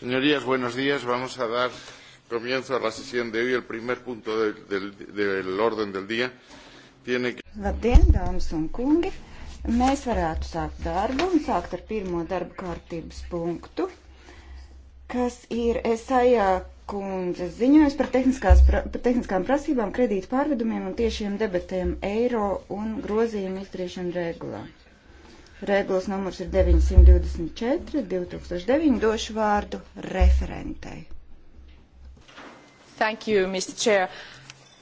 Señorías, buenos días. Vamos a dar comienzo a la sesión de hoy. El primer punto de, de, del orden del día tiene que. Labdien, dāmas un kungi! Mēs varētu sākt darbu un sākt ar pirmo darba kārtības punktu, kas ir Esajā kundzes ziņojums par, pra, par tehniskām prasībām, kredītu pārvedumiem un tiešiem debatēm eiro un grozījumu izdarīšanu regulā. Regulas numurs ir 924, 2009. Došu vārdu referentei. Thank you, Mr. Chair.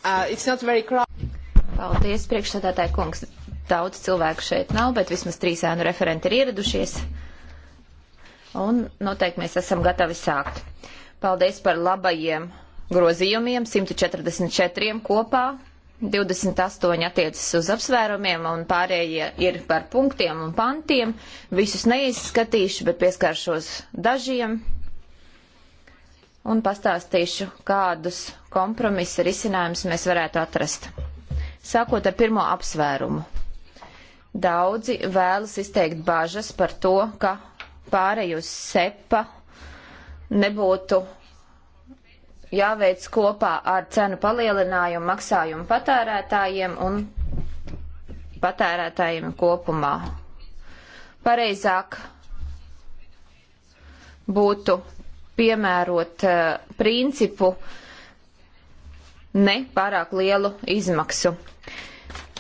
Uh, it's not very crowded. Paldies, priekšsādātāji kungs. Daudz cilvēku šeit nav, bet vismaz trīs ēnu referenti ir ieradušies. Un noteikti mēs esam gatavi sākt. Paldies par labajiem grozījumiem, 144 kopā. 28 attiecas uz apsvērumiem un pārējie ir par punktiem un pantiem. Visus neizskatīšu, bet pieskaršos dažiem un pastāstīšu, kādus kompromisa risinājumus mēs varētu atrast. Sākot ar pirmo apsvērumu. Daudzi vēlas izteikt bāžas par to, ka pārējus sepa nebūtu jāveic kopā ar cenu palielinājumu maksājumu patērētājiem un patērētājiem kopumā. Pareizāk būtu piemērot uh, principu ne pārāk lielu izmaksu.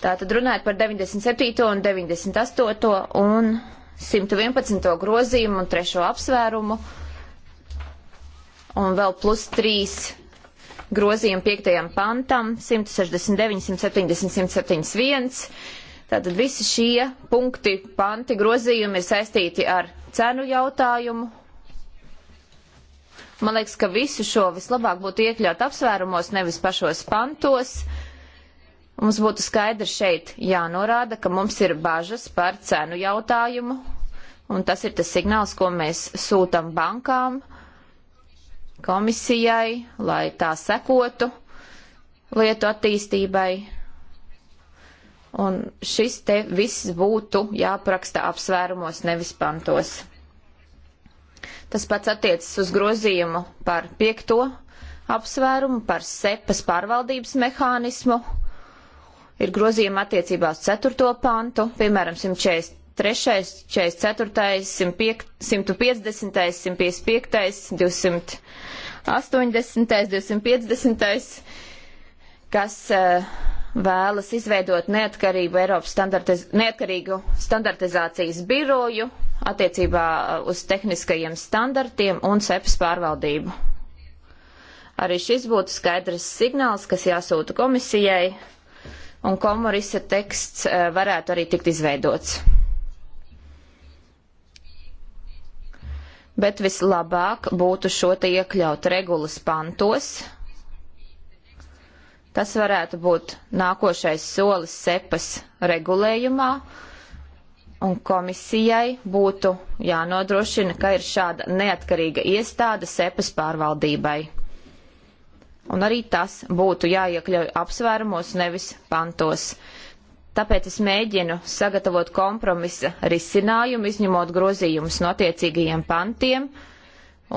Tātad runājot par 97. un 98. un 111. grozījumu un 3. apsvērumu, uh, un vēl plus 3 grozījumu 5. pantam 169, 170, 171. Tātad visi šie punkti, panti, grozījumi ir saistīti ar cenu jautājumu. Man liekas, ka visu šo vislabāk būtu iekļaut apsvērumos, nevis pašos pantos. Mums būtu skaidrs šeit jānorāda, ka mums ir bažas par cenu jautājumu, un tas ir tas signāls, ko mēs sūtam bankām. Uh, komisijai, lai tā sekotu lietu attīstībai. Un šis te viss būtu jāapraksta apsvērumos, nevis pantos. Tas pats attiecas uz grozījumu par piekto apsvērumu, par sepas pārvaldības mehānismu. Ir grozījuma attiecībā uz ceturto pantu, piemēram, 140, 3, 44, 105, 150, 155, 280, 250, kas e, vēlas izveidot neatkarību Eiropas standartiz neatkarīgu standartizācijas biroju attiecībā e, uz tehniskajiem standartiem un sepas pārvaldību. Arī šis būtu skaidrs signāls, kas jāsūta komisijai, un komorisa teksts e, varētu arī tikt izveidots. bet vislabāk būtu šo te iekļaut regulas pantos. Tas varētu būt nākošais solis sepas regulējumā, un komisijai būtu jānodrošina, ka ir šāda neatkarīga iestāde sepas pārvaldībai. Un arī tas būtu jāiekļauj apsvērumos, nevis pantos. Tāpēc es mēģinu sagatavot kompromisa risinājumu, izņemot grozījumus no attiecīgajiem pantiem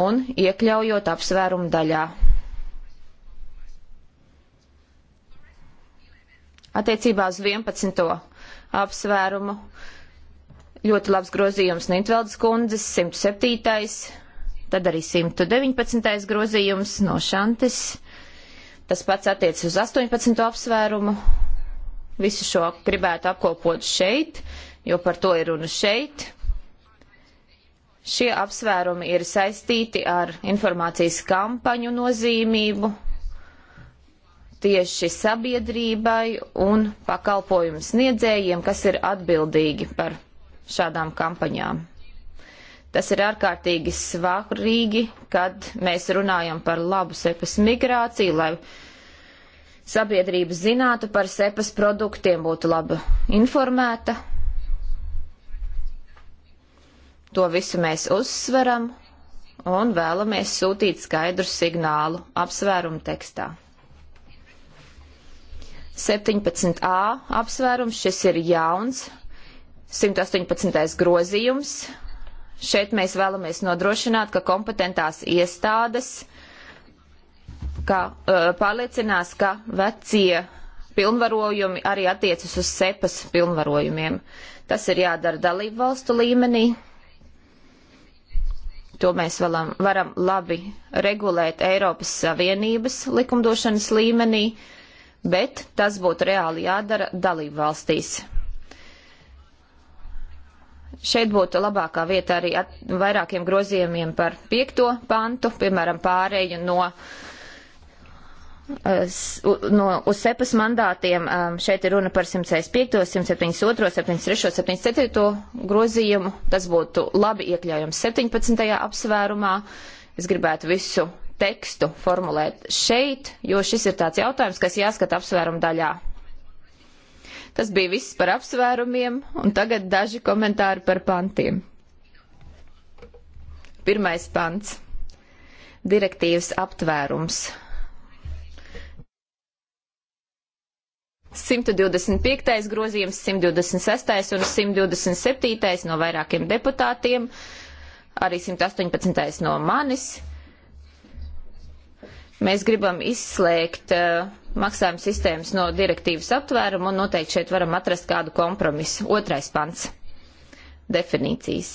un iekļaujot apsvērumu daļā. Attiecībā uz 11. apsvērumu ļoti labs grozījums Nintveldes kundzes 107. Tad arī 119. grozījums no Šantis. Tas pats attiecas uz 18. apsvērumu Visu šo gribētu apkopot šeit, jo par to ir runa šeit. Šie apsvērumi ir saistīti ar informācijas kampaņu nozīmību tieši sabiedrībai un pakalpojumu sniedzējiem, kas ir atbildīgi par šādām kampaņām. Tas ir ārkārtīgi svarīgi, kad mēs runājam par labu sepas migrāciju, lai sabiedrība zinātu par sepas produktiem, būtu labi informēta. To visu mēs uzsveram un vēlamies sūtīt skaidru signālu apsvērumu tekstā. 17a apsvērums, šis ir jauns, 118. grozījums. Šeit mēs vēlamies nodrošināt, ka kompetentās iestādes uh, ka uh, pārliecinās, ka vecie pilnvarojumi arī attiecas uz sepas pilnvarojumiem. Tas ir jādara dalību valstu līmenī. To mēs varam, varam labi regulēt Eiropas Savienības likumdošanas līmenī, bet tas būtu reāli jādara dalību valstīs. Šeit būtu labākā vieta arī vairākiem grozījumiem par piekto pantu, piemēram, pārēju no uh, no, uz sepas mandātiem um, šeit ir runa par 105, 172, 73, 74 grozījumu. Tas būtu labi iekļaujams 17. apsvērumā. Es gribētu visu tekstu formulēt šeit, jo šis ir tāds jautājums, kas jāskata apsvērumu daļā. Tas bija viss par apsvērumiem, un tagad daži komentāri par pantiem. Pirmais pants - direktīvas aptvērums 125. grozījums, 126. un 127. no vairākiem deputātiem, arī 118. no manis. Mēs gribam izslēgt uh, maksājuma sistēmas no direktīvas aptvērumu un noteikti šeit varam atrast kādu kompromisu. Otrais pants - definīcijas.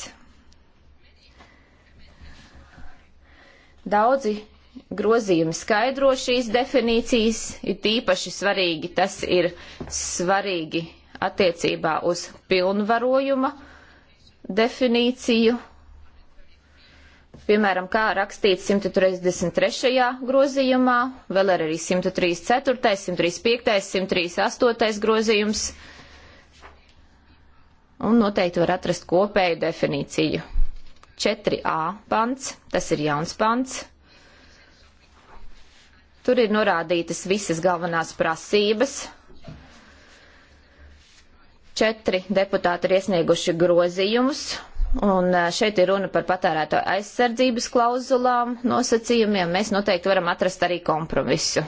Daudzi grozījumi skaidro šīs definīcijas, ir tīpaši svarīgi, tas ir svarīgi attiecībā uz pilnvarojuma definīciju, piemēram, kā rakstīts 133. grozījumā, vēl ir arī 134., 135., 138. grozījums, un noteikti var atrast kopēju definīciju. 4a pants, tas ir jauns pants. Tur ir norādītas visas galvenās prasības. Četri deputāti ir iesnieguši grozījumus, un eh, šeit ir runa par patērēto aizsardzības klauzulām, nosacījumiem. Mēs noteikti varam atrast arī kompromisu.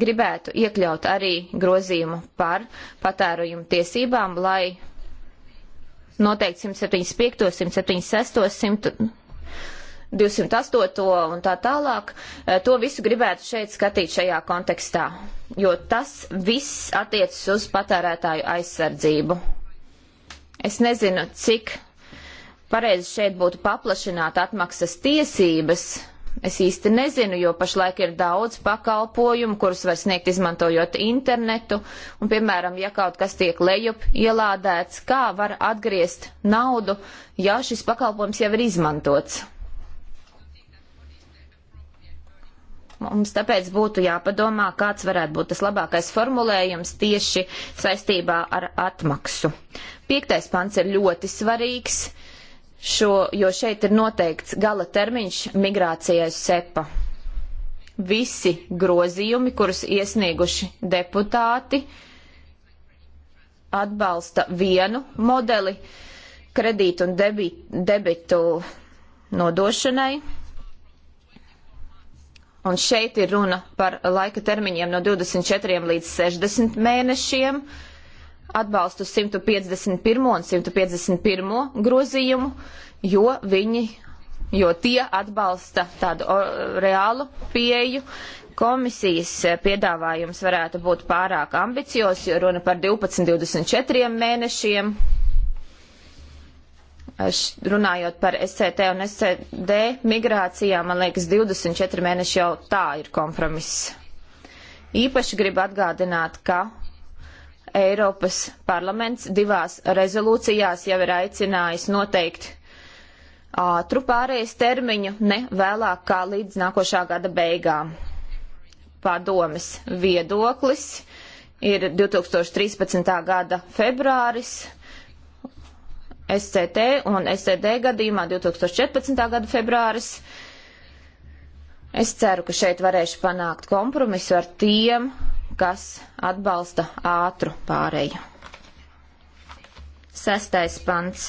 Gribētu iekļaut arī grozījumu par patērujumu tiesībām, lai noteikti 175, 176, 100. 208. un tā tālāk, eh, to visu gribētu šeit skatīt šajā kontekstā, jo tas viss attiecas uz patērētāju aizsardzību. Es nezinu, cik pareizi šeit būtu paplašināt atmaksas tiesības. Es īsti nezinu, jo pašlaik ir daudz pakalpojumu, kurus var sniegt izmantojot internetu, un, piemēram, ja kaut kas tiek lejup ielādēts, kā var atgriezt naudu, ja šis pakalpojums jau ir izmantots. Mums tāpēc būtu jāpadomā, kāds varētu būt tas labākais formulējums tieši saistībā ar atmaksu. Piektais pants ir ļoti svarīgs, šo, jo šeit ir noteikts gala termiņš migrācijai sepa. Visi grozījumi, kurus iesnieguši deputāti, atbalsta vienu modeli kredītu un debitu nodošanai, Un šeit ir runa par laika termiņiem no 24 līdz 60 mēnešiem, atbalstu 151 un 151 grozījumu, jo viņi, jo tie atbalsta tādu reālu pieju. Komisijas piedāvājums varētu būt pārāk ambicios, jo runa par 12-24 mēnešiem, Eh, runājot par SCT un SCD migrācijā, man liekas, 24 mēneši jau tā ir kompromiss. Īpaši gribu atgādināt, ka Eiropas parlaments divās rezolūcijās jau ir aicinājis noteikt ātru pārējais termiņu ne vēlāk kā līdz nākošā gada beigām. Padomes viedoklis ir 2013. gada februāris SCT un SCD gadījumā 2014. gada februāris. Es ceru, ka šeit varēšu panākt kompromisu ar tiem, kas atbalsta ātru pāreju. Sestais pants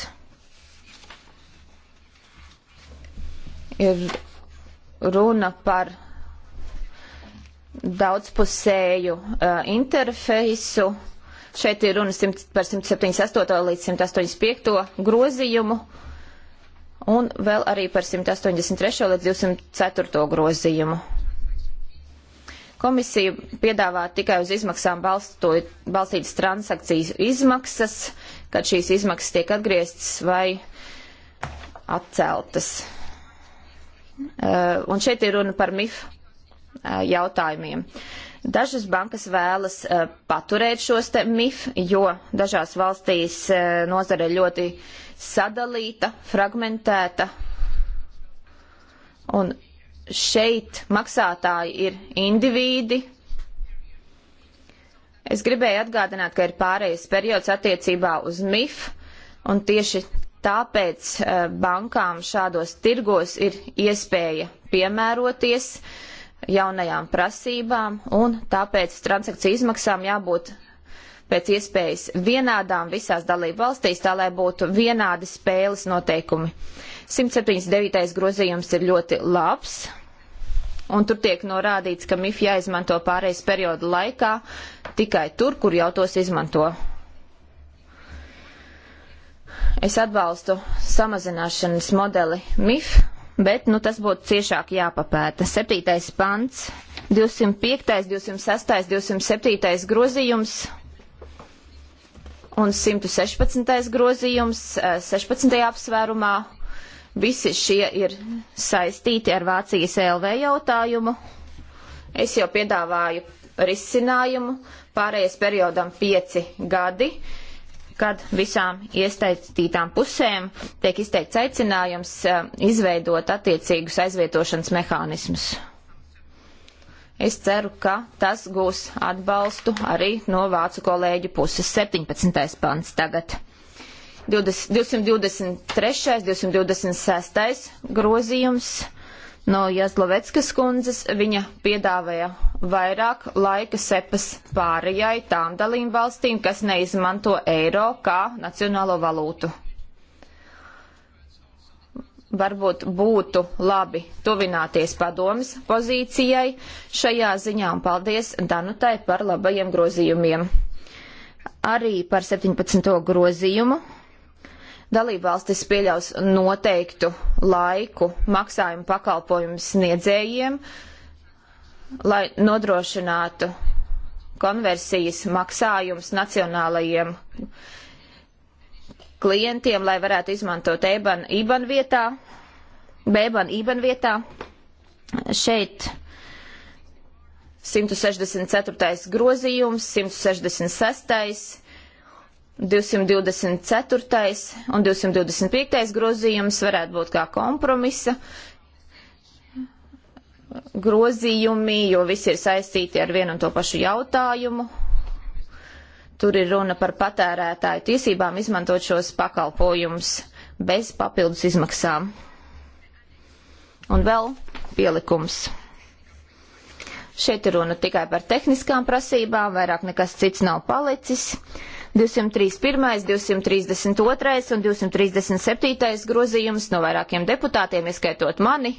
ir runa par daudzpusēju uh, interfeisu Šeit ir runa par 178. līdz 185. grozījumu un vēl arī par 183. līdz 204. grozījumu. Komisija piedāvā tikai uz izmaksām balstot, balstītas transakcijas izmaksas, kad šīs izmaksas tiek atgrieztas vai atceltas. Uh, un šeit ir runa par MIF uh, jautājumiem. Uh, Dažas bankas vēlas uh, paturēt šos te MIF, jo dažās valstīs uh, nozare ļoti sadalīta, fragmentēta. Un šeit maksātāji ir indivīdi. Es gribēju atgādināt, ka ir pārējais periods attiecībā uz MIF, un tieši tāpēc uh, bankām šādos tirgos ir iespēja piemēroties. Uh, jaunajām prasībām, un tāpēc transakciju izmaksām jābūt pēc iespējas vienādām visās dalību valstīs, tā lai būtu vienādi spēles noteikumi. 179. grozījums ir ļoti labs, un tur tiek norādīts, ka MIF jāizmanto pārejas periodu laikā tikai tur, kur jau tos izmanto. Es atbalstu samazināšanas modeli MIF bet nu, tas būtu ciešāk jāpapēta. 7. pants, 205., 206., 207. grozījums un 116. grozījums 16. Eh, apsvērumā. Visi šie ir saistīti ar Vācijas e LV jautājumu. Es jau piedāvāju risinājumu pārējais periodam 5 gadi kad visām iesaistītām pusēm tiek izteikts aicinājums eh, izveidot attiecīgus aizvietošanas mehānismus. Es ceru, ka tas gūs atbalstu arī no vācu kolēģu puses. 17. pants tagad. 20, 223. 226. grozījums no Jazloveckas kundzes. Viņa piedāvāja vairāk laika sepas pārējai tām dalību valstīm, kas neizmanto eiro kā nacionālo valūtu. Varbūt būtu labi tuvināties padomas pozīcijai šajā ziņā un paldies Danutai par labajiem grozījumiem. Arī par 17. grozījumu dalībvalstis pieļaus noteiktu laiku maksājumu pakalpojumu sniedzējiem, lai nodrošinātu konversijas maksājums nacionālajiem klientiem, lai varētu izmantot EBAN IBAN vietā, BEBAN IBAN vietā. Šeit 164. grozījums, 166. 224. un 225. grozījums varētu būt kā kompromisa grozījumi, jo visi ir saistīti ar vienu un to pašu jautājumu. Tur ir runa par patērētāju tiesībām izmantot šos pakalpojumus bez papildus izmaksām. Un vēl pielikums. Šeit ir runa tikai par tehniskām prasībām, vairāk nekas cits nav palicis. Uh, 231, 232 un 237 grozījums no vairākiem deputātiem, ieskaitot mani.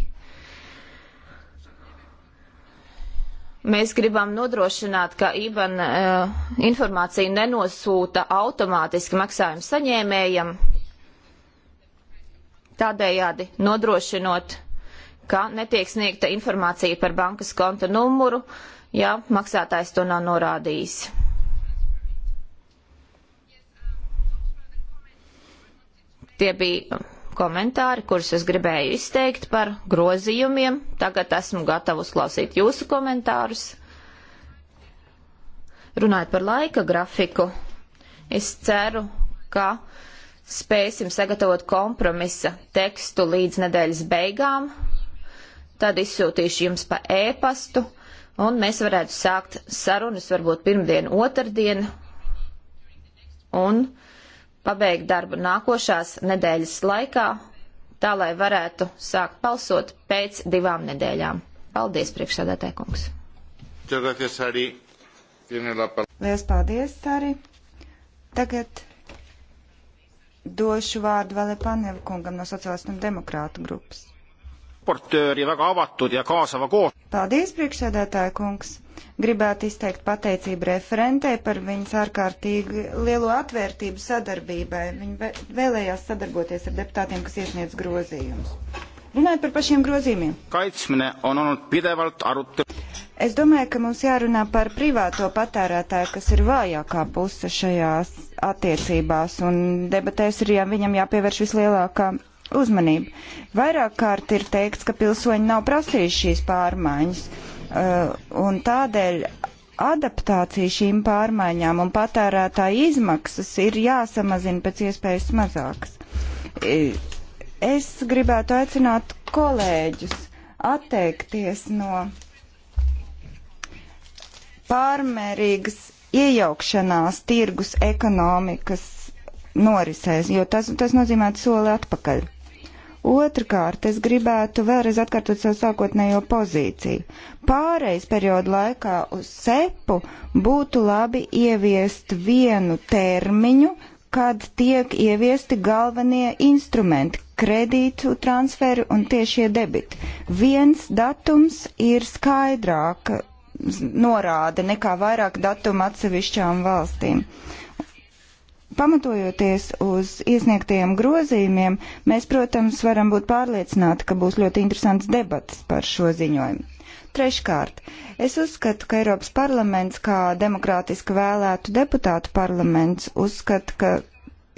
Mēs gribam nodrošināt, ka IBAN uh, eh, informācija nenosūta automātiski maksājumu saņēmējam, tādējādi nodrošinot, ka netiek sniegta informācija par bankas konta numuru, ja maksātājs to nav norādījis. Tie bija komentāri, kurus es gribēju izteikt par grozījumiem. Tagad esmu gatava uzklausīt jūsu komentārus. Runājot par laika grafiku, es ceru, ka spēsim sagatavot kompromisa tekstu līdz nedēļas beigām. Tad izsūtīšu jums pa ēpastu, e un mēs varētu sākt sarunas varbūt pirmdien, otrdien. Un pabeigt darbu nākošās nedēļas laikā, tā lai varētu sākt balsot pēc divām nedēļām. Paldies, priekšsēdētāj kungs! Lielas paldies, Sari! Tagad došu vārdu Vale Panev kungam no Sociālistu un Demokrātu grupas. Paldies, priekšsēdētāja kungs! Gribētu izteikt pateicību referentē par viņas ārkārtīgi lielo atvērtību sadarbībai. Viņa vēlējās sadarboties ar deputātiem, kas iesniedz grozījumus. Runājot par pašiem grozījumiem. Kaitsmine on olnud pidevalt arut... Es domāju, ka mums jārunā par privāto patērētāju, kas ir vājākā puse šajās attiecībās, un debatēs ir jā, viņam jāpievērš vislielākā uzmanība. Vairāk kārt ir teikts, ka pilsoņi nav prasījuši šīs pārmaiņas Eh, un tādēļ adaptācija šīm pārmaiņām un patērētāja izmaksas ir jāsamazina pēc iespējas mazākas. Eh, es gribētu aicināt kolēģus atteikties no pārmērīgas iejaukšanās tirgus ekonomikas norisēs, jo tas, tas nozīmē soli atpakaļ. Otrkārt, es gribētu vēlreiz atkārtot savu sākotnējo pozīciju. Pāreiz periodu laikā uz sepu būtu labi ieviest vienu termiņu, kad tiek ieviesti galvenie instrumenti - kredītu transferi un tiešie debiti. Viens datums ir skaidrāk norāde nekā vairāk datumu atsevišķām valstīm. Pamatojoties uz iesniegtajiem grozījumiem, mēs, protams, varam būt pārliecināti, ka būs ļoti interesants debats par šo ziņojumu. Treškārt, es uzskatu, ka Eiropas parlaments, kā demokrātiski vēlētu deputātu parlaments, uzskata, ka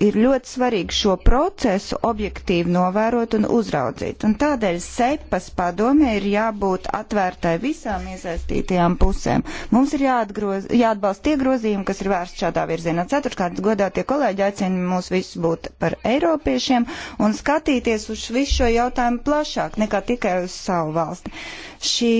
ir ļoti svarīgi šo procesu objektīvi novērot un uzraudzīt. Un tādēļ sepas padome ir jābūt atvērtai visām iesaistītajām pusēm. Mums ir jāatgroz, jāatbalsta tie grozījumi, kas ir vērsti šādā virzienā. Ceturtkārt, godā tie kolēģi aicina mūs visus būt par eiropiešiem un skatīties uz visu šo jautājumu plašāk nekā tikai uz savu valsti. Šī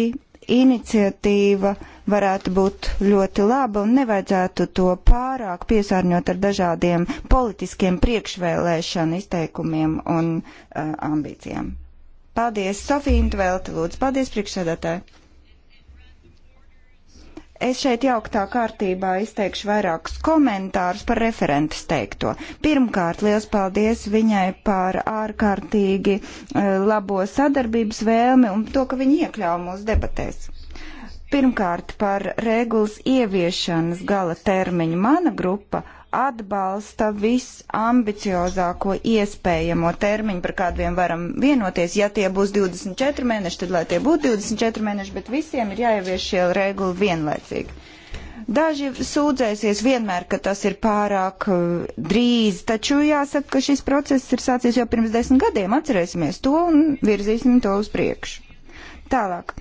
iniciatīva varētu būt ļoti laba un nevajadzētu to pārāk piesārņot ar dažādiem politiskiem priekšvēlēšanu izteikumiem un uh, ambīcijām. Paldies, Sofija Intvelta, lūdzu, paldies priekšsēdētāji! Es šeit jauktā kārtībā izteikšu vairākus komentārus par referentes teikto. Pirmkārt, liels paldies viņai par ārkārtīgi e, labo sadarbības vēlmi un to, ka viņa iekļāva mūsu debatēs. Pirmkārt, par regulas ieviešanas gala termiņu mana grupa atbalsta visambiciozāko iespējamo termiņu, par kādiem varam vienoties. Ja tie būs 24 mēneši, tad lai tie būtu 24 mēneši, bet visiem ir jāievieš šie reguli vienlaicīgi. Daži sūdzēsies vienmēr, ka tas ir pārāk uh, drīz, taču jāsaka, ka šis process ir sācies jau pirms desmit gadiem. Atcerēsimies to un virzīsim to uz priekšu. Tālāk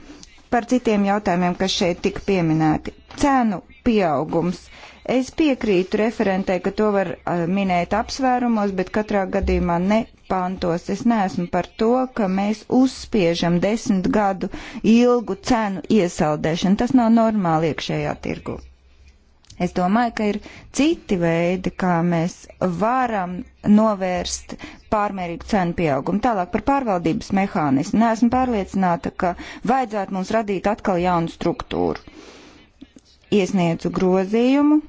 par citiem jautājumiem, kas šeit tika pieminēti. Cēnu pieaugums. Uh, Es piekrītu referentē, ka to var minēt apsvērumos, bet katrā gadījumā ne pantos. Es neesmu par to, ka mēs uzspiežam desmit gadu ilgu cenu iesaldēšanu. Tas nav normāli iekšējā tirgu. Es domāju, ka ir citi veidi, kā mēs varam novērst pārmērīgu cenu pieaugumu. Tālāk par pārvaldības mehānismu. Neesmu pārliecināta, ka vajadzētu mums radīt atkal jaunu struktūru. Iesniedzu grozījumu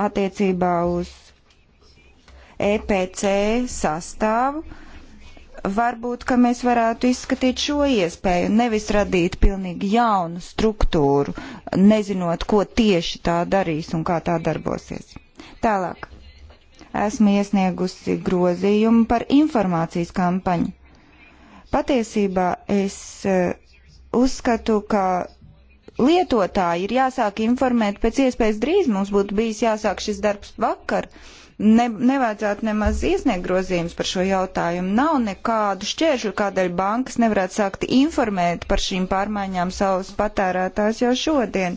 attiecībā uz EPC sastāvu. Varbūt, ka mēs varētu izskatīt šo iespēju, nevis radīt pilnīgi jaunu struktūru, nezinot, ko tieši tā darīs un kā tā darbosies. Tālāk. Esmu iesniegusi grozījumu par informācijas kampaņu. Patiesībā es eh, uzskatu, ka lietotāji ir jāsāk informēt pēc iespējas drīz. Mums būtu bijis jāsāk šis darbs vakar. Ne, nevajadzētu nemaz iesniegt grozījumus par šo jautājumu. Nav nekādu šķēršļu, kādēļ bankas nevarētu sākt informēt par šīm pārmaiņām savus patērētājus jau šodien.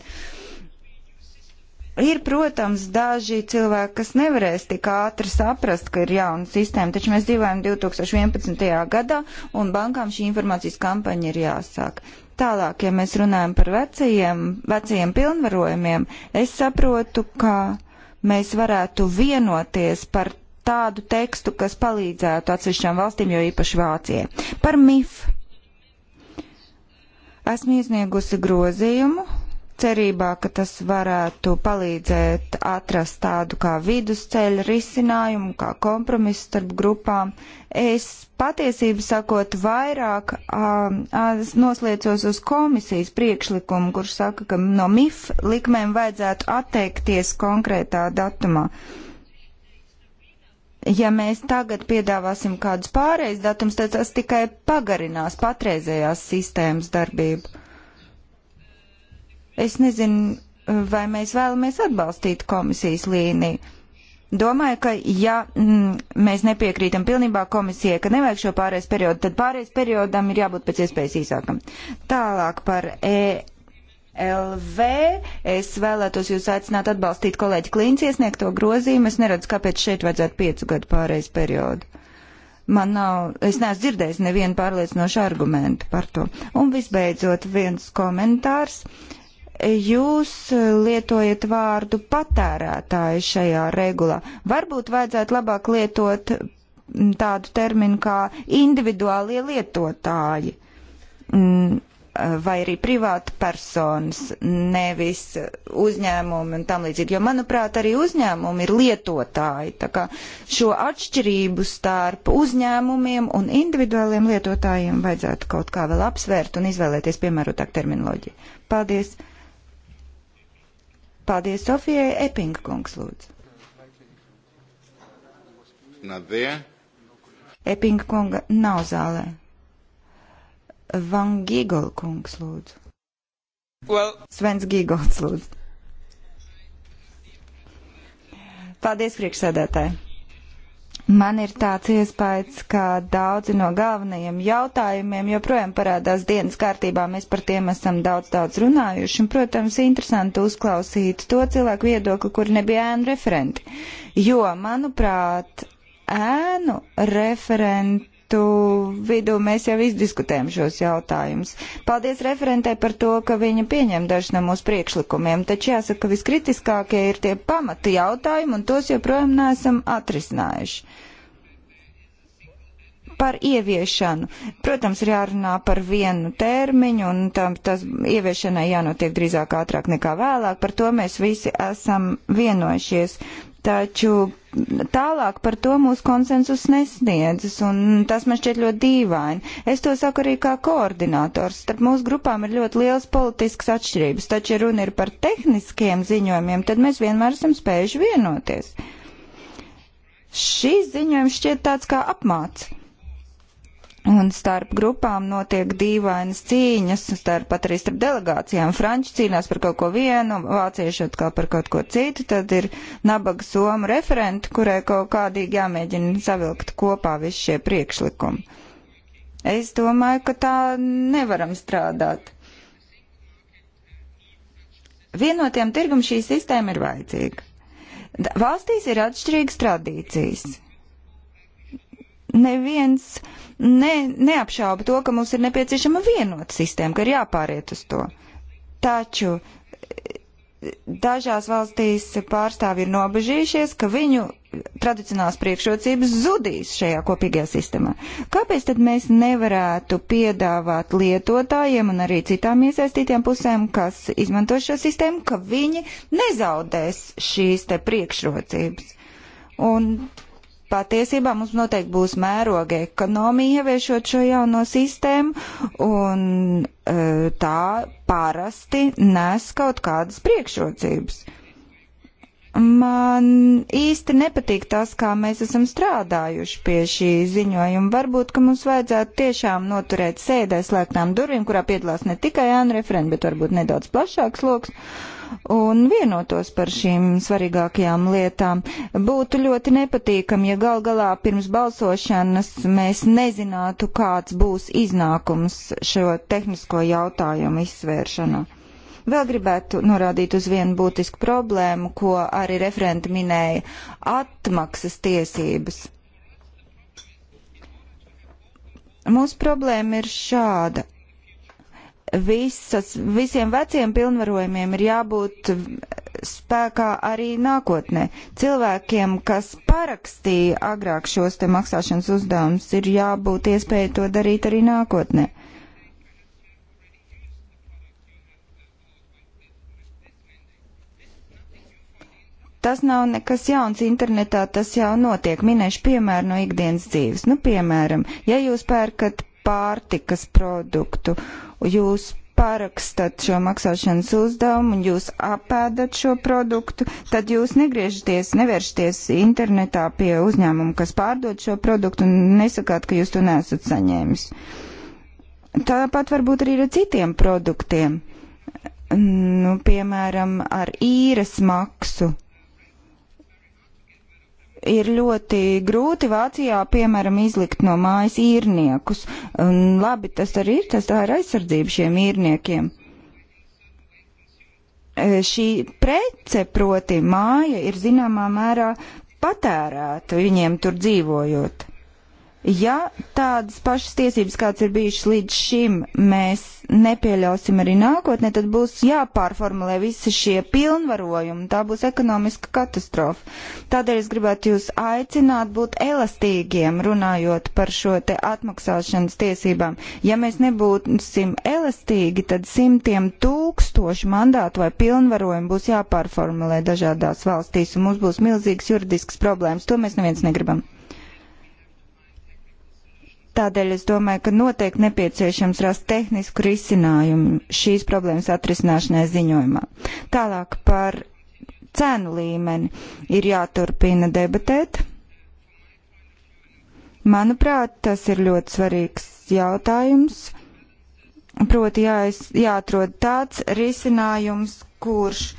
Ir, protams, daži cilvēki, kas nevarēs tik ātri saprast, ka ir jauna sistēma, taču mēs dzīvojam 2011. gadā un bankām šī informācijas kampaņa ir jāsāk. Tālāk, ja mēs runājam par vecajiem, vecajiem pilnvarojumiem, es saprotu, ka mēs varētu vienoties par tādu tekstu, kas palīdzētu atsevišķām valstīm, jo īpaši Vācijai. Par MIF. Esmu iesniegusi grozījumu, cerībā, ka tas varētu palīdzēt atrast tādu kā vidusceļa risinājumu, kā kompromisu starp grupām. Es patiesību sakot vairāk um, nosliecos uz komisijas priekšlikumu, kurš saka, ka no MIF likmēm vajadzētu atteikties konkrētā datumā. Ja mēs tagad piedāvāsim kādus pārejas datums, tad tas tikai pagarinās patreizējās sistēmas darbību Es nezinu, vai mēs vēlamies atbalstīt komisijas līniju. Domāju, ka ja mm, mēs nepiekrītam pilnībā komisijai, ka nevajag šo pārējais periodu, tad pārējais periodam ir jābūt pēc iespējas īsākam. Tālāk par ELV. Es vēlētos jūs aicināt atbalstīt kolēģi Klīns iesniegto grozījumu. Es neredzu, kāpēc šeit vajadzētu piecu gadu pārējais periodu. Man nav, es neesmu dzirdējis nevienu pārliecinošu argumentu par to. Un visbeidzot, viens komentārs. Uh, jūs lietojat vārdu patērētāji šajā regulā. Varbūt vajadzētu labāk lietot tādu terminu kā individuālie lietotāji mm, vai arī privāta personas, nevis uzņēmumi un tam līdzīgi. Jo, manuprāt, arī uzņēmumi ir lietotāji. Tā kā šo atšķirību starp uzņēmumiem un individuāliem lietotājiem vajadzētu kaut kā vēl apsvērt un izvēlēties piemērotāk terminoloģiju. Paldies! Paldies Sofijai Epinga kungs lūdzu. Nadie. Epinga kunga nav zālē. Van Gigola kungs lūdzu. Well. Svens Gigols lūdzu. Paldies priekšsēdētāji. Man ir tāds iespējas, ka daudzi no galvenajiem jautājumiem joprojām parādās dienas kārtībā. Mēs par tiem esam daudz, daudz runājuši. Un, protams, interesanti uzklausīt to cilvēku viedokli, kur nebija ēnu referenti. Jo, manuprāt, ēnu referenti ekspertu vidū mēs jau izdiskutējam šos jautājumus. Paldies referentē par to, ka viņa pieņem dažs no mūsu priekšlikumiem, taču jāsaka, ka viskritiskākie ir tie pamata jautājumi, un tos joprojām neesam atrisinājuši par ieviešanu. Protams, ir jārunā par vienu termiņu, un tam tas ieviešanai jānotiek drīzāk ātrāk nekā vēlāk. Par to mēs visi esam vienojušies. Taču tālāk par to mūsu konsensus nesniedzas, un tas man šķiet ļoti dīvaini. Es to saku arī kā koordinators. Starp mūsu grupām ir ļoti liels politisks atšķirības, taču, ja runa ir par tehniskiem ziņojumiem, tad mēs vienmēr esam spējuši vienoties. Šīs ziņojums šķiet tāds kā apmāts. Un starp grupām notiek dīvainas cīņas, starp pat arī starp delegācijām. Franči cīnās par kaut ko vienu, vācieši atkal par kaut ko citu, tad ir nabaga soma referenti, kurai kaut kādīgi jāmēģina savilkt kopā visi šie priekšlikumi. Es domāju, ka tā nevaram strādāt. Vienotiem tirgum šī sistēma ir vajadzīga. Valstīs ir atšķirīgas tradīcijas neviens ne, neapšauba to, ka mums ir nepieciešama vienota sistēma, ka ir jāpāriet uz to. Taču e, dažās valstīs pārstāvi ir nobežījušies, ka viņu tradicionālās priekšrocības zudīs šajā kopīgajā sistēmā. Kāpēc tad mēs nevarētu piedāvāt lietotājiem un arī citām iesaistītiem pusēm, kas izmanto šo sistēmu, ka viņi nezaudēs šīs te priekšrocības? Un Patiesībā mums noteikti būs mēroga ekonomija ieviešot šo jauno sistēmu, un e, tā parasti nes kaut kādas priekšrocības. Man īsti nepatīk tas, kā mēs esam strādājuši pie šī ziņojuma. Varbūt, ka mums vajadzētu tiešām noturēt sēdē slēgtām durvīm, kurā piedalās ne tikai ēnu referenti, bet varbūt nedaudz plašāks lokus un vienotos par šīm svarīgākajām lietām. Būtu ļoti nepatīkami, ja gal galā pirms balsošanas mēs nezinātu, kāds būs iznākums šo tehnisko jautājumu izsvēršanā. Vēl gribētu norādīt uz vienu būtisku problēmu, ko arī referenti minēja - atmaksas tiesības. Mūsu problēma ir šāda visas, visiem veciem pilnvarojumiem ir jābūt spēkā arī nākotnē. Cilvēkiem, kas parakstīja agrāk šos te maksāšanas uzdevumus, ir jābūt iespēja to darīt arī nākotnē. Tas nav nekas jauns internetā, tas jau notiek. Minēšu piemēru no ikdienas dzīves. Nu, piemēram, ja jūs pērkat pārtikas produktu. Jūs pārakstat šo maksāšanas uzdevumu un jūs apēdat šo produktu, tad jūs negriežaties, nevēršaties internetā pie uzņēmuma, kas pārdod šo produktu un nesakāt, ka jūs to nesat saņēmis. Tāpat varbūt arī ar citiem produktiem, nu, piemēram, ar īres maksu ir ļoti grūti Vācijā, piemēram, izlikt no mājas īrniekus. Un labi, tas arī ir, tas tā ir aizsardzība šiem īrniekiem. E, šī prece, proti māja, ir zināmā mērā patērēta viņiem tur dzīvojot. Ja tādas pašas tiesības, kāds ir bijušas līdz šim, mēs nepieļausim arī nākotnē, tad būs jāpārformulē visi šie pilnvarojumi. Tā būs ekonomiska katastrofa. Tādēļ es gribētu jūs aicināt būt elastīgiem, runājot par šo te atmaksāšanas tiesībām. Ja mēs nebūsim elastīgi, tad simtiem tūkstošu mandātu vai pilnvarojumu būs jāpārformulē dažādās valstīs, un mums būs milzīgas juridiskas problēmas. To mēs neviens negribam. Tādēļ es domāju, ka noteikti nepieciešams rast tehnisku risinājumu šīs problēmas atrisināšanai ziņojumā. Tālāk par cenu līmeni ir jāturpina debatēt. Manuprāt, tas ir ļoti svarīgs jautājums. Proti jā, jāatrod tāds risinājums, kurš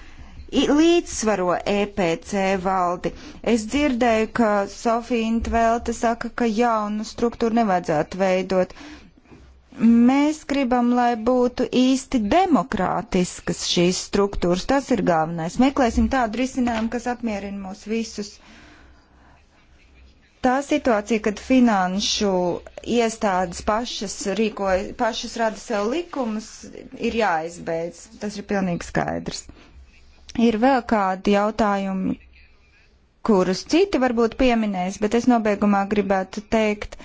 līdzsvaro EPC valdi. Es dzirdēju, ka Sofija Intvēlte saka, ka jaunu struktūru nevajadzētu veidot. Mēs gribam, lai būtu īsti demokrātiskas šīs struktūras. Tas ir galvenais. Meklēsim tādu risinājumu, kas apmierina mūs visus tā situācija, kad finanšu iestādes pašas rīkoja, pašas rada sev likumus, ir jāizbeidz. Tas ir pilnīgi skaidrs. Ir vēl kādi jautājumi, kurus citi varbūt pieminēs, bet es nobeigumā gribētu teikt,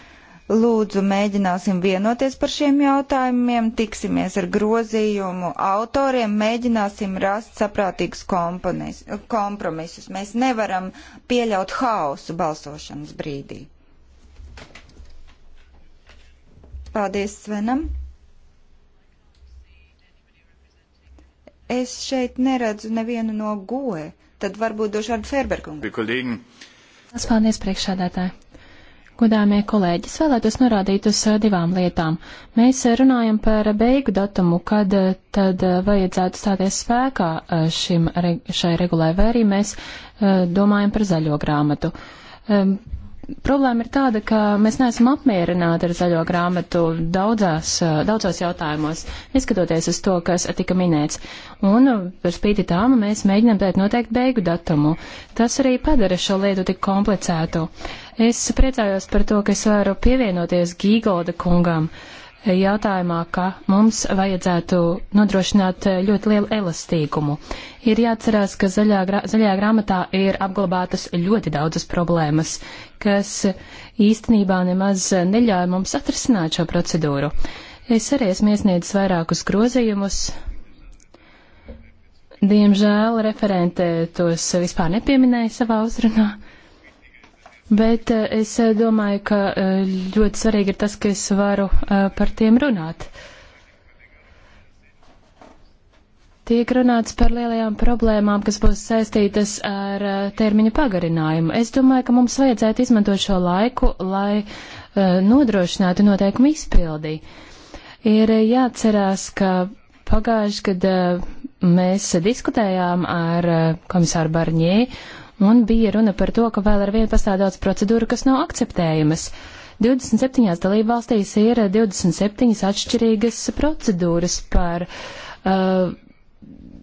lūdzu mēģināsim vienoties par šiem jautājumiem, tiksimies ar grozījumu autoriem, mēģināsim rast saprātīgus kompromisus. Mēs nevaram pieļaut hausu balsošanas brīdī. Paldies Svenam! Es šeit neredzu nevienu no goe. Tad varbūt došu vārdu Ferberkungam. Paldies, priekšādātāji. Godāmie kolēģi, es vēlētos norādīt uz uh, divām lietām. Mēs uh, runājam par beigu datumu, kad uh, tad vajadzētu stāties spēkā šim, šai regulai, vai arī mēs domājam par zaļo grāmatu. Um, problēma ir tāda, ka mēs neesam apmierināti ar zaļo grāmatu daudzās, daudzos jautājumos, neskatoties uz to, kas tika minēts. Un par spīti tām mēs mēģinām pēc noteikti beigu datumu. Tas arī padara šo lietu tik komplicētu. Es priecājos par to, ka es varu pievienoties Gīgolda kungam. Uh, jautājumā, ka mums vajadzētu nodrošināt eh, ļoti lielu elastīgumu. Ir jāatcerās, ka zaļā, gra zaļajā grāmatā ir apglabātas ļoti daudzas problēmas, kas īstenībā nemaz neļauj mums atrisināt šo procedūru. Es arī esmu iesniedzis vairākus grozījumus. Diemžēl referente tos vispār nepieminēja savā uzrunā. Bet eh, es eh, domāju, ka eh, ļoti svarīgi ir tas, ka es varu par tiem runāt. Tiek runāts par lielajām problēmām, kas būs saistītas ar termiņu pagarinājumu. Es domāju, ka mums vajadzētu izmantot šo laiku, lai nodrošinātu noteikumu izpildī. Ir jāatcerās, ka pagājuši, kad mēs diskutējām ar komisāru Barņē, un bija runa par to, ka vēl ar vienu pastāv daudz procedūru, kas nav akceptējamas. 27. dalībvalstīs ir 27 atšķirīgas procedūras par uh,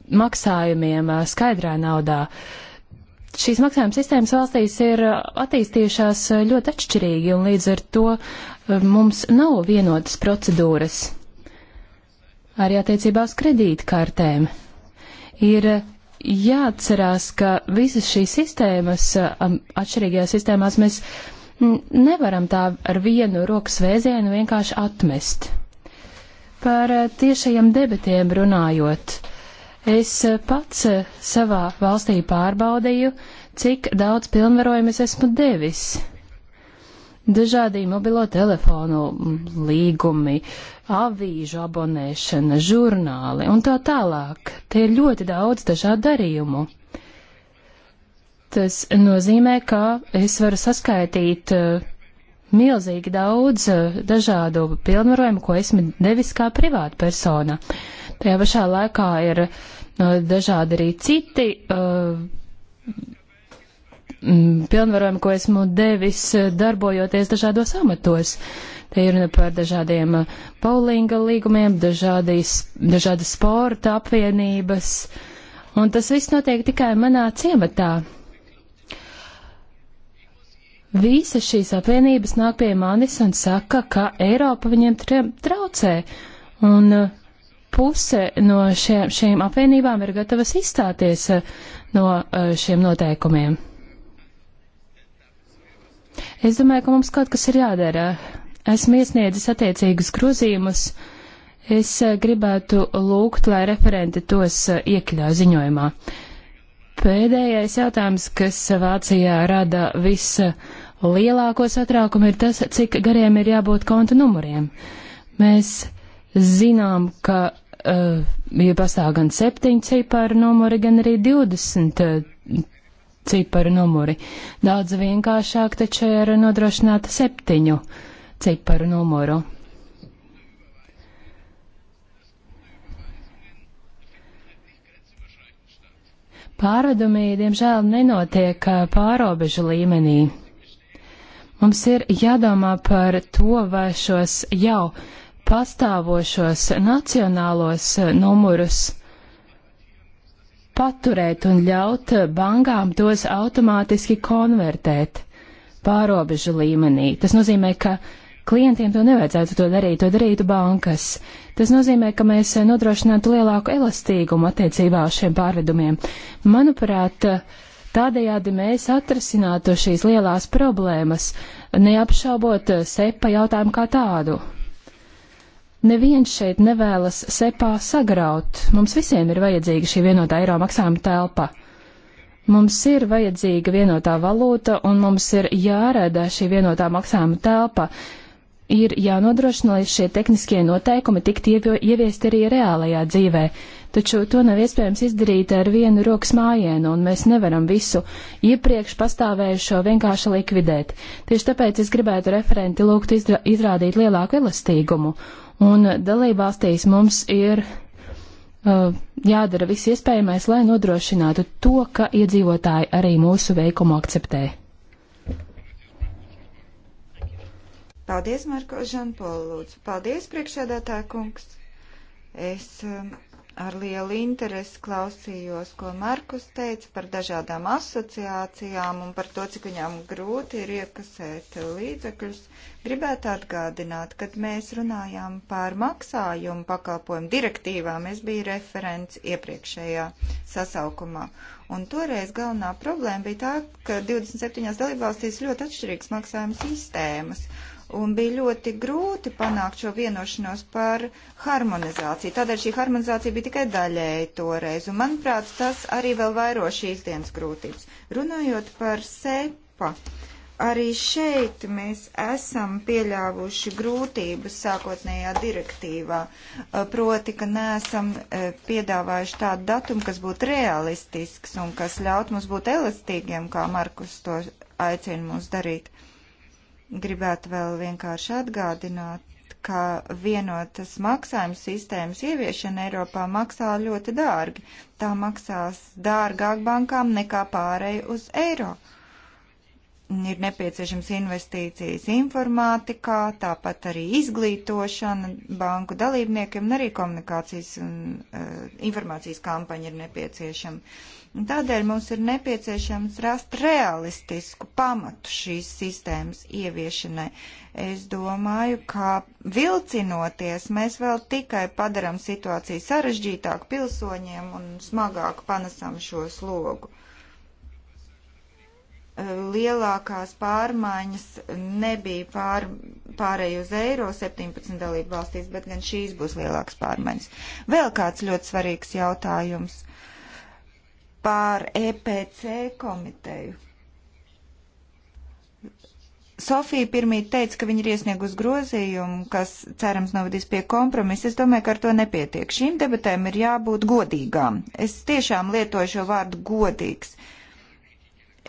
maksājumiem uh, skaidrā naudā. Šīs maksājuma sistēmas valstīs ir attīstījušās uh, ļoti atšķirīgi, un līdz ar to uh, mums nav vienotas procedūras. Arī attiecībā uz kredītkartēm ir jāatcerās, ka visas šīs sistēmas, atšķirīgajās sistēmās mēs nevaram tā ar vienu rokas vēzienu vienkārši atmest. Par tiešajiem debitiem runājot, es pats savā valstī pārbaudīju, cik daudz pilnvarojumus esmu devis Dažādi mobilo telefonu līgumi, avīžu abonēšana, žurnāli un tā tālāk. Te ir ļoti daudz dažādu darījumu. Tas nozīmē, ka es varu saskaitīt eh, milzīgi daudz eh, dažādu pilnvarojumu, ko esmu devis kā privāta persona. Tajā pašā laikā ir eh, dažādi arī citi uh, Mm, pilnvarojumu, ko esmu devis eh, darbojoties dažādos amatos. Te ir runa par dažādiem paulinga eh, līgumiem, dažādīs, dažādas sporta apvienības, un tas viss notiek tikai manā ciematā. Visas šīs apvienības nāk pie manis un saka, ka Eiropa viņiem traucē, un eh, puse no šiem, šīm apvienībām ir gatavas izstāties no šiem noteikumiem. Es domāju, ka mums kaut kas ir jādara. Esmu iesniedzis attiecīgus grozījumus. Es eh, gribētu lūgt, lai referenti tos eh, iekļauj ziņojumā. Pēdējais jautājums, kas eh, Vācijā rada vislielāko satraukumu, ir tas, cik gariem ir jābūt konta numuriem. Mēs zinām, ka uh, ja pastāv gan septiņu ciparu numuri, gan arī 20 ciparu numuri. Daudz vienkāršāk taču ir nodrošināt septiņu ciparu numuru. Pārvedumi, diemžēl, nenotiek pārobežu līmenī. Mums ir jādomā par to, vai šos jau pastāvošos nacionālos numurus paturēt un ļaut bankām tos automātiski konvertēt pārobežu līmenī. Tas nozīmē, ka klientiem to nevajadzētu to darīt, to darītu bankas. Tas nozīmē, ka mēs nodrošinātu lielāku elastīgumu attiecībā uz šiem pārvedumiem. Manuprāt, tādējādi mēs atrasinātu šīs lielās problēmas, neapšaubot sepa jautājumu kā tādu. Neviens šeit nevēlas sepā sagraut. Mums visiem ir vajadzīga šī vienotā eiro maksājuma telpa. Mums ir vajadzīga vienotā valūta un mums ir jārēdā šī vienotā maksājuma telpa. Ir jānodrošina, lai šie tehniskie noteikumi tiktu ieviesti arī reālajā dzīvē taču to nav iespējams izdarīt ar vienu rokas mājienu, un mēs nevaram visu iepriekš pastāvējušo vienkārši likvidēt. Tieši tāpēc es gribētu referenti lūgt izra izrādīt lielāku elastīgumu, un dalībvalstīs mums ir uh, jādara viss iespējamais, lai nodrošinātu to, ka iedzīvotāji arī mūsu veikumu akceptē. Paldies, Marko Žanpolu, lūdzu. Paldies, priekšēdētā kungs. Es um, Ar lielu interesi klausījos, ko Markus teica par dažādām asociācijām un par to, cik viņām grūti ir iekasēt līdzekļus. Gribētu atgādināt, kad mēs runājām par maksājumu pakalpojumu direktīvām, es biju referents iepriekšējā sasaukumā. Un toreiz galvenā problēma bija tā, ka 27 dalībvalstīs ļoti atšķirīgas maksājuma sistēmas un bija ļoti grūti panākt šo vienošanos par harmonizāciju. Tādēļ šī harmonizācija bija tikai daļēji toreiz, un manuprāt, tas arī vēl vairo šīs dienas grūtības. Runājot par sepa, arī šeit mēs esam pieļāvuši grūtības sākotnējā direktīvā, eh, proti, ka neesam eh, piedāvājuši tādu datumu, kas būtu realistisks un kas ļaut mums būt elastīgiem, kā Markus to aicina mums darīt Gribētu vēl vienkārši atgādināt, ka vienotas maksājuma sistēmas ieviešana Eiropā maksā ļoti dārgi. Tā maksās dārgāk bankām nekā pārēj uz eiro. Ir nepieciešams investīcijas informātikā, tāpat arī izglītošana banku dalībniekiem, un arī komunikācijas un uh, informācijas kampaņa ir nepieciešama. Uh, Un tādēļ mums ir nepieciešams rast realistisku pamatu šīs sistēmas ieviešanai. Es domāju, ka vilcinoties mēs vēl tikai padaram situāciju sarežģītāku pilsoņiem un smagāk panesam šo slogu lielākās pārmaiņas nebija pār, pārēj uz eiro 17 dalību valstīs, bet gan šīs būs lielākas pārmaiņas. Vēl kāds ļoti svarīgs jautājums par EPC komiteju. Sofija pirmīt teica, ka viņa ir iesniegus grozījumu, kas cerams novadīs pie kompromisa. Es domāju, ka ar to nepietiek. Šīm debatēm ir jābūt godīgām. Es tiešām lietoju šo vārdu godīgs.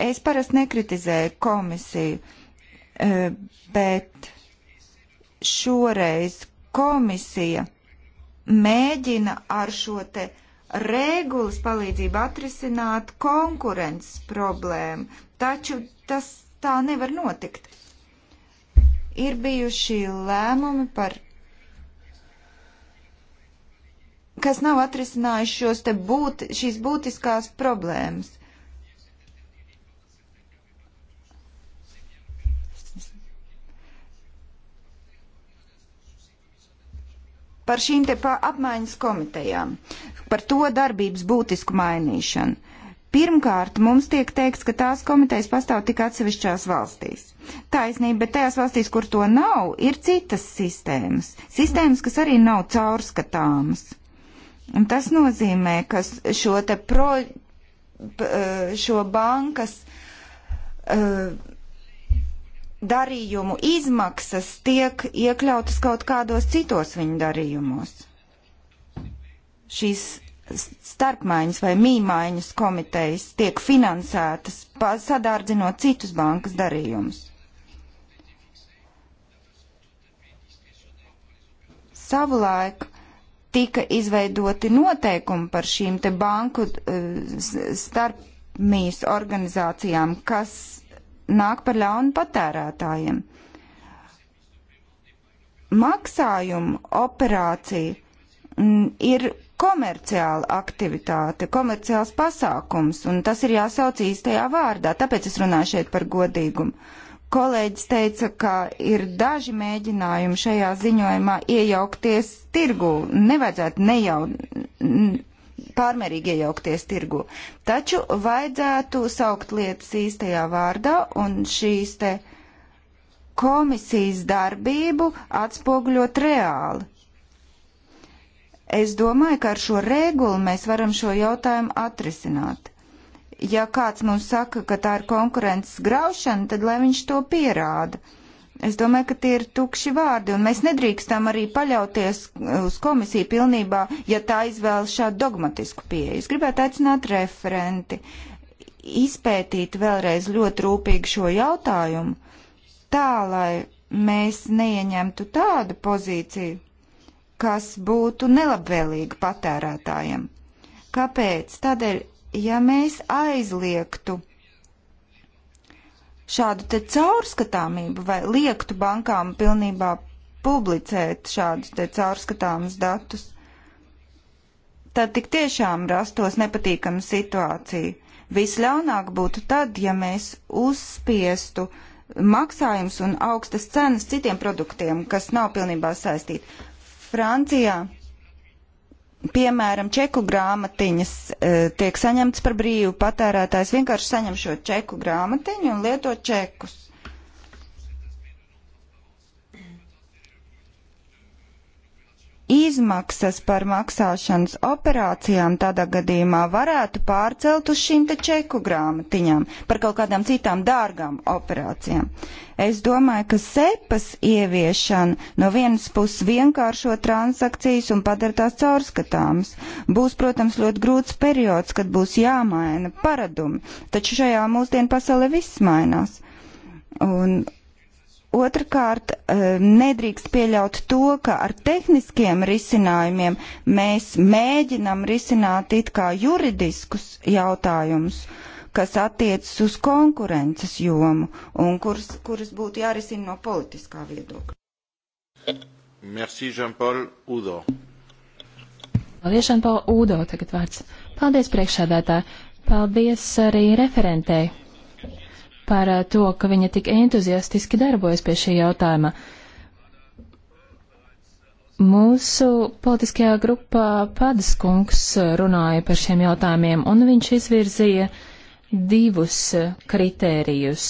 Es parasti nekritizēju komisiju, eh, bet šoreiz komisija mēģina ar šo te regulas palīdzību atrisināt konkurences problēmu, taču tas tā nevar notikt. Ir bijuši lēmumi par kas nav atrisinājuši šos te būt, šīs būtiskās problēmas. par šīm te apmaiņas komitejām, par to darbības būtisku mainīšanu. Pirmkārt, mums tiek teikts, ka tās komitejas pastāv tik atsevišķās valstīs. Taisnība, bet tajās valstīs, kur to nav, ir citas sistēmas. Sistēmas, kas arī nav caurskatāmas. Un tas nozīmē, ka šo te pro, eh, šo bankas eh, darījumu izmaksas tiek iekļautas kaut kādos citos viņa darījumos. Šīs starpmaiņas vai mīmaiņas komitejas tiek finansētas, sadārdzinot citus bankas darījumus. Savulaik tika izveidoti noteikumi par šīm te banku eh, starpmīs organizācijām, kas nāk par ļaunu patērētājiem. Maksājumu operācija ir komerciāla aktivitāte, komerciāls pasākums, un tas ir jāsauc īstajā vārdā, tāpēc es runāju šeit par godīgumu. Kolēģis teica, ka ir daži mēģinājumi šajā ziņojumā iejaukties tirgu. Nevajadzētu nejau, pārmērīgi iejaukties tirgu. Taču vajadzētu saukt lietas īstajā vārdā un šīs te komisijas darbību atspoguļot reāli. Es domāju, ka ar šo regulu mēs varam šo jautājumu atrisināt. Ja kāds mums saka, ka tā ir konkurences graušana, tad lai viņš to pierāda Es domāju, ka tie ir tukši vārdi, un mēs nedrīkstam arī paļauties uz komisiju pilnībā, ja tā izvēlas šādu dogmatisku pieeju. Es gribētu aicināt referenti izpētīt vēlreiz ļoti rūpīgi šo jautājumu, tā lai mēs neieņemtu tādu pozīciju, kas būtu nelabvēlīga patērētājiem. Kāpēc? Tādēļ, ja mēs aizliegtu šādu te caurskatāmību vai liektu bankām pilnībā publicēt šādus te caurskatāmus datus, tad tik tiešām rastos nepatīkama situācija. Visļaunāk būtu tad, ja mēs uzspiestu maksājums un augstas cenas citiem produktiem, kas nav pilnībā saistīti. Francijā piemēram, čeku grāmatiņas e, tiek saņemts par brīvu. Patērētājs vienkārši saņem šo čeku grāmatiņu un lieto čekus. izmaksas par maksāšanas operācijām tādā gadījumā varētu pārcelt uz šīm te čeku grāmatiņām par kaut kādām citām dārgām operācijām. Es domāju, ka sepas ieviešana no vienas puses vienkāršo transakcijas un padara tās caurskatāmas. Būs, protams, ļoti grūts periods, kad būs jāmaina paradumi, taču šajā mūsdienu pasaulē viss mainās. Un Otrakārt, eh, nedrīkst pieļaut to, ka ar tehniskiem risinājumiem mēs mēģinam risināt it kā juridiskus jautājumus, kas attiecas uz konkurences jomu un kuras, kuras būtu jārisina no politiskā viedokļa. Merci, Jean-Paul Udo. Paldies, Jean-Paul Udo, tagad vārds. Paldies, priekšādātā. Paldies arī referentei par eh, to, ka viņa tik entuziastiski darbojas pie šī jautājuma. Mūsu politiskajā grupā Padas kungs eh, runāja par šiem jautājumiem, un viņš izvirzīja divus eh, kritērijus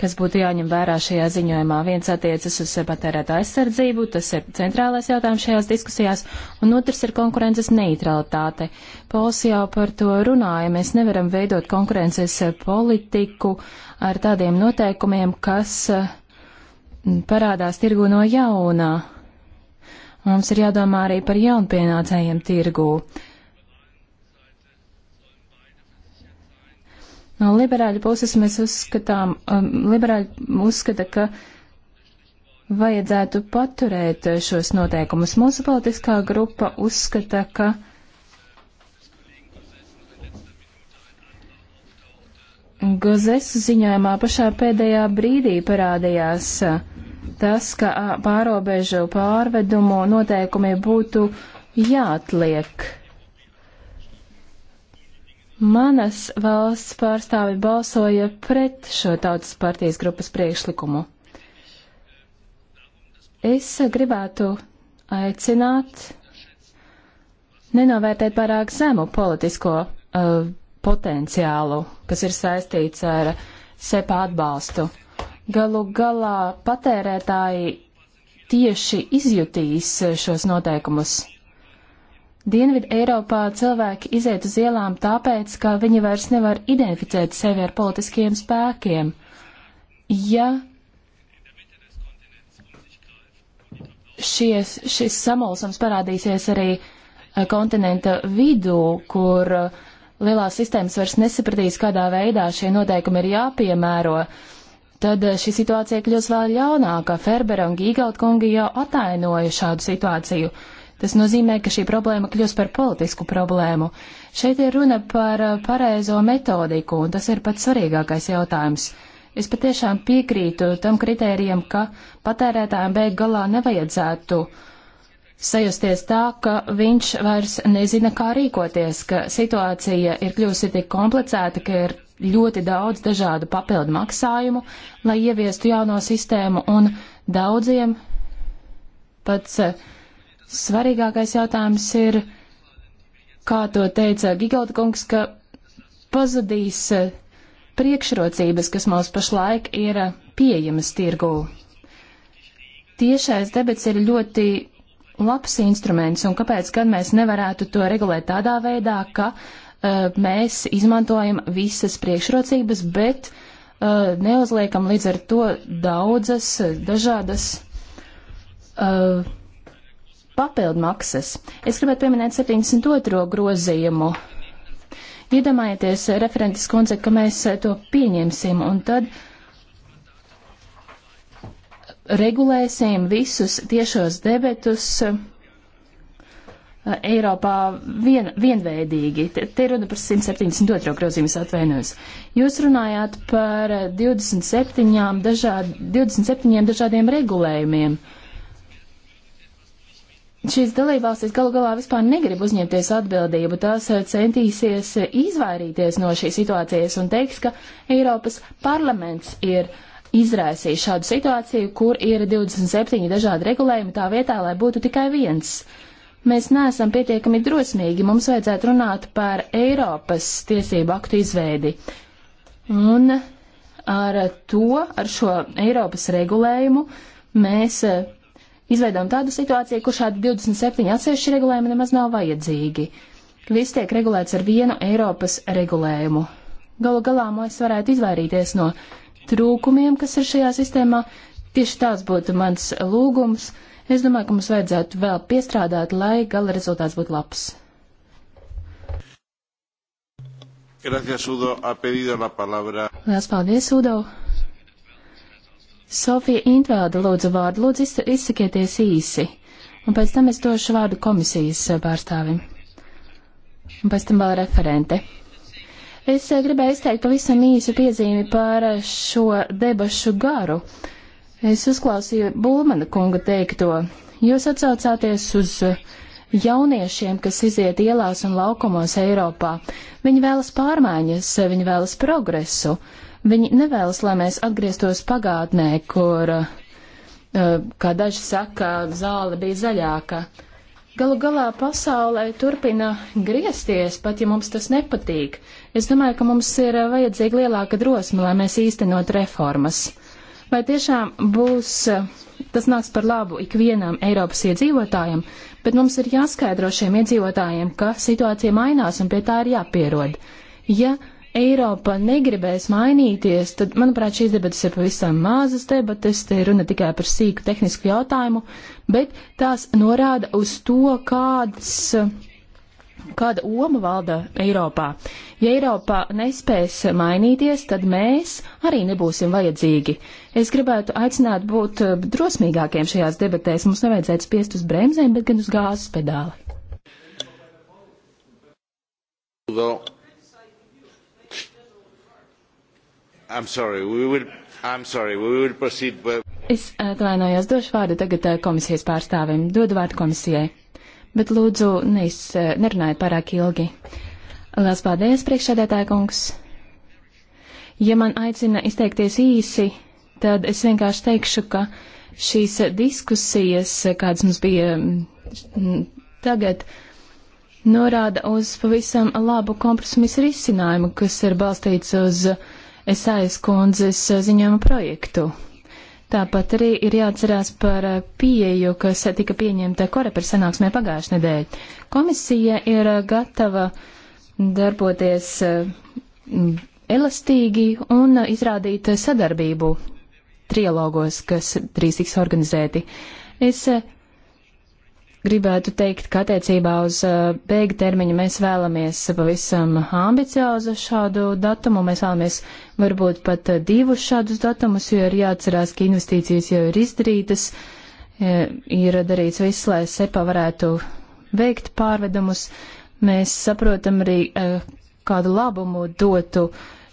kas būtu jāņem vērā šajā ziņojumā. Viens attiecas uz patērētā aizsardzību, tas ir centrālais jautājums šajās diskusijās, un otrs ir konkurences neutralitāte. Pols jau par to runāja, mēs nevaram veidot konkurences politiku ar tādiem noteikumiem, kas mm, parādās tirgu no jaunā. Mums ir jādomā arī par jaunpienācējiem tirgū. No liberāļu puses mēs uzskatām, um, liberāļi uzskata, ka vajadzētu paturēt šos noteikumus. Mūsu politiskā grupa uzskata, ka. Gozes ziņojumā pašā pēdējā brīdī parādījās uh, tas, ka uh, pārobežu pārvedumu noteikumi būtu jāatliek. Manas valsts pārstāvi balsoja pret šo tautas partijas grupas priekšlikumu. Es gribētu aicināt nenovērtēt pārāk zemu politisko uh, potenciālu, kas ir saistīts ar sepa atbalstu. Galu galā patērētāji tieši izjutīs šos noteikumus. Dienvidu Eiropā cilvēki iziet uz ielām tāpēc, ka viņi vairs nevar identificēt sevi ar politiskiem spēkiem. Ja šies, šis samulsums parādīsies arī eh, kontinenta vidū, kur eh, lielās sistēmas vairs nesapratīs, kādā veidā šie noteikumi ir jāpiemēro, tad eh, šī situācija kļūs vēl ļaunāka. Ferbera un Gīgaut kungi jau atainoja šādu situāciju. Tas nozīmē, ka šī problēma kļūst par politisku problēmu. Šeit ir runa par uh, pareizo metodiku, un tas ir pats svarīgākais jautājums. Es patiešām piekrītu tam kritērijam, ka patērētājiem beig galā nevajadzētu sajusties tā, ka viņš vairs nezina, kā rīkoties, ka situācija ir kļūsi tik komplicēta, ka ir ļoti daudz dažādu papildu maksājumu, lai ieviestu jauno sistēmu, un daudziem pats uh, svarīgākais jautājums ir, kā to teica Gigalda kungs, ka pazudīs eh, priekšrocības, kas mums pašlaik ir eh, pieejamas tirgū. Tiešais debets ir ļoti labs instruments, un kāpēc gan mēs nevarētu to regulēt tādā veidā, ka uh, mēs izmantojam visas priekšrocības, bet uh, neuzliekam līdz ar to daudzas dažādas uh, papildmaksas. Es gribētu pieminēt 72. grozījumu. Iedomājieties, referentes kundze, ka mēs to pieņemsim un tad regulēsim visus tiešos debetus eh, Eiropā vien, vienveidīgi. Te, te runa par 172. grozījumus atvainojos. Jūs runājāt par 27, dažād, 27 dažādiem regulējumiem. Uh, šīs dalībvalstis galu galā vispār negrib uzņemties atbildību. Tās eh, centīsies eh, izvairīties no šīs situācijas un teiks, ka Eiropas parlaments ir izraisījis šādu situāciju, kur ir 27 dažādi regulējumi tā vietā, lai būtu tikai viens. Mēs neesam pietiekami drosmīgi, mums vajadzētu runāt par Eiropas tiesību aktu izveidi. Un ar to, ar šo Eiropas regulējumu, mēs eh, izveidojam tādu situāciju, kur šādi 27 atsevišķi regulējumi nemaz nav vajadzīgi. Viss tiek regulēts ar vienu Eiropas regulējumu. Galu galā mēs varētu izvairīties no trūkumiem, kas ir šajā sistēmā. Tieši tāds būtu mans lūgums. Es domāju, ka mums vajadzētu vēl piestrādāt, lai gala rezultāts būtu labs. Gracias, Udo. Ha pedido la palabra. Lielas paldies, Udo. Sofija Intvēlda lūdzu vārdu, lūdzu izsakieties īsi, un pēc tam es došu vārdu komisijas eh, pārstāvim, un pēc tam vēl referente. Es eh, gribēju izteikt pavisam īsu piezīmi par eh, šo debašu garu. Es uzklausīju Bulmana kunga teikto. Jūs atsaucāties uz jauniešiem, kas iziet ielās un laukumos Eiropā. Viņi vēlas pārmaiņas, viņi vēlas progresu. Uh, Viņi nevēlas, lai mēs atgrieztos pagātnē, kur, eh, kā daži saka, zāle bija zaļāka. Galu galā pasaulē turpina griezties, pat ja mums tas nepatīk. Es domāju, ka mums ir eh, vajadzīga lielāka drosme, lai mēs īstenot reformas. Vai tiešām būs, eh, tas nāks par labu ikvienam Eiropas iedzīvotājam, bet mums ir jāskaidro šiem iedzīvotājiem, ka situācija mainās un pie tā ir jāpierod. Ja Eiropa negribēs mainīties, tad, manuprāt, šīs debatas ir pavisam mazas debatas, te runa tikai par sīku tehnisku jautājumu, bet tās norāda uz to, kāds, kāda oma valda Eiropā. Ja Eiropa nespēs mainīties, tad mēs arī nebūsim vajadzīgi. Es gribētu aicināt būt drosmīgākiem šajās debatēs, mums nevajadzētu spiest uz bremzēm, bet gan uz gāzes pedāli. Well. I'm sorry, we will, I'm sorry, we will proceed. But... Es atvainojos, došu vārdu tagad eh, komisijas pārstāvim. Dodu vārdu komisijai. Bet lūdzu, neiz, eh, nerunājiet pārāk ilgi. Lielas paldies, priekšsēdētāja kungs. Ja man aicina izteikties īsi, tad es vienkārši teikšu, ka šīs diskusijas, kādas mums bija mm, mm, tagad, norāda uz pavisam labu kompromisu risinājumu, kas ir balstīts uz uh, Esājas kundzes eh, ziņojuma projektu. Tāpat arī ir jāatcerās par eh, pieeju, kas tika pieņemta Koreper sanāksmē pagājušajā nedēļā. Komisija ir eh, gatava darboties elastīgi un izrādīt sadarbību trialogos, kas drīz tiks organizēti. Es gribētu teikt, ka attiecībā uz uh, beigu termiņu mēs vēlamies pavisam ambiciozu šādu datumu. Mēs vēlamies varbūt pat uh, divus šādus datumus, jo ir jāatcerās, ka investīcijas jau ir izdarītas, e, ir darīts viss, lai SEPA varētu veikt pārvedumus. Mēs saprotam arī, e, kādu labumu dotu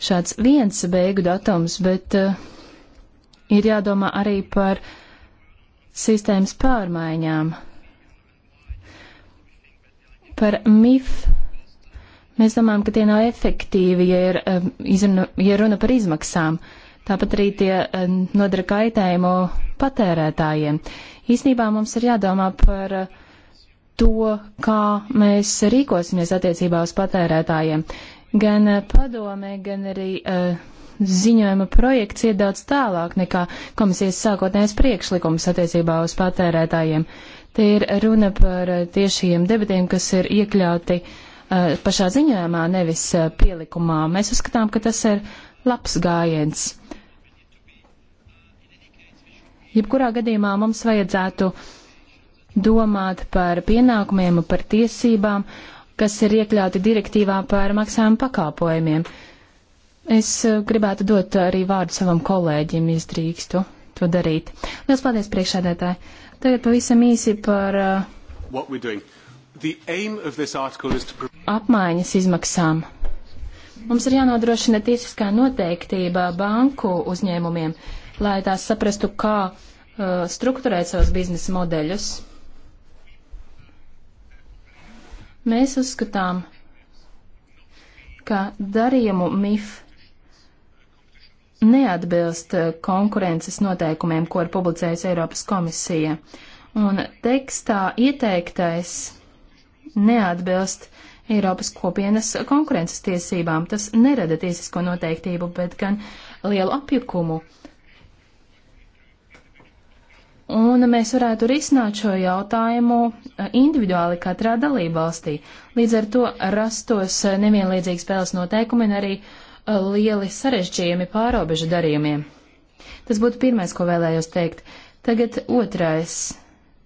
šāds viens beigu datums, bet e, ir jādomā arī par sistēmas pārmaiņām. Par MIF mēs domājam, ka tie nav efektīvi, ja, ir, eh, izruna, ja runa par izmaksām. Tāpat arī tie eh, nodara kaitējumu patērētājiem. Īsnībā mums ir jādomā par eh, to, kā mēs rīkosimies attiecībā uz patērētājiem. Gan padomē, gan arī uh, ziņojuma projekts ir daudz tālāk nekā komisijas sākotnējais priekšlikums attiecībā uz patērētājiem. Uh, Te ir runa par eh, tiešajiem debatiem, kas ir iekļauti uh, pašā ziņojumā, nevis uh, pielikumā. Mēs uzskatām, ka tas ir labs gājiens. Jebkurā gadījumā mums vajadzētu domāt par pienākumiem un par tiesībām, kas ir iekļauti direktīvā par maksājumu pakalpojumiem. Es uh, gribētu dot arī vārdu savam kolēģim, ja drīkstu to darīt. Lielas paldies priekšādētāji! Tagad pavisam īsi par uh, to... apmaiņas izmaksām. Mums ir jānodrošina tiesiskā noteiktība banku uzņēmumiem, lai tās saprastu, kā uh, strukturēt savus biznesa modeļus. Mēs uzskatām, ka darījumu MIF neatbilst eh, konkurences noteikumiem, ko ir publicējusi Eiropas komisija. Un tekstā ieteiktais neatbilst Eiropas kopienas konkurences tiesībām. Tas nerada tiesisko noteiktību, bet gan lielu apjukumu. Un mēs varētu risināt šo jautājumu eh, individuāli katrā dalībvalstī. Līdz ar to rastos eh, nevienlīdzīgi spēles noteikumi un arī uh, Uh, lieli sarežģījumi pārobežu darījumiem. Tas būtu pirmais, ko vēlējos teikt. Tagad otrais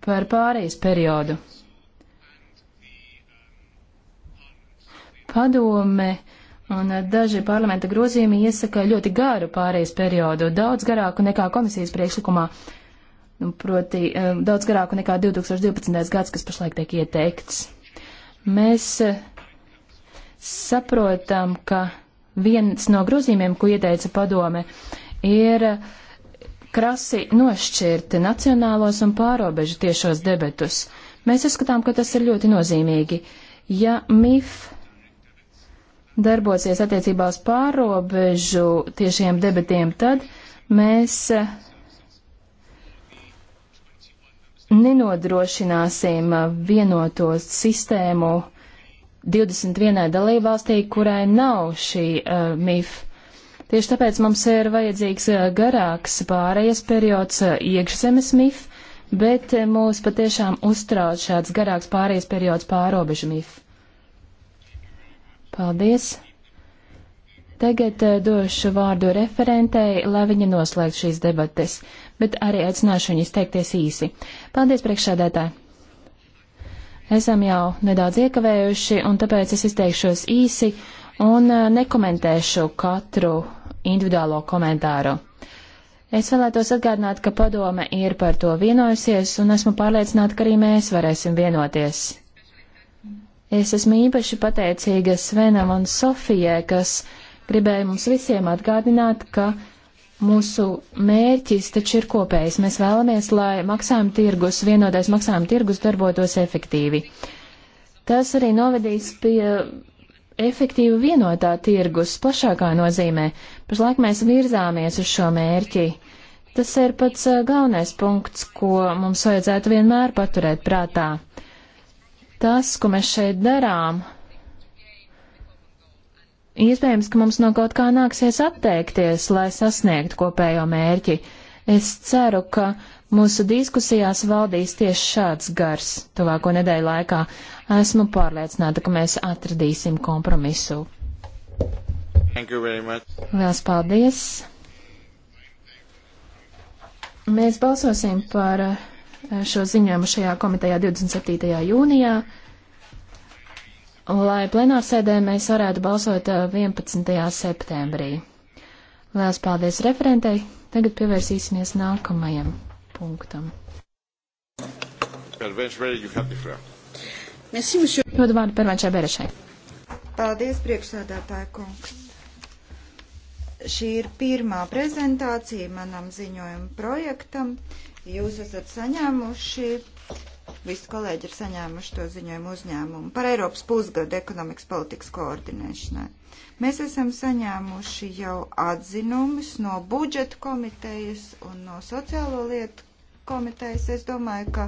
par pārejas periodu. Padome un daži parlamenta grozījumi iesaka ļoti garu pārejas periodu, daudz garāku nekā komisijas priekšlikumā, nu, proti um, daudz garāku nekā 2012. gads, kas pašlaik tiek ieteikts. Mēs uh, saprotam, ka viens no grozījumiem, ko ieteica padome, ir krasi nošķirt nacionālos un pārobežu tiešos debetus. Mēs uzskatām, ka tas ir ļoti nozīmīgi. Ja MIF darbosies attiecībā uz pārobežu tiešiem debetiem, tad mēs eh, nenodrošināsim eh, vienoto sistēmu 21 dalībvalstī, kurai nav šī uh, MIF. Tieši tāpēc mums ir vajadzīgs uh, garāks pārējais periods uh, iekšzemes MIF, bet uh, mūs patiešām uztrauc šāds garāks pārējais periods pārobežu MIF. Paldies! Tagad došu vārdu referentei, lai viņa noslēgtu šīs debates, bet arī aicināšu viņu izteikties īsi. Paldies, priekšsēdētāji! Esam jau nedaudz iekavējuši, un tāpēc es izteikšos īsi un eh, nekomentēšu katru individuālo komentāru. Es vēlētos atgādināt, ka padome ir par to vienojusies, un esmu pārliecināta, ka arī mēs varēsim vienoties. Es esmu īpaši pateicīga Svenam un Sofijai, kas gribēja mums visiem atgādināt, ka Mūsu mērķis taču ir kopējs. Mēs vēlamies, lai maksājuma tirgus, vienotais maksājuma tirgus darbotos efektīvi. Tas arī novedīs pie efektīva vienotā tirgus plašākā nozīmē. Pašlaik mēs virzāmies uz šo mērķi. Tas ir pats galvenais punkts, ko mums vajadzētu vienmēr paturēt prātā. Tas, ko mēs šeit darām, Iespējams, ka mums no kaut kā nāksies atteikties, lai sasniegtu kopējo mērķi. Es ceru, ka mūsu diskusijās valdīs tieši šāds gars tuvāko nedēļu laikā. Esmu pārliecināta, ka mēs atradīsim kompromisu. Lielas paldies! Mēs balsosim par eh, šo ziņojumu šajā komitejā 27. jūnijā lai plenārsēdē mēs varētu balsot 11. Uh, septembrī. Lielas paldies referentei. Tagad pievērsīsimies nākamajam punktam. Ļoti vārdu pervenčai Berešai. Paldies, priekšsēdētāja kungs. Šī ir pirmā prezentācija manam ziņojuma projektam. Jūs esat saņēmuši Visi kolēģi ir saņēmuši to ziņojumu uzņēmumu par Eiropas pusgadu ekonomikas politikas koordinēšanai. Mēs esam saņēmuši jau atzinumus no budžeta komitejas un no sociālo lietu komitejas. Es domāju, ka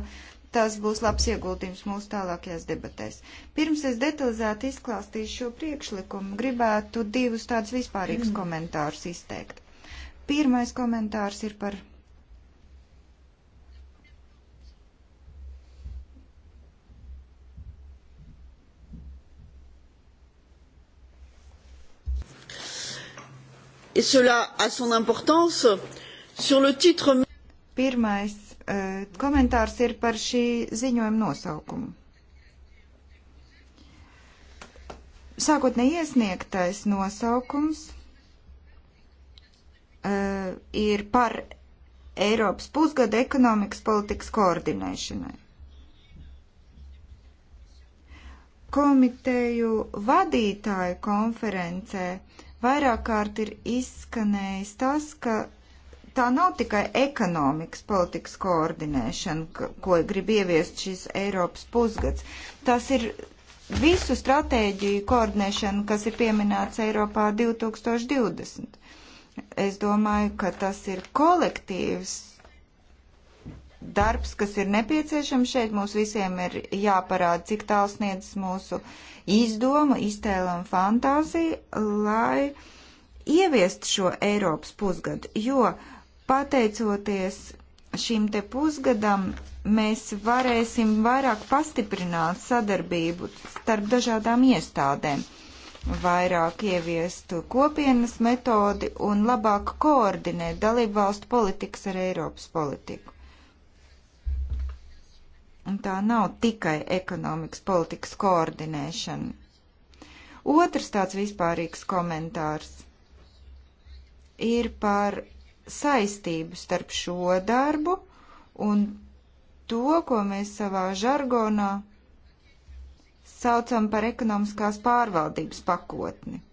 tas būs labs ieguldījums mūsu tālākajās debatēs. Pirms es detalizēti izklāstīšu šo priekšlikumu, gribētu divus tādus vispārīgus komentārus izteikt. Pirmais komentārs ir par et cela a son importance sur le titre. Pirmais uh, komentārs ir par šī ziņojuma nosaukumu. Sākotnēji iesniegtais nosaukums uh, ir par Eiropas pusgada ekonomikas politikas koordinēšanai. Komiteju vadītāju konferencē uh, Vairāk kārt ir izskanējis tas, ka tā nav tikai ekonomikas politikas koordinēšana, ko grib ieviest šis Eiropas pusgads. Tas ir visu stratēģiju koordinēšana, kas ir pieminēts Eiropā 2020. Es domāju, ka tas ir kolektīvs darbs, kas ir nepieciešams šeit. Mums visiem ir jāparāda, cik tāls sniedz mūsu uh, izdomu, iztēlam fantāziju, lai ieviestu šo Eiropas pusgadu, jo pateicoties šim te pusgadam mēs varēsim vairāk pastiprināt sadarbību starp dažādām iestādēm, vairāk ieviestu kopienas metodi un labāk koordinēt dalību valstu politikas ar Eiropas politiku. Un tā nav tikai ekonomikas politikas koordinēšana. Otrs tāds vispārīgs komentārs ir par saistību starp šo darbu un to, ko mēs savā žargonā saucam par ekonomiskās pārvaldības pakotni.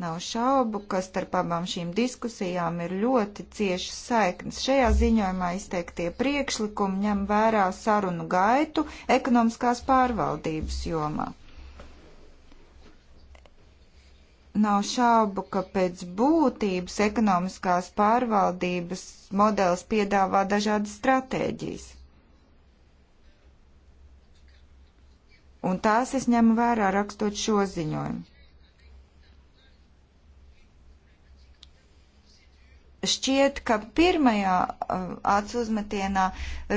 Nav šaubu, ka starp abām šīm diskusijām ir ļoti ciešas saiknes. Šajā ziņojumā izteiktie priekšlikumi ņem vērā sarunu gaitu ekonomiskās pārvaldības jomā. Nav šaubu, ka pēc būtības ekonomiskās pārvaldības modelis piedāvā dažādas stratēģijas. Un tās es ņemu vērā rakstot šo ziņojumu. šķiet, ka pirmajā uh, acu uzmetienā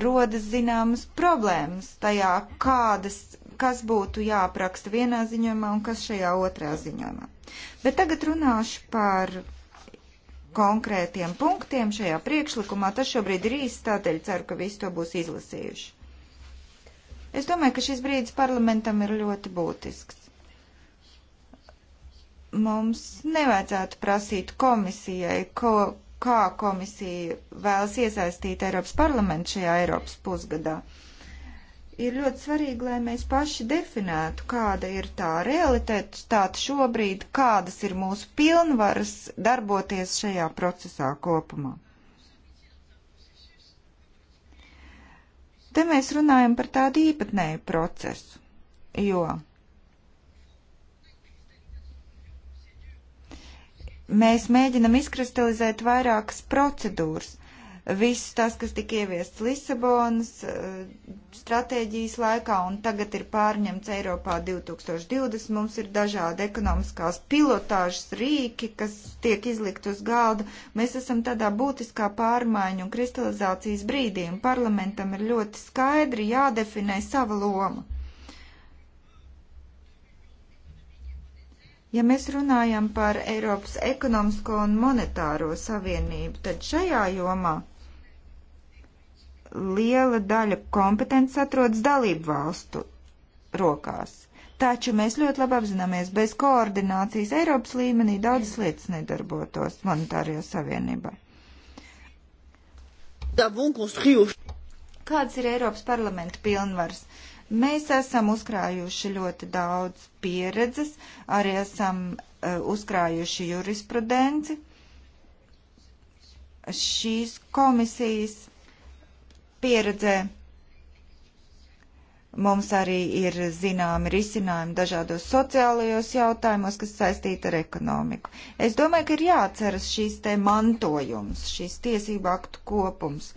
rodas zināmas problēmas tajā, kādas, kas būtu jāapraksta vienā ziņojumā un kas šajā otrā ziņojumā. Bet tagad runāšu par konkrētiem punktiem šajā priekšlikumā. Tas šobrīd ir īsts, tādēļ ceru, ka visi to būs izlasījuši. Es domāju, ka šis brīdis parlamentam ir ļoti būtisks mums nevajadzētu prasīt komisijai ko, kā komisija vēlas iesaistīt Eiropas parlamentu šajā Eiropas pusgadā. Ir ļoti svarīgi, lai mēs paši definētu, kāda ir tā realitāte tāda šobrīd, kādas ir mūsu pilnvaras darboties šajā procesā kopumā. Te mēs runājam par tādu īpatnēju procesu, jo mēs mēģinam izkristalizēt vairākas procedūras. Viss tas, kas tika ieviests Lisabonas eh, stratēģijas laikā un tagad ir pārņemts Eiropā 2020, mums ir dažādi ekonomiskās pilotāžas rīki, kas tiek izlikt uz galda. Mēs esam tādā būtiskā pārmaiņu un kristalizācijas brīdī, un parlamentam ir ļoti skaidri jādefinē sava loma. Ja mēs runājam par Eiropas ekonomisko un monetāro savienību, tad šajā jomā liela daļa kompetences atrodas dalību valstu rokās. Taču mēs ļoti labi apzināmies, bez koordinācijas Eiropas līmenī daudzas lietas nedarbotos monetārajā savienībā. Kādas ir Eiropas parlamenta pilnvaras? Mēs esam uzkrājuši ļoti daudz pieredzes, arī esam uh, uzkrājuši jurisprudenci. Šīs komisijas pieredzē Mums arī ir zināmi risinājumi dažādos sociālajos jautājumos, kas saistīti ar ekonomiku. Es domāju, ka ir jāatceras šīs te mantojums, šīs tiesību aktu kopums.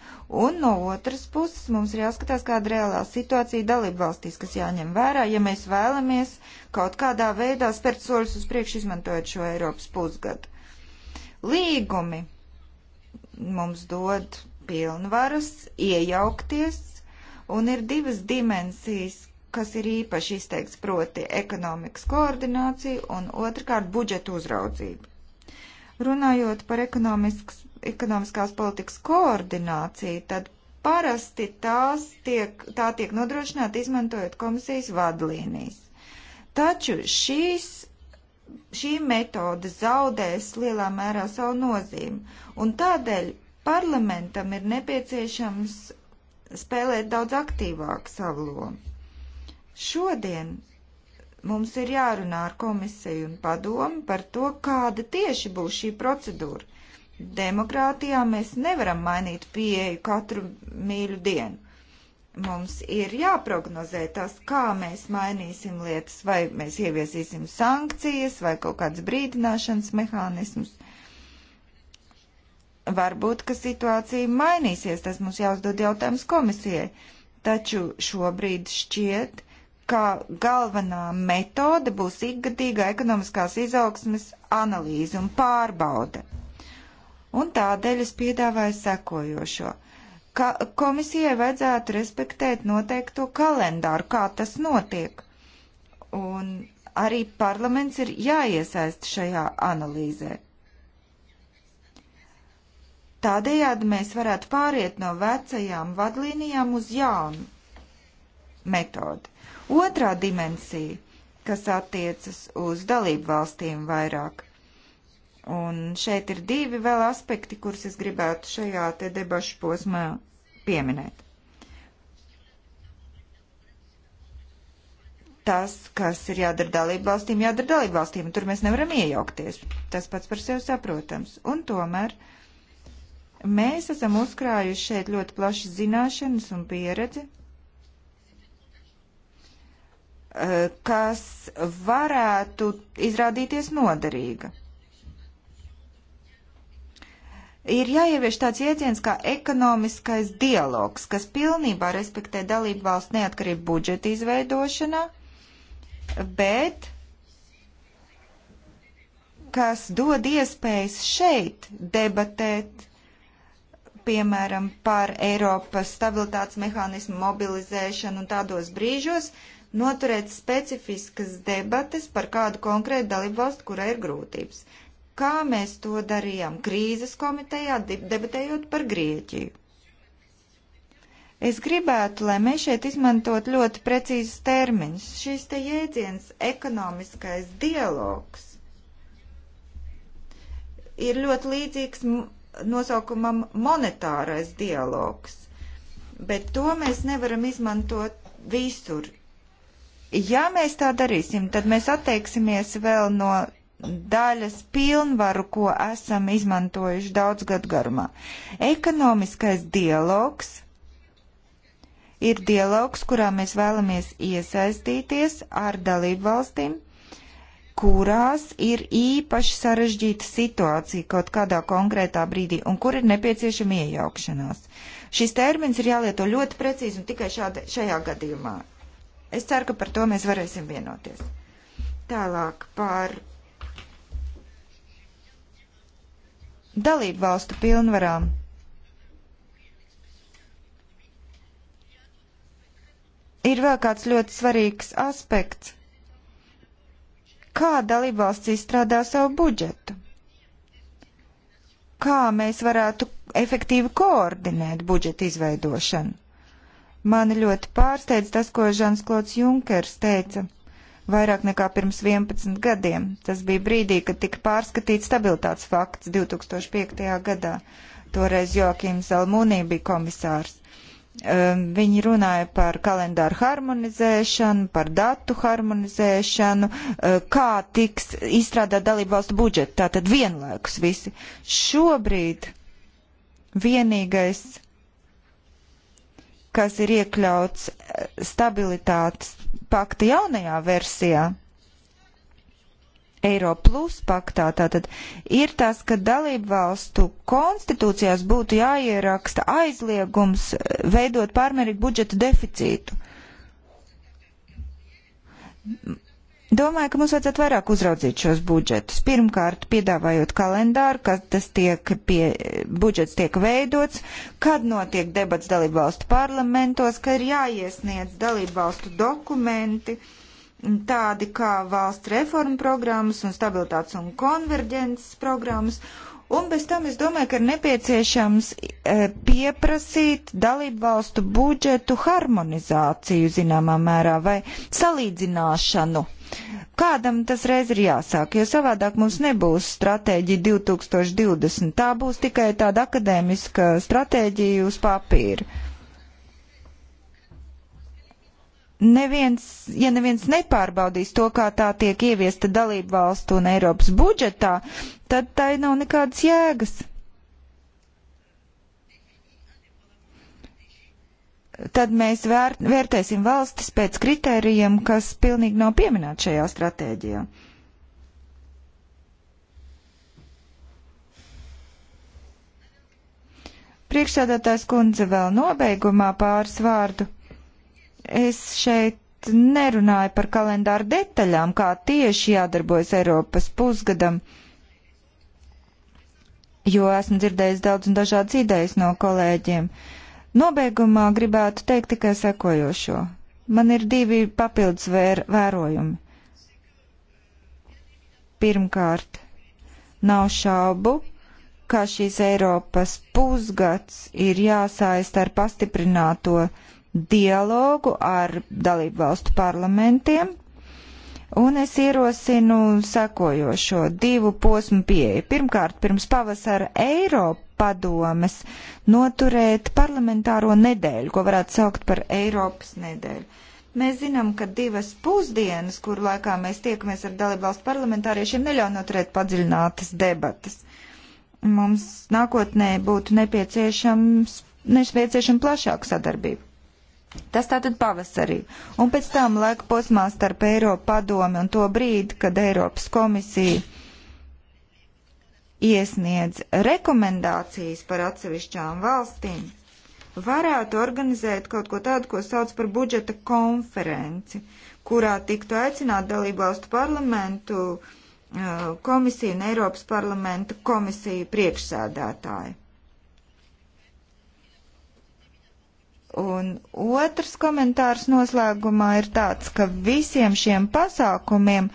Un no otras puses mums ir jāskatās, kāda reālā situācija dalību valstīs, kas jāņem vērā, ja mēs vēlamies kaut kādā veidā spērt soļus uz priekšu, izmantojot šo Eiropas pusgadu. Līgumi mums dod pilnvaras iejaukties Un ir divas dimensijas, kas ir īpaši izteikts, proti ekonomikas koordinācija un otrkārt budžeta uzraudzība. Runājot par ekonomiskās politikas koordināciju, tad parasti tās tiek, tā tiek nodrošināta izmantojot komisijas vadlīnijas. Taču šīs, šī metode zaudēs lielā mērā savu nozīmi, un tādēļ parlamentam ir nepieciešams spēlēt daudz aktīvāku savu lomu. Šodien mums ir jārunā ar komisiju un padomu par to, kāda tieši būs šī procedūra. Demokrātijā mēs nevaram mainīt pieeju katru mīļu dienu. Mums ir jāprognozē tas, kā mēs mainīsim lietas, vai mēs ieviesīsim sankcijas vai kaut kāds brīdināšanas mehānismus. Varbūt, ka situācija mainīsies, tas mums jāuzdod jautājums komisijai. Taču šobrīd šķiet, ka galvenā metode būs ikgadīga ekonomiskās izaugsmes analīze un pārbaude. Un tādēļ es piedāvāju sekojošo ka komisijai vajadzētu respektēt noteikto kalendāru, kā tas notiek. Un arī parlaments ir jāiesaist šajā analīzē. Tādējādi mēs varētu pāriet no vecajām vadlīnijām uz jaunu metodi. Otrā dimensija, kas attiecas uz dalību valstīm vairāk. Un šeit ir divi vēl aspekti, kurus es gribētu šajā te debašu posmā pieminēt. tas, kas ir jādara dalību valstīm, jādara dalību valstīm, un tur mēs nevaram iejaukties. Tas pats par sevi saprotams. Un tomēr Mēs esam uzkrājuši šeit ļoti plašas zināšanas un pieredzi, eh, kas varētu izrādīties noderīga. Ir jāievieš tāds jēdziens kā ekonomiskais dialogs, kas pilnībā respektē dalību valsts neatkarību budžeta izveidošanā, bet kas dod iespējas šeit debatēt piemēram, par Eiropas stabilitātes mehānismu mobilizēšanu un tādos brīžos noturēt specifiskas debates par kādu konkrētu dalību valstu, kurai ir grūtības. Kā mēs to darījām krīzes komitejā, debatējot par Grieķiju? Es gribētu, lai mēs šeit izmantot ļoti precīzus termiņus. Šīs te jēdziens - ekonomiskais dialogs ir ļoti līdzīgs nosaukumam monetārais dialogs, bet to mēs nevaram izmantot visur. Ja mēs tā darīsim, tad mēs atteiksimies vēl no daļas pilnvaru, ko esam izmantojuši daudz gadu garumā. Ekonomiskais dialogs ir dialogs, kurā mēs vēlamies iesaistīties ar dalību valstīm kurās ir īpaši sarežģīta situācija kaut kādā konkrētā brīdī un kur ir nepieciešama iejaukšanās. Šis termins ir jālieto ļoti precīzi un tikai šāda, šajā gadījumā. Es ceru, ka par to mēs varēsim vienoties. Tālāk par dalību valstu pilnvarām. Ir vēl kāds ļoti svarīgs aspekts kā dalībvalsts izstrādā savu budžetu, kā mēs varētu efektīvi koordinēt budžeta izveidošanu. Mani ļoti pārsteidz tas, ko Žans Klods Junkers teica vairāk nekā pirms 11 gadiem. Tas bija brīdī, kad tika pārskatīts stabilitātes fakts 2005. gadā. Toreiz Joakims Almūnī bija komisārs. Um, viņi runāja par kalendāru harmonizēšanu, par datu harmonizēšanu, uh, kā tiks izstrādāt dalību valstu budžeti. Tātad vienlaikus visi. Šobrīd vienīgais, kas ir iekļauts uh, stabilitātes pakta jaunajā versijā, Eiro plus paktā tātad ir tas, ka dalību valstu konstitūcijās būtu jāieraksta aizliegums eh, veidot pārmērīgu budžeta deficītu. Domāju, ka mums vajadzētu vairāk uzraudzīt šos budžetus. Pirmkārt, piedāvājot kalendāru, kad tas tiek pie, budžets tiek veidots, kad notiek debats dalību valstu parlamentos, ka ir jāiesniedz dalību valstu dokumenti. Uh, tādi kā valsts reformu programmas un stabilitātes un konverģences programmas. Un bez tam es domāju, ka ir nepieciešams e, pieprasīt dalību valstu budžetu harmonizāciju zināmā mērā vai salīdzināšanu. Kādam tas reiz ir jāsāk, jo savādāk mums nebūs stratēģija 2020. Tā būs tikai tāda akadēmiska stratēģija uz papīra. neviens, ja neviens nepārbaudīs to, kā tā tiek ieviesta dalību valstu un Eiropas budžetā, tad tai nav nekādas jēgas. Tad mēs vērt, vērtēsim valstis pēc kritērijiem, kas pilnīgi nav pieminēti šajā stratēģijā. Priekšsēdētājs kundze vēl nobeigumā pāris vārdu Es šeit nerunāju par kalendāru detaļām, kā tieši jādarbojas Eiropas pusgadam, jo esmu dzirdējis daudz un dažādas idejas no kolēģiem. Nobeigumā gribētu teikt tikai sekojošo. Man ir divi papildus vēr vērojumi. Pirmkārt, nav šaubu, ka šīs Eiropas pusgads ir jāsaist ar pastiprināto uh, dialogu ar dalību valstu parlamentiem, un es ierosinu sekojošo divu posmu pieeju. Pirmkārt, pirms pavasara Eiropa padomes noturēt parlamentāro nedēļu, ko varētu saukt par Eiropas nedēļu. Mēs zinām, ka divas pusdienas, kur laikā mēs tiekamies ar dalībvalstu parlamentāriešiem, neļauj noturēt padziļinātas debatas. Mums nākotnē būtu nepieciešams, nepieciešama plašāka sadarbība. Tas tātad pavasarī. Un pēc tam laika posmā starp Eiropa padomi un to brīdi, kad Eiropas komisija iesniedz rekomendācijas par atsevišķām valstīm, varētu organizēt kaut ko tādu, ko sauc par budžeta konferenci, kurā tiktu aicināt dalību valstu parlamentu eh, komisiju un Eiropas parlamenta komisiju priekšsēdētāju. Un otrs komentārs noslēgumā ir tāds, ka visiem šiem pasākumiem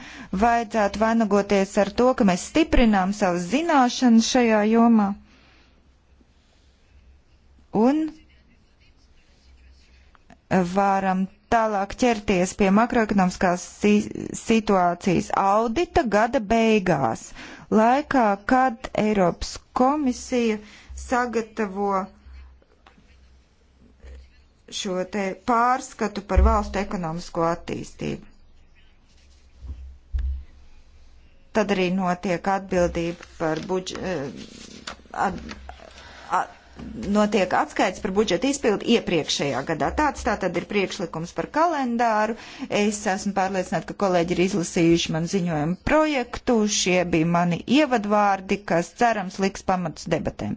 vajadzētu vainagoties ar to, ka mēs stiprinām savas zināšanas šajā jomā. Un varam tālāk ķerties pie makroekonomiskās si situācijas audita gada beigās, laikā, kad Eiropas komisija sagatavo šo te pārskatu par valstu ekonomisko attīstību. Tad arī notiek atbildība par budžetu. Eh, at, at, notiek atskaits par budžeta izpildu iepriekšējā gadā. Tāds tā tad ir priekšlikums par kalendāru. Es esmu pārliecināta, ka kolēģi ir izlasījuši man ziņojumu projektu. Šie bija mani ievadvārdi, kas cerams liks pamatus debatēm.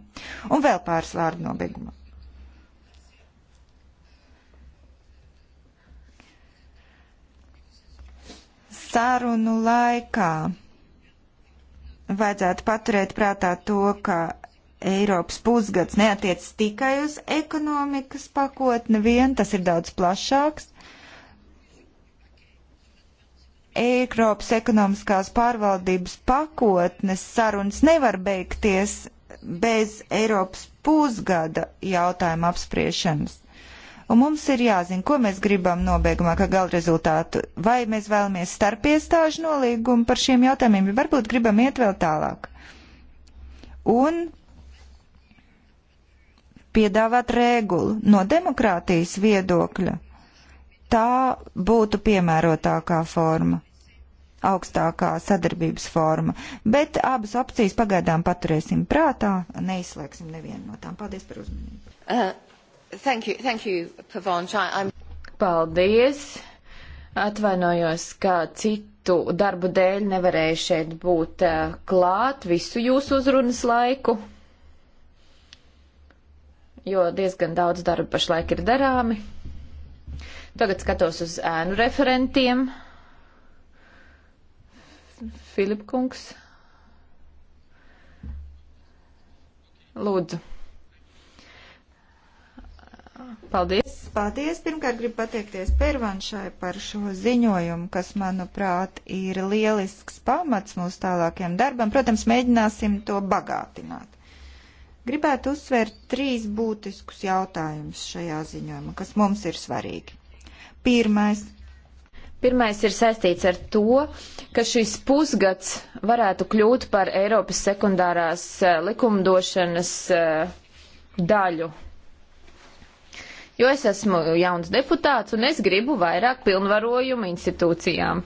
Un vēl pāris vārdu nobeigumā. sarunu laikā vajadzētu paturēt prātā to, ka Eiropas pusgads neatiec tikai uz ekonomikas pakotni vien, tas ir daudz plašāks. Eiropas ekonomiskās pārvaldības pakotnes sarunas nevar beigties bez Eiropas pusgada jautājuma apspriešanas. Un mums ir jāzina, ko mēs gribam nobeigumā, kā gala rezultātu. Vai mēs vēlamies starpiestāžu nolīgumu par šiem jautājumiem, vai varbūt gribam iet vēl tālāk. Un piedāvāt regulu no demokrātijas viedokļa. Tā būtu piemērotākā forma, augstākā sadarbības forma, bet abas opcijas pagaidām paturēsim prātā, neizslēgsim nevienu no tām. Paldies par uzmanību. Uh. Thank you, thank you, Pavanš. I'm... Paldies. Atvainojos, ka citu darbu dēļ nevarēju šeit būt eh, klāt visu jūsu uzrunas laiku, jo diezgan daudz darba pašlaik ir darāmi. Tagad skatos uz ēnu referentiem. Filipkungs. Lūdzu. Paldies! Paldies! Pirmkārt, gribu pateikties Pervanšai par šo ziņojumu, kas, manuprāt, ir lielisks pamats mūsu tālākiem darbam. Protams, mēģināsim to bagātināt. Gribētu uzsvērt trīs būtiskus jautājumus šajā ziņojumā, kas mums ir svarīgi. Pirmais. Pirmais ir saistīts ar to, ka šis pusgads varētu kļūt par Eiropas sekundārās eh, likumdošanas eh, daļu jo es esmu jauns deputāts un es gribu vairāk pilnvarojumu institūcijām.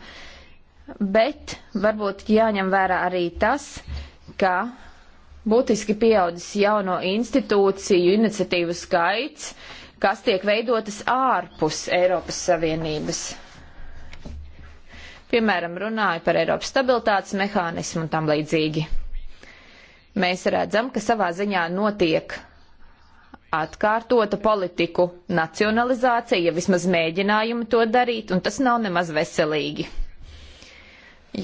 Bet varbūt jāņem vērā arī tas, ka būtiski pieaudzis jauno institūciju iniciatīvu skaits, kas tiek veidotas ārpus Eiropas Savienības piemēram, runāja par Eiropas stabilitātes mehānismu un tam līdzīgi. Mēs redzam, ka savā ziņā notiek atkārtota politiku nacionalizācija, ja vismaz mēģinājumi to darīt, un tas nav nemaz veselīgi.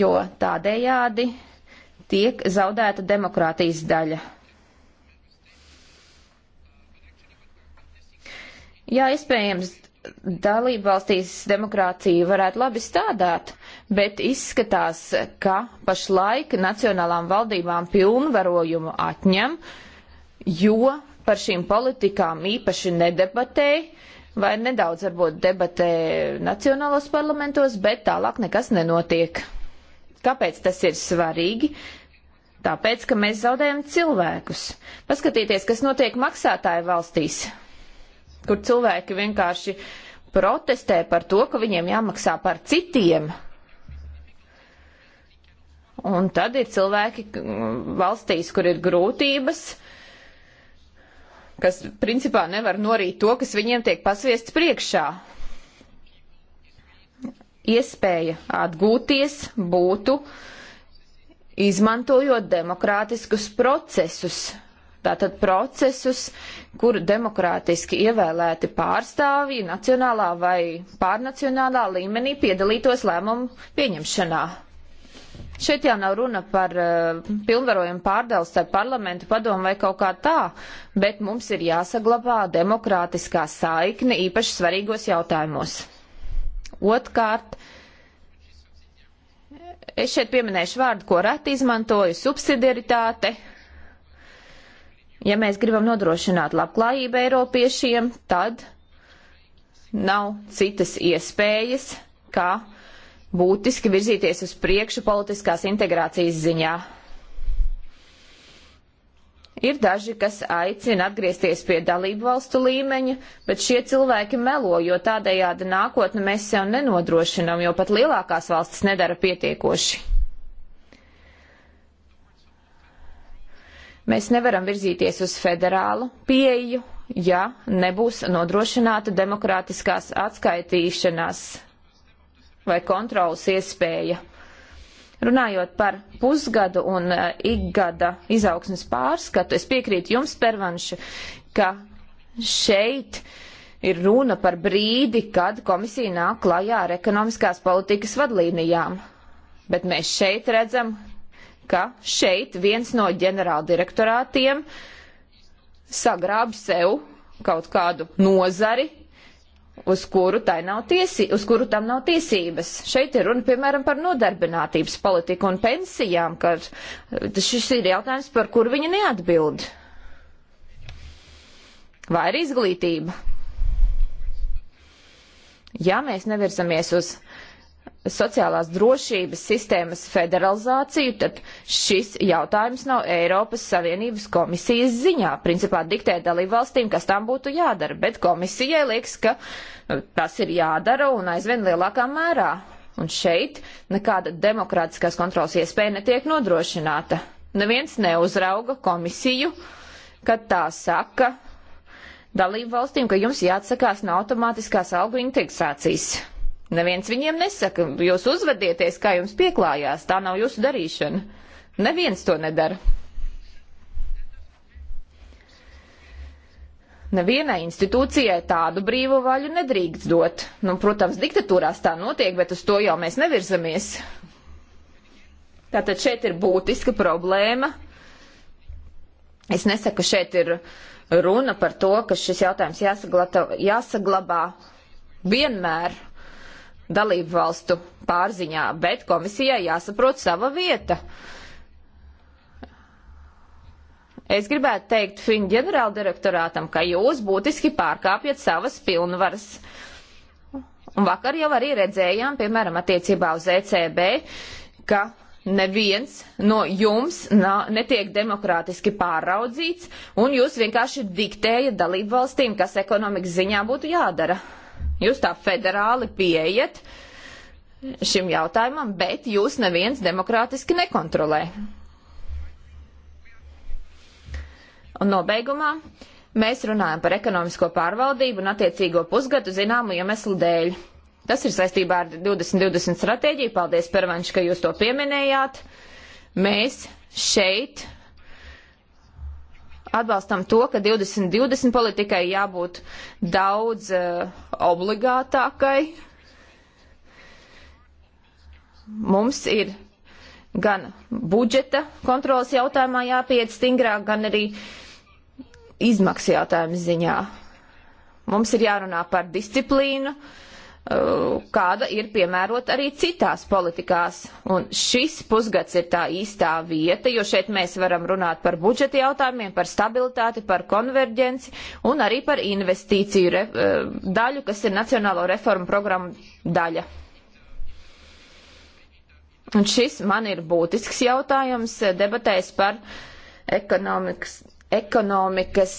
Jo tādējādi tiek zaudēta demokrātijas daļa. Jā, iespējams, dalībvalstīs demokrātija varētu labi strādāt, bet izskatās, ka pašlaik nacionālām valdībām pilnvarojumu atņem, jo par šīm politikām īpaši nedebatē, vai nedaudz varbūt debatē nacionālos parlamentos, bet tālāk nekas nenotiek. Kāpēc tas ir svarīgi? Tāpēc, ka mēs zaudējam cilvēkus. Paskatieties, kas notiek maksātāju valstīs, kur cilvēki vienkārši protestē par to, ka viņiem jāmaksā par citiem. Un tad ir cilvēki mm, valstīs, kur ir grūtības, uh, kas principā nevar norīt to, kas viņiem tiek pasviests priekšā. Iespēja atgūties būtu izmantojot demokrātiskus procesus, tātad procesus, kur demokrātiski ievēlēti pārstāvji nacionālā vai pārnacionālā līmenī piedalītos lēmumu pieņemšanā. Šeit jau nav runa par uh, pilnvarojumu pārdalus ar parlamentu padomu vai kaut kā tā, bet mums ir jāsaglabā demokrātiskā saikne īpaši svarīgos jautājumos. Otkārt, es šeit pieminēšu vārdu, ko reti izmantoju - subsidiaritāte. Ja mēs gribam nodrošināt labklājību Eiropiešiem, tad nav citas iespējas, kā būtiski virzīties uz priekšu politiskās integrācijas ziņā. Ir daži, kas aicina atgriezties pie dalību valstu līmeņa, bet šie cilvēki melo, jo tādējādi nākotni mēs sev nenodrošinām, jo pat lielākās valstis nedara pietiekoši. Mēs nevaram virzīties uz federālu pieeju, ja nebūs nodrošināta demokrātiskās atskaitīšanās vai kontrolas iespēja. Runājot par pusgadu un uh, ikgada izaugsmes pārskatu, es piekrītu jums, Pervanši, ka šeit ir runa par brīdi, kad komisija nāk klajā ar ekonomiskās politikas vadlīnijām. Bet mēs šeit redzam, ka šeit viens no ģenerāldirektorātiem sagrāb sev kaut kādu nozari, uz kuru, nav tiesi, uz kuru tam nav tiesības. Šeit ir runa, piemēram, par nodarbinātības politiku un pensijām, ka šis ir jautājums, par kur viņi neatbild. Vai ir izglītība? Ja mēs nevirzamies uz sociālās drošības sistēmas federalizāciju, tad šis jautājums nav Eiropas Savienības komisijas ziņā. Principā diktē dalību valstīm, kas tam būtu jādara, bet komisijai liekas, ka nu, tas ir jādara un aizvien lielākā mērā. Un šeit nekāda demokrātiskās kontrolas iespēja netiek nodrošināta. Neviens neuzrauga komisiju, kad tā saka dalību valstīm, ka jums jāatsakās no automātiskās algu indeksācijas Neviens viņiem nesaka, jūs uzvedieties, kā jums pieklājās, tā nav jūsu darīšana. Neviens to nedara. Nevienai institūcijai tādu brīvu vaļu nedrīkst dot. Nu, protams, diktatūrās tā notiek, bet uz to jau mēs nevirzamies. Tātad šeit ir būtiska problēma. Es nesaku, ka šeit ir runa par to, ka šis jautājums jāsaglabā vienmēr dalību valstu pārziņā, bet komisijai jāsaprot sava vieta. Es gribētu teikt FIN ģenerāldirektorātam, ka jūs būtiski pārkāpjat savas pilnvaras. Un vakar jau arī redzējām, piemēram, attiecībā uz ECB, ka neviens no jums netiek demokrātiski pāraudzīts, un jūs vienkārši diktējat dalību valstīm, kas ekonomikas ziņā būtu jādara. Jūs tā federāli pieejat šim jautājumam, bet jūs neviens demokrātiski nekontrolē. Un nobeigumā mēs runājam par ekonomisko pārvaldību un attiecīgo pusgadu zināmu iemeslu dēļ. Tas ir saistībā ar 2020 stratēģiju. Paldies, Pervanš, ka jūs to pieminējāt. Mēs šeit atbalstam to, ka 2020 politikai jābūt daudz uh, obligātākai. Mums ir gan budžeta kontrolas jautājumā jāpiet stingrāk, gan arī izmaksu jautājumu ziņā. Mums ir jārunā par disciplīnu, uh, Uh, kāda ir piemērota arī citās politikās. Un šis pusgads ir tā īstā vieta, jo šeit mēs varam runāt par budžeta jautājumiem, par stabilitāti, par konverģenci un arī par investīciju re, uh, daļu, kas ir Nacionālo reformu programmu daļa. Un šis man ir būtisks jautājums uh, debatēs par ekonomikas, ekonomikas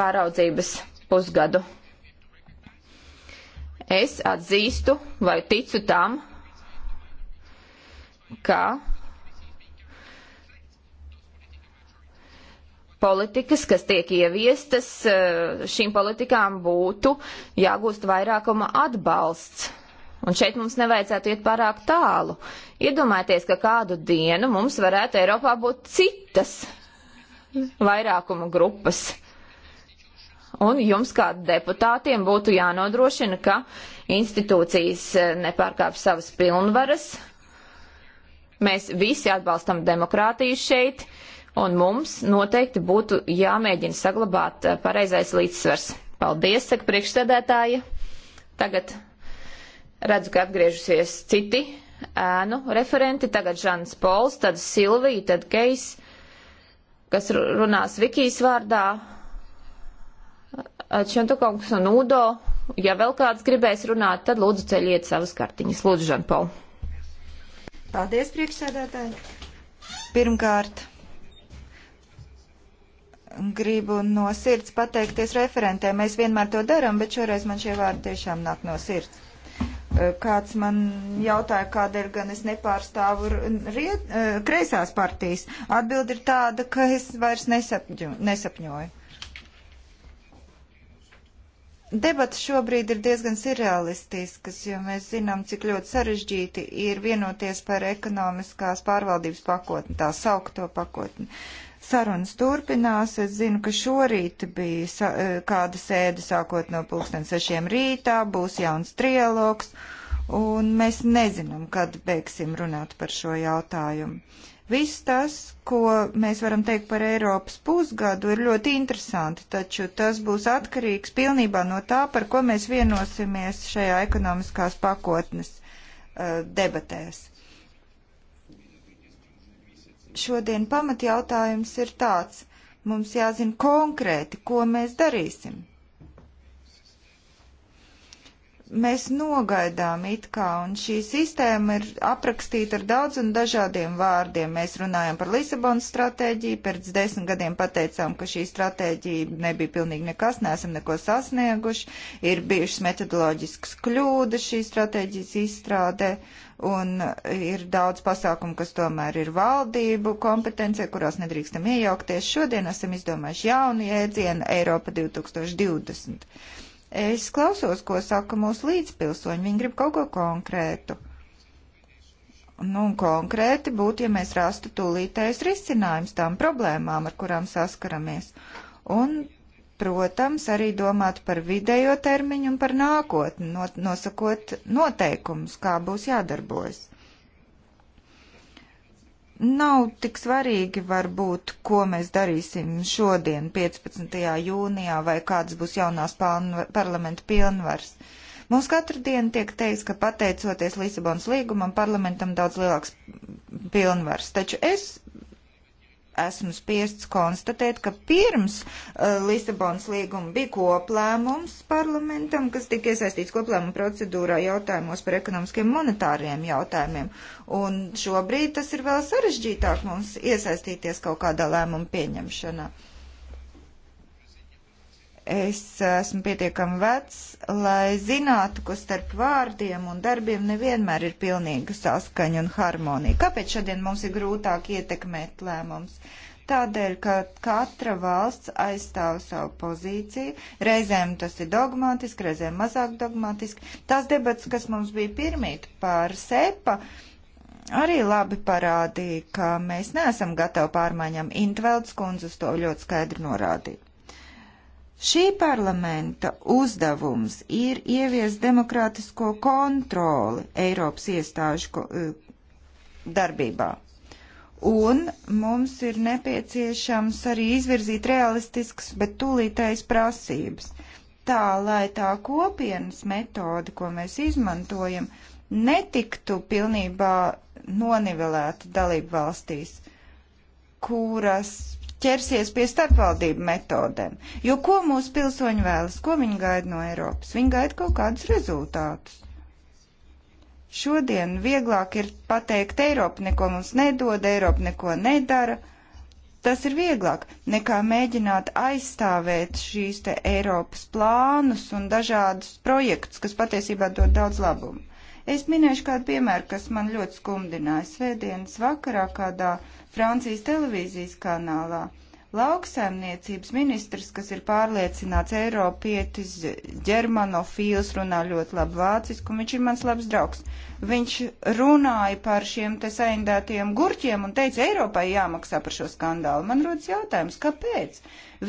pāraudzības pusgadu. Es atzīstu vai ticu tam, ka politikas, kas tiek ieviestas, eh, šīm politikām būtu jāgūst vairākuma atbalsts. Un šeit mums nevajadzētu iet pārāk tālu. Iedomājieties, ka kādu dienu mums varētu Eiropā būt citas vairākuma grupas un jums kā deputātiem būtu jānodrošina, ka institūcijas eh, nepārkāp savas pilnvaras. Mēs visi atbalstam demokrātiju šeit, un mums noteikti būtu jāmēģina saglabāt eh, pareizais līdzsvars. Paldies, saka priekšsēdētāja. Tagad redzu, ka atgriežusies citi ēnu referenti, tagad Žans Pols, tad Silvija, tad Keis, kas runās Vikijas vārdā Čantu kungs un Udo, ja vēl kāds gribēs runāt, tad lūdzu ceļiet savas kartiņas. Lūdzu, Žanpol. Paldies, priekšsēdētāji. Pirmkārt gribu no sirds pateikties referentē. Mēs vienmēr to darām, bet šoreiz man šie vārdi tiešām nāk no sirds. Eh, kāds man jautāja, kādēļ gan es nepārstāvu riet, eh, kreisās partijas. Atbildi ir tāda, ka es vairs nesapņu, nesapņoju. Debats šobrīd ir diezgan surrealistisks, jo mēs zinām, cik ļoti sarežģīti ir vienoties par ekonomiskās pārvaldības pakotni, tā saukto pakotni. Sarunas turpinās, es zinu, ka šorīt bija e, kāda sēde sākot no pulksten sešiem rītā, būs jauns trialogs, un mēs nezinām, kad beigsim runāt par šo jautājumu. Viss tas, ko mēs varam teikt par Eiropas pusgadu, ir ļoti interesanti, taču tas būs atkarīgs pilnībā no tā, par ko mēs vienosimies šajā ekonomiskās pakotnes uh, debatēs. Šodien pamatjautājums ir tāds. Mums jāzina konkrēti, ko mēs darīsim mēs nogaidām it kā, un šī sistēma ir aprakstīta ar daudz un dažādiem vārdiem. Mēs runājam par Lisabonas stratēģiju, pēc desmit gadiem pateicām, ka šī stratēģija nebija pilnīgi nekas, neesam neko sasnieguši, ir bijušas metodoloģiskas kļūdas šī stratēģijas izstrādē, un ir daudz pasākumu, kas tomēr ir valdību kompetencija, kurās nedrīkstam iejaukties. Šodien esam izdomājuši jaunu jēdzienu Eiropa 2020 Es klausos, ko saka mūsu līdzpilsoņi. Viņi grib kaut ko konkrētu. Nu, un konkrēti būtu, ja mēs rastu tūlītējs risinājums tām problēmām, ar kurām saskaramies. Un, protams, arī domāt par vidējo termiņu un par nākotni, nosakot noteikumus, kā būs jādarbojas. Nav tik svarīgi varbūt, ko mēs darīsim šodien, 15. jūnijā, vai kādas būs jaunās parlamenta pilnvars. Mums katru dienu tiek teiks, ka pateicoties Lisabonas līgumam, parlamentam daudz lielāks pilnvars. Taču es esmu spiests konstatēt, ka pirms uh, Lisabonas līguma bija koplēmums parlamentam, kas tika iesaistīts koplēmuma procedūrā jautājumos par ekonomiskiem monetāriem jautājumiem. Un šobrīd tas ir vēl sarežģītāk mums iesaistīties kaut kādā lēmuma pieņemšanā. Uh, es esmu pietiekami vecs, lai zinātu, ka starp vārdiem un darbiem nevienmēr ir pilnīga saskaņa un harmonija. Kāpēc šodien mums ir grūtāk ietekmēt lēmums? Tādēļ, ka katra valsts aizstāv savu pozīciju, reizēm tas ir dogmatiski, reizēm mazāk dogmatiski. Tās debats, kas mums bija pirmīt par sepa, arī labi parādīja, ka mēs neesam gatavi pārmaiņām. Intvelds kundze uz to ļoti skaidri norādīja. Šī parlamenta uzdevums ir ievies demokrātisko kontroli Eiropas iestāžu e, darbībā. Un mums ir nepieciešams arī izvirzīt realistiskas, bet tūlītais prasības. Tā, lai tā kopienas metode, ko mēs izmantojam, netiktu pilnībā nonivelēta dalību valstīs, kuras ķersies pie starpvaldību metodēm. Jo ko mūsu pilsoņi vēlas, ko viņi gaida no Eiropas? Viņi gaida kaut kādus rezultātus. Šodien vieglāk ir pateikt, Eiropa neko mums nedod, Eiropa neko nedara. Tas ir vieglāk nekā mēģināt aizstāvēt šīs te Eiropas plānus un dažādus projektus, kas patiesībā dod daudz labumu. Es minēšu kādu piemēru, kas man ļoti skumdināja. Svētdienas vakarā kādā Francijas televīzijas kanālā lauksaimniecības ministrs, kas ir pārliecināts Eiropietis, ģermanofīls, runā ļoti labi vācisku, un viņš ir mans labs draugs. Viņš runāja par šiem te saindētiem gurķiem un teica, Eiropai jāmaksā par šo skandālu. Man rodas jautājums, kāpēc?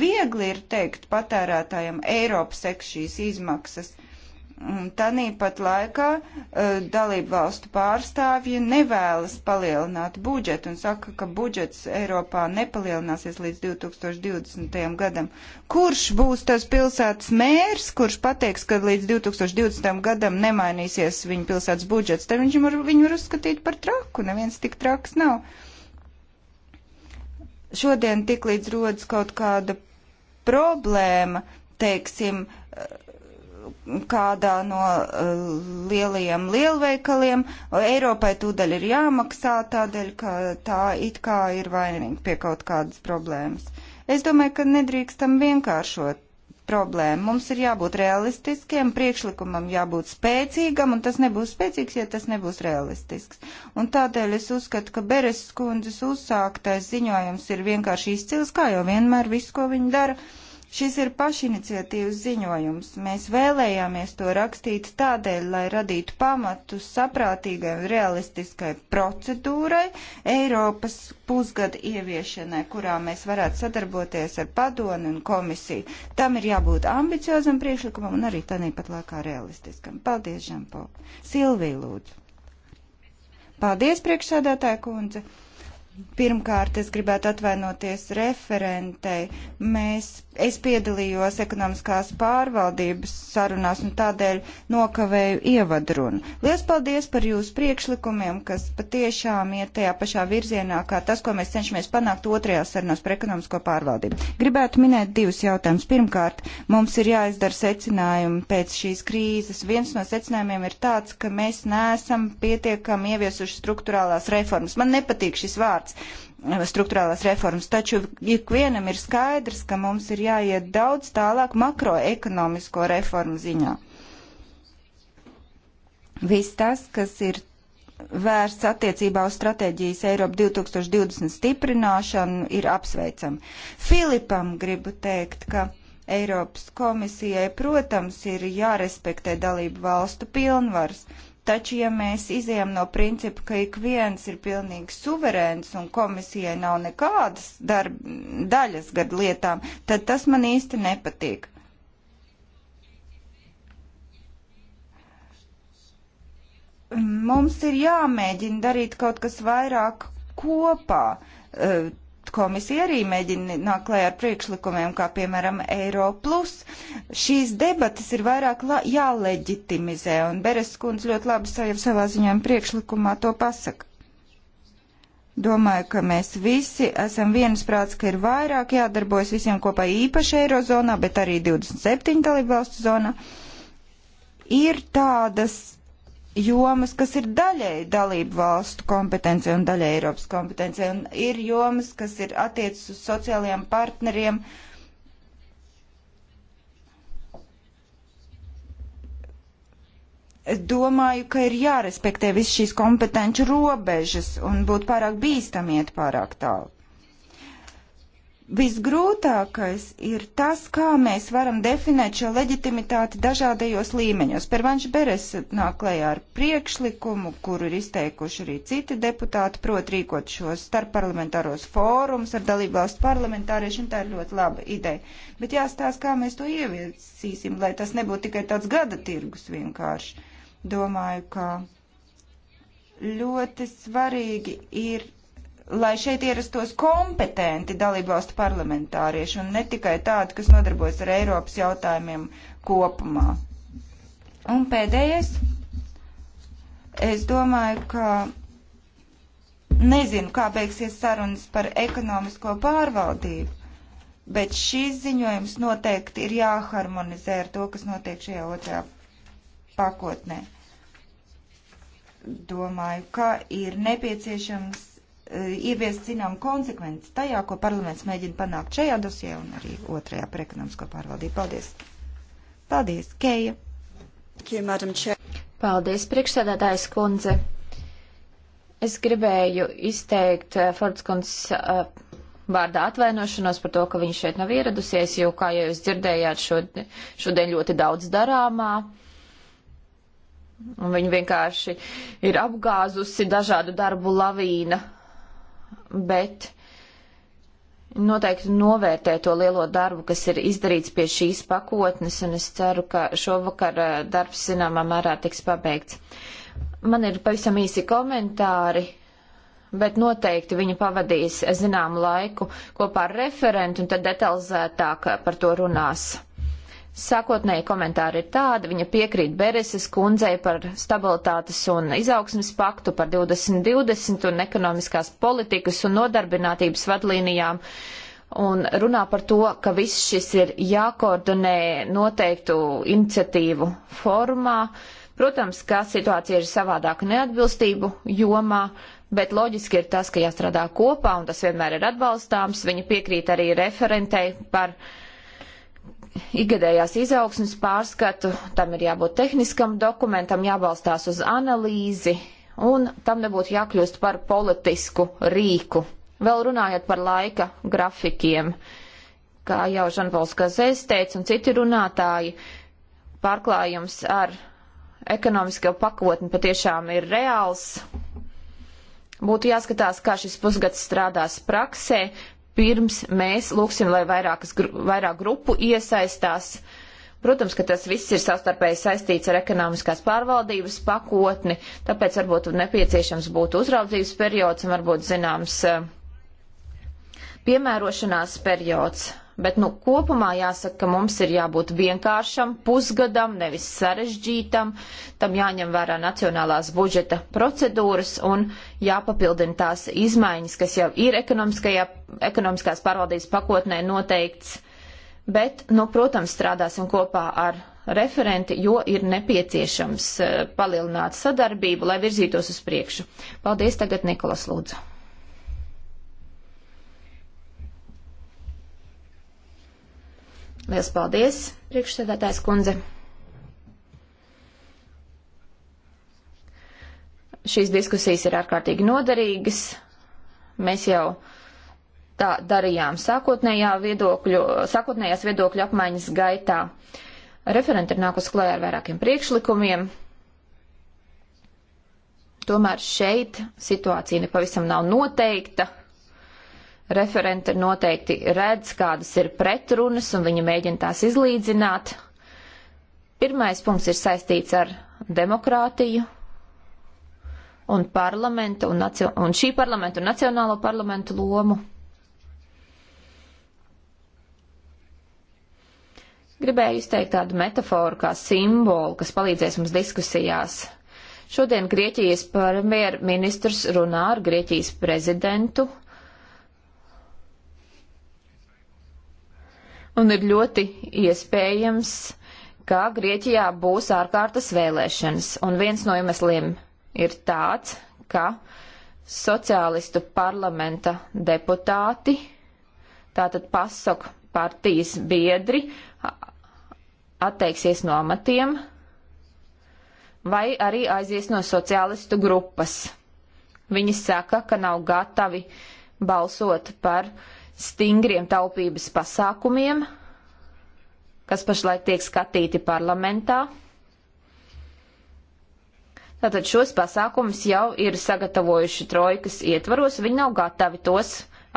Viegli ir teikt patērētājiem, Eiropa seks šīs izmaksas Tanīpat laikā eh, dalību valstu pārstāvji nevēlas palielināt budžetu un saka, ka budžets Eiropā nepalielināsies līdz 2020. gadam. Kurš būs tas pilsētas mērs, kurš pateiks, ka līdz 2020. gadam nemainīsies viņa pilsētas budžets? Tad viņš var, viņu var uzskatīt par traku, neviens tik traks nav. Šodien tik līdz rodas kaut kāda problēma, teiksim, uh, kādā no uh, lielajiem lielveikaliem. Eiropai tūdaļ ir jāmaksā tādēļ, ka tā it kā ir vainīga pie kaut kādas problēmas. Es domāju, ka nedrīkstam vienkāršot problēmu. Mums ir jābūt realistiskiem, priekšlikumam jābūt spēcīgam, un tas nebūs spēcīgs, ja tas nebūs realistisks. Un tādēļ es uzskatu, ka Beres skundzes uzsāktais ziņojums ir vienkārši izcils, kā jau vienmēr viss, ko viņi dara. Uh, Šis ir pašiniciatīvas ziņojums. Mēs vēlējāmies to rakstīt tādēļ, lai radītu pamatu saprātīgai un realistiskai procedūrai Eiropas pusgada ieviešanai, kurā mēs varētu sadarboties ar padoni un komisiju. Tam ir jābūt ambiciozam priekšlikumam un arī tāpat laikā realistiskam. Paldies, Žampo. Silvija, lūdzu. Paldies, priekšsādātāja kundze. Pirmkārt, es gribētu atvainoties referentei. Mēs es piedalījos ekonomiskās pārvaldības sarunās un tādēļ nokavēju ievadrunu. Lielas paldies par jūsu priekšlikumiem, kas patiešām iet tajā pašā virzienā, kā tas, ko mēs cenšamies panākt otrajā sarunās par ekonomisko pārvaldību. Gribētu minēt divus jautājumus. Pirmkārt, mums ir jāizdara secinājumi pēc šīs krīzes. Viens no secinājumiem ir tāds, ka mēs neesam pietiekami ieviesuši struktūrālās reformas. Man nepatīk šis vārds. Uh, struktūrālās reformas, taču ikvienam ir skaidrs, ka mums ir jāiet daudz tālāk makroekonomisko reformu ziņā. Viss tas, kas ir vērsts attiecībā uz stratēģijas Eiropa 2020 stiprināšanu, ir apsveicam. Filipam gribu teikt, ka Eiropas komisijai, protams, ir jārespektē dalību valstu pilnvars, Taču, ja mēs izējām no principa, ka ik viens ir pilnīgi suverēns un komisijai nav nekādas darb, daļas gadu lietām, tad tas man īsti nepatīk. Mums ir jāmēģina darīt kaut kas vairāk kopā. Eh, Komisija arī mēģina nāk klajā ar priekšlikumiem, kā piemēram Eiro plus. Šīs debatas ir vairāk jāleģitimizē, un Beres kundze ļoti labi jau savā ziņojuma priekšlikumā to pasaka. Domāju, ka mēs visi esam viensprāts, ka ir vairāk jādarbojas visiem kopā īpaši Eirozonā, bet arī 27 dalībvalstu zonā. Ir tādas jomas, kas ir daļēji dalību valstu kompetencija un daļēji Eiropas kompetencija, un ir jomas, kas ir attiecas uz sociālajiem partneriem. Es domāju, ka ir jārespektē viss šīs kompetenci robežas un būtu pārāk bīstam iet pārāk tālu. Visgrūtākais ir tas, kā mēs varam definēt šo leģitimitāti dažādajos līmeņos. Pervanš Beres nāk klējā ar priekšlikumu, kuru ir izteikuši arī citi deputāti, prot rīkot šos starpparlamentāros fórums ar dalību valstu parlamentāriešu, un tā ir ļoti laba ideja. Bet jāstāsta, kā mēs to ieviesīsim, lai tas nebūtu tikai tāds gada tirgus vienkārši. Domāju, ka ļoti svarīgi ir lai šeit ierastos kompetenti dalībvalstu parlamentārieši un ne tikai tādi, kas nodarbojas ar Eiropas jautājumiem kopumā. Un pēdējais, es domāju, ka nezinu, kā beigsies sarunas par ekonomisko pārvaldību, bet šīs ziņojums noteikti ir jāharmonizē ar to, kas notiek šajā otrā pakotnē. Domāju, ka ir nepieciešams Eh, ieviest zinām konsekvenci tajā, ko parlaments mēģina panākt šajā dosijā un arī otrajā par ekonomisko pārvaldību. Paldies! Paldies, Keija! Paldies, priekšsēdētājs kundze! Es gribēju izteikt eh, Fordskunds uh, eh, vārdā atvainošanos par to, ka viņš šeit nav ieradusies, jo, kā jau jūs dzirdējāt, šodien, šodien ļoti daudz darāmā. Un viņa vienkārši ir apgāzusi dažādu darbu lavīna bet noteikti novērtē to lielo darbu, kas ir izdarīts pie šīs pakotnes, un es ceru, ka šovakar eh, darbs zināmā mērā tiks pabeigts. Man ir pavisam īsi komentāri, bet noteikti viņi pavadīs eh, zināmu laiku kopā ar referentu un tad detalizētāk eh, par to runās. Sākotnēji komentāri ir tādi, viņa piekrīt Bereses kundzei par stabilitātes un izaugsmes paktu, par 2020 un ekonomiskās politikas un nodarbinātības vadlīnijām un runā par to, ka viss šis ir jākoordinē noteiktu iniciatīvu formā. Protams, ka situācija ir savādāka neatbilstību jomā, bet loģiski ir tas, ka jāstrādā kopā un tas vienmēr ir atbalstāms. Viņa piekrīt arī referentei par uh, ikgadējās izaugsmas pārskatu, tam ir jābūt tehniskam dokumentam, jābalstās uz analīzi, un tam nebūtu jākļūst par politisku rīku. Vēl runājot par laika grafikiem, kā jau Žanpols Kazēs teica un citi runātāji, pārklājums ar ekonomisko pakotni patiešām ir reāls. Būtu jāskatās, kā šis pusgads strādās praksē, pirms mēs lūksim, lai vairākas, vairāk grupu iesaistās. Protams, ka tas viss ir savstarpēji saistīts ar ekonomiskās pārvaldības pakotni, tāpēc varbūt nepieciešams būtu uzraudzības periods un varbūt zināms eh, piemērošanās periods bet nu, kopumā jāsaka, ka mums ir jābūt vienkāršam, pusgadam, nevis sarežģītam, tam jāņem vērā nacionālās budžeta procedūras un jāpapildina tās izmaiņas, kas jau ir ekonomiskās pārvaldības pakotnē noteikts. Bet, nu, protams, strādāsim kopā ar referenti, jo ir nepieciešams eh, palielināt sadarbību, lai virzītos uz priekšu. Paldies tagad Nikolas Lūdzu. Lielas paldies, priekšsēdētājs kundze. Šīs diskusijas ir ārkārtīgi noderīgas. Mēs jau tā darījām sākotnējā viedokļu, sākotnējās viedokļu apmaiņas gaitā. Referenti ir nākus klajā ar vairākiem priekšlikumiem. Tomēr šeit situācija nepavisam nav noteikta Referente noteikti redz, kādas ir pretrunas, un viņa mēģina tās izlīdzināt. Pirmais punkts ir saistīts ar demokrātiju un parlamentu un, un šī parlamentu un nacionālo parlamentu lomu. Gribēju izteikt tādu metaforu kā simbolu, kas palīdzēs mums diskusijās. Šodien Grieķijas premjerministrs runā ar Grieķijas prezidentu un ir ļoti iespējams, ka Grieķijā būs ārkārtas vēlēšanas. Un viens no iemesliem ir tāds, ka sociālistu parlamenta deputāti, tātad pasok partijas biedri, atteiksies no amatiem vai arī aizies no sociālistu grupas. Viņi saka, ka nav gatavi balsot par uh, stingriem taupības pasākumiem, kas pašlaik tiek skatīti parlamentā. Tātad šos pasākumus jau ir sagatavojuši trojkas ietvaros, viņi nav gatavi tos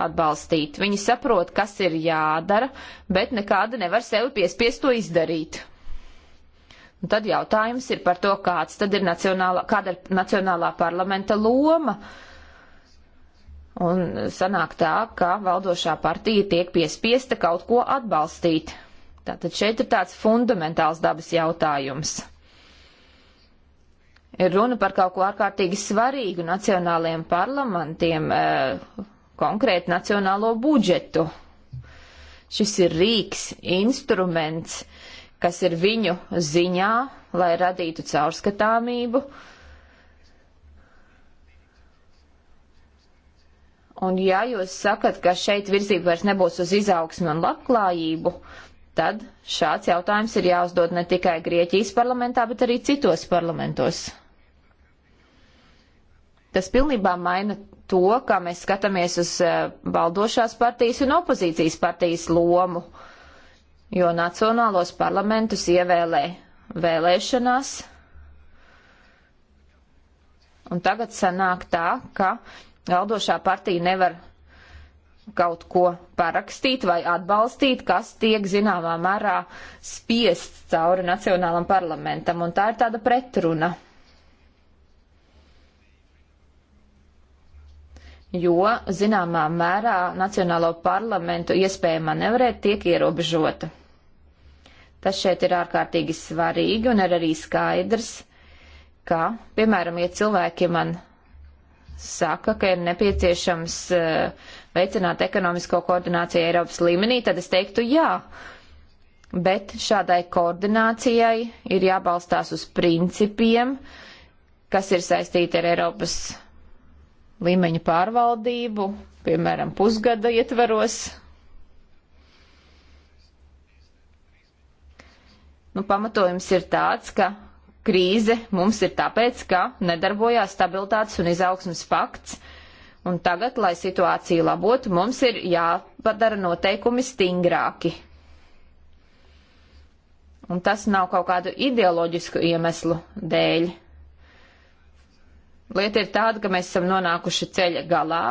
atbalstīt. Viņi saprot, kas ir jādara, bet nekāda nevar sevi piespiest to izdarīt. Un tad jautājums ir par to, kāds tad ir nacionālā, kāda ir nacionālā parlamenta loma uh, Un sanāk tā, ka valdošā partija tiek piespiesta kaut ko atbalstīt. Tātad šeit ir tāds fundamentāls dabas jautājums. Ir runa par kaut ko ārkārtīgi svarīgu nacionālajiem parlamentiem, eh, konkrēti nacionālo budžetu. Šis ir rīks, instruments, kas ir viņu ziņā, lai radītu caurskatāmību, uh, Un ja jūs sakat, ka šeit virzība vairs nebūs uz izaugsmi un labklājību, tad šāds jautājums ir jāuzdod ne tikai Grieķijas parlamentā, bet arī citos parlamentos. Tas pilnībā maina to, kā mēs skatāmies uz e, valdošās partijas un opozīcijas partijas lomu, jo nacionālos parlamentus ievēlē vēlēšanās. Un tagad sanāk tā, ka valdošā partija nevar kaut ko parakstīt vai atbalstīt, kas tiek zināmā mērā spiests cauri Nacionālam parlamentam, un tā ir tāda pretruna. Jo, zināmā mērā, Nacionālo parlamentu iespēja manevrēt tiek ierobežota. Tas šeit ir ārkārtīgi svarīgi un ir arī skaidrs, ka, piemēram, ja cilvēki man saka, ka ir nepieciešams e, veicināt ekonomisko koordināciju Eiropas līmenī, tad es teiktu jā. Bet šādai koordinācijai ir jābalstās uz principiem, kas ir saistīti ar Eiropas līmeņa pārvaldību, piemēram, pusgada ietvaros. Nu, pamatojums ir tāds, ka krīze mums ir tāpēc, ka nedarbojās stabilitātes un izaugsmas pakts. Un tagad, lai situāciju labotu, mums ir jāpadara noteikumi stingrāki. Un tas nav kaut kādu ideoloģisku iemeslu dēļ. Lieta ir tāda, ka mēs esam nonākuši ceļa galā,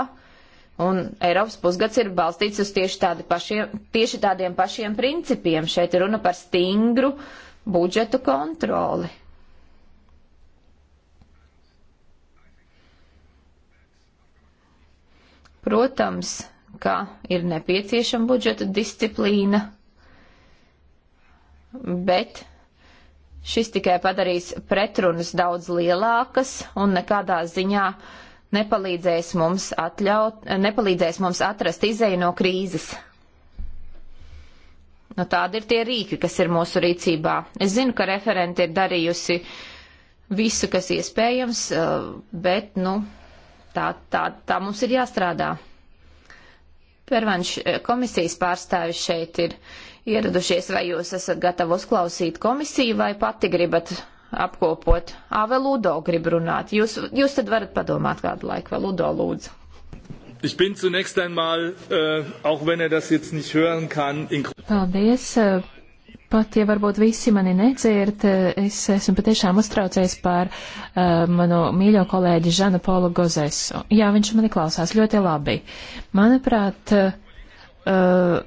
un Eiropas pusgads ir balstīts uz tieši, tādi pašiem, tieši tādiem pašiem principiem. Šeit ir runa par stingru budžetu kontroli. Protams, ka ir nepieciešama budžeta disciplīna, bet šis tikai padarīs pretrunas daudz lielākas un nekādā ziņā nepalīdzēs mums, atļaut, nepalīdzēs mums atrast izēju no krīzes. Nu, tādi ir tie rīki, kas ir mūsu rīcībā. Es zinu, ka referenti ir darījusi visu, kas iespējams, eh, bet, nu, tā, tā, tā mums ir jāstrādā. Pervanš komisijas pārstāvis šeit ir ieradušies, vai jūs esat gatavi uzklausīt komisiju, vai pati gribat apkopot. Ā, vēl Ludo grib runāt. Jūs, jūs tad varat padomāt kādu laiku, vēl Ludo lūdzu. Ich bin zunächst einmal, äh, auch wenn er das jetzt nicht hören kann, in Paldies, Pat ja varbūt visi mani nedzird, es esmu patiešām uztraucies par uh, manu mīļo kolēģi Žana Polu Gozesu. Jā, viņš mani klausās ļoti labi. Manuprāt, uh,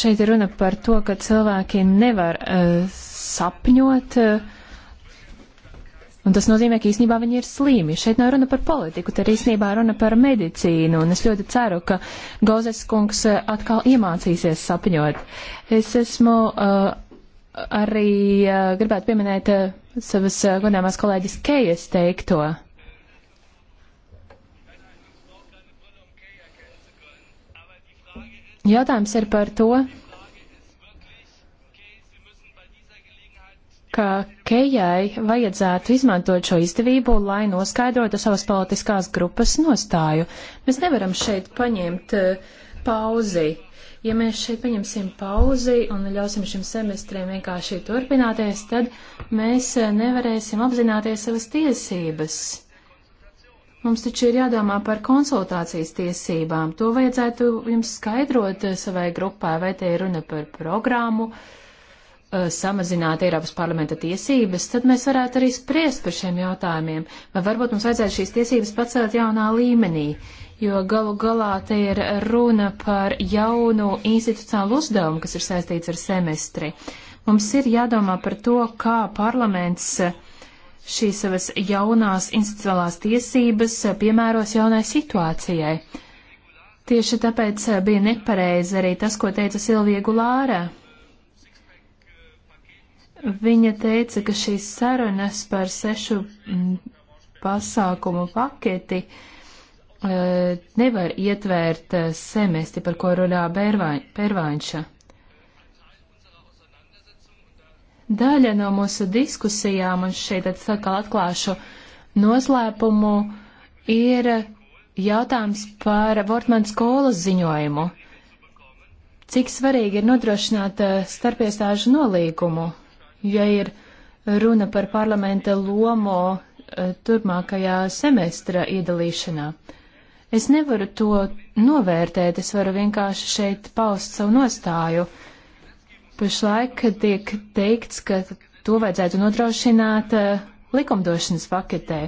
šeit ir runa par to, ka cilvēki nevar uh, sapņot. Uh, Un tas nozīmē, ka īsnībā viņi ir slīmi. Šeit nav runa par politiku, te ir īsnībā runa par medicīnu. Un es ļoti ceru, ka Gozes kungs eh, atkal iemācīsies sapņot. Es esmu uh, arī uh, gribētu pieminēt uh, savas uh, godāmās kolēģis Kejas teikto. Jautājums ir par to, ka Kejai vajadzētu izmantot šo izdevību, lai noskaidrotu savas politiskās grupas nostāju. Mēs nevaram šeit paņemt uh, pauzi. Ja mēs šeit paņemsim pauzi un ļausim šim semestrim vienkārši turpināties, tad mēs eh, nevarēsim apzināties savas tiesības. Mums taču ir jādomā par konsultācijas tiesībām. To vajadzētu jums skaidrot eh, savai grupai, vai te ir runa par programmu, uh, Eh, samazināt Eiropas parlamenta tiesības, tad mēs varētu arī spriest par šiem jautājumiem, vai varbūt mums vajadzētu šīs tiesības pacelt jaunā līmenī, jo galu galā te ir runa par jaunu institucionālu uzdevumu, kas ir saistīts ar semestri. Mums ir jādomā par to, kā parlaments šīs savas jaunās institucionālās tiesības piemēros jaunai situācijai. Tieši tāpēc eh, bija nepareizi arī tas, ko teica Silvija Gulāra Viņa teica, ka šīs sarunas par sešu mm, pasākumu paketi e, nevar ietvērt e, semesti, par ko runā Pērvāņša. Daļa no mūsu diskusijām, un šeit atkal atklāšu noslēpumu, ir jautājums par Vortmanas skolas ziņojumu. Cik svarīgi ir nodrošināt e, starpiestāžu nolīgumu ja ir runa par parlamenta lomo eh, turpmākajā semestra iedalīšanā. Es nevaru to novērtēt, es varu vienkārši šeit paust savu nostāju. Pašlaik tiek teikts, ka to vajadzētu nodrošināt eh, likumdošanas paketē.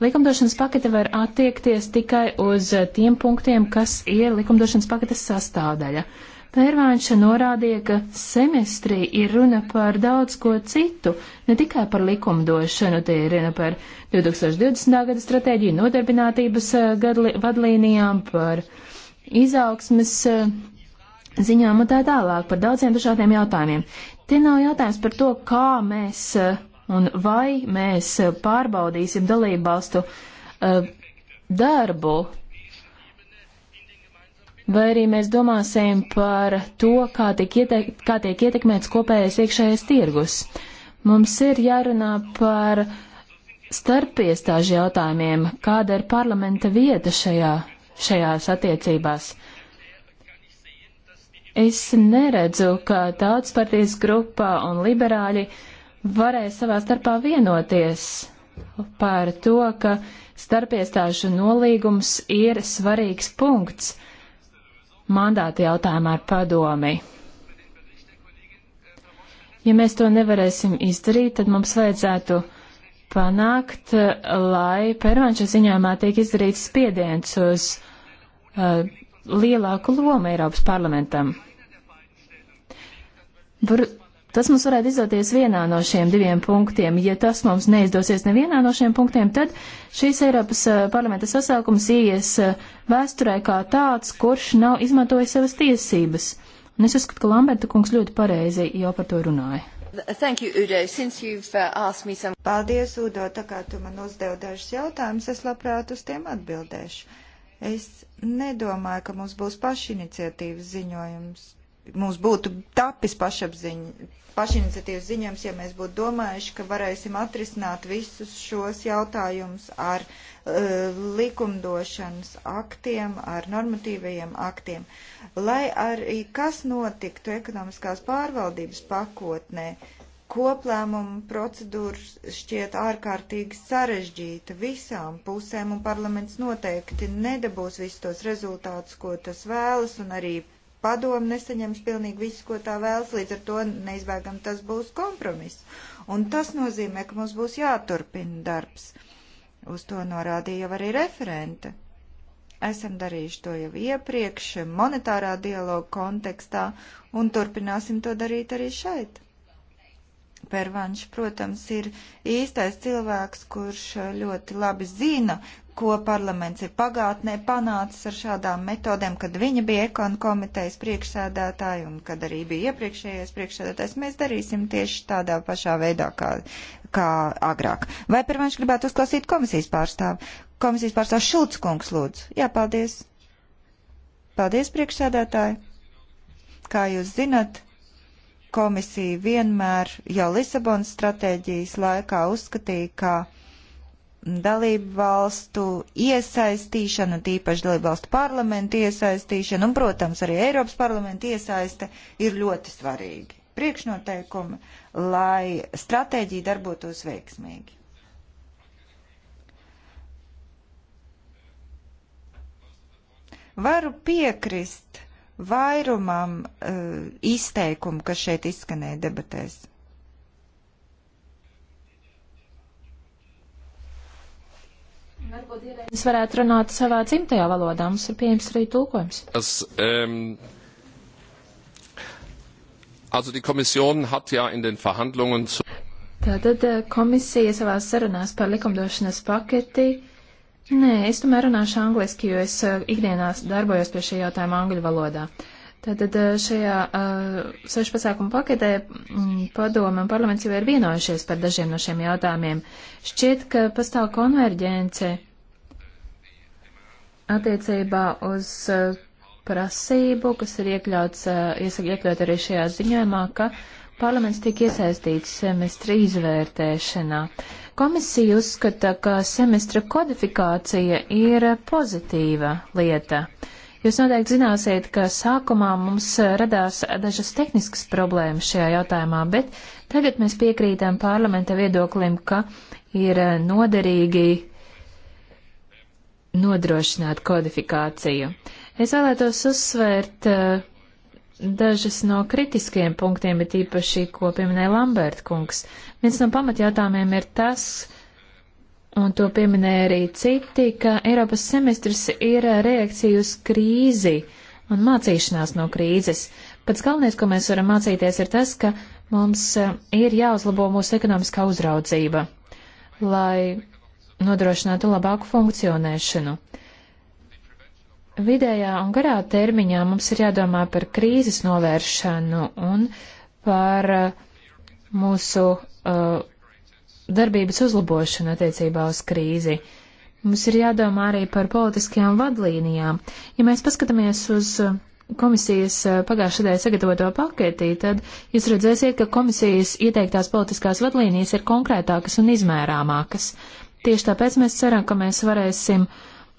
Likumdošanas pakete var attiekties tikai uz tiem punktiem, kas ir likumdošanas paketes sastāvdaļa. Uh, Pērvāņša norādīja, ka semestrī ir runa par daudz ko citu, ne tikai par likumdošanu, te ir runa par 2020. gada stratēģiju, nodarbinātības eh, gadli, vadlīnijām, par izaugsmes eh, ziņām un tā tālāk, par daudziem dažādiem jautājumiem. Te nav jautājums par to, kā mēs eh, un vai mēs pārbaudīsim dalībvalstu darbu, vai arī mēs domāsim par to, kā tiek, ietek kā tiek ietekmēts kopējais iekšējais tirgus. Mums ir jārunā par starpiestāžu jautājumiem, kāda ir parlamenta vieta šajā, šajās attiecībās. Es neredzu, ka tautspartijas grupa un liberāļi varēja savā starpā vienoties par to, ka starpiestāžu nolīgums ir svarīgs punkts mandāta jautājumā ar padomi. Ja mēs to nevarēsim izdarīt, tad mums vajadzētu panākt, lai pervanša ziņojumā tiek izdarīts spiediens uz uh, lielāku lomu Eiropas parlamentam. Bur Tas mums varētu izdoties vienā no šiem diviem punktiem. Ja tas mums neizdosies nevienā no šiem punktiem, tad šīs Eiropas eh, parlamenta sasaukums ies eh, vēsturē kā tāds, kurš nav izmantojis savas tiesības. Un es uzskatu, ka Lamberta kungs ļoti pareizi jau par to runāja. Thank you, Udo. Since you've uh, asked me some... Paldies, Udo, tā kā tu man uzdev dažus jautājumus, es labprāt uz tiem atbildēšu. Es nedomāju, ka mums būs pašiniciatīvas ziņojums mums būtu tapis pašapziņa, pašiniciatīvas ziņojums, ja mēs būtu domājuši, ka varēsim atrisināt visus šos jautājumus ar uh, likumdošanas aktiem, ar normatīvajiem aktiem. Lai arī kas notiktu ekonomiskās pārvaldības pakotnē, koplēmuma procedūra šķiet ārkārtīgi sarežģīta visām pusēm, un parlaments noteikti nedabūs visus tos rezultātus, ko tas vēlas, un arī padomu nesaņems pilnīgi visu, ko tā vēlas, līdz ar to neizbēgam tas būs kompromiss. Un tas nozīmē, ka mums būs jāturpina darbs. Uz to norādīja jau arī referente. Esam darījuši to jau iepriekš, monetārā dialoga kontekstā, un turpināsim to darīt arī šeit. Pervanš, protams, ir īstais cilvēks, kurš ļoti labi zina, ko parlaments ir pagātnē panācis ar šādām metodēm, kad viņa bija ekonu komitejas priekšsēdētāja un kad arī bija iepriekšējais priekšsēdētājs. Mēs darīsim tieši tādā pašā veidā kā, kā agrāk. Vai par viņš gribētu uzklausīt komisijas pārstāvu? Komisijas pārstāvs Šulc kungs lūdzu. Jā, paldies. Paldies, priekšsēdētāji. Kā jūs zinat, komisija vienmēr jau Lisabonas stratēģijas laikā uzskatīja, ka dalību valstu iesaistīšana, tīpaši dalību valstu parlamentu iesaistīšana un, protams, arī Eiropas parlamentu iesaiste ir ļoti svarīgi. Priekšnoteikumi, lai stratēģija darbotos veiksmīgi. Varu piekrist vairumam uh, izteikumu, kas šeit izskanēja debatēs. Varbūt ierēdnis varētu runāt savā dzimtajā valodā, mums ir pieejams arī tulkojums. Tas, um... Also die Kommission hat ja in den Verhandlungen zu Tātad eh, komisija savā sarunās par likumdošanas paketi. Nē, es tomēr runāšu angliski, jo es eh, ikdienās darbojos pie šī jautājuma angļu valodā. Uh, Tātad eh, šajā uh, eh, sešu pasākumu paketē mm, padome un parlaments jau ir vienojušies par dažiem no šiem jautājumiem. Šķiet, ka pastāv konverģence attiecībā uz uh, prasību, kas ir iekļauts, uh, iesaka iekļaut arī šajā ziņojumā, ka parlaments tiek iesaistīts semestra izvērtēšanā. Komisija uzskata, ka semestra kodifikācija ir pozitīva lieta. Uh, Jūs noteikti zināsiet, ka sākumā mums eh, radās dažas tehniskas problēmas šajā jautājumā, bet tagad mēs piekrītām parlamenta viedoklim, ka ir eh, noderīgi nodrošināt kodifikāciju. Es vēlētos uzsvērt eh, dažas no kritiskiem punktiem, bet īpaši, ko pieminēja Lamberta kungs. Viens no pamatjautājumiem ir tas, ka un to pieminēja arī citi, ka Eiropas semestris ir reakcija uz krīzi un mācīšanās no krīzes. Pats galvenais, ko mēs varam mācīties, ir tas, ka mums e, ir jāuzlabo mūsu ekonomiskā uzraudzība, lai nodrošinātu labāku funkcionēšanu. Vidējā un garā termiņā mums ir jādomā par krīzes novēršanu un par e, mūsu uh, darbības uzlabošanu attiecībā uz krīzi. Mums ir jādomā arī par politiskajām vadlīnijām. Ja mēs paskatāmies uz uh, komisijas uh, pagājušajā dēļ sagatavoto paketī, tad jūs redzēsiet, ka komisijas ieteiktās politiskās vadlīnijas ir konkrētākas un izmērāmākas. Tieši tāpēc mēs ceram, ka mēs varēsim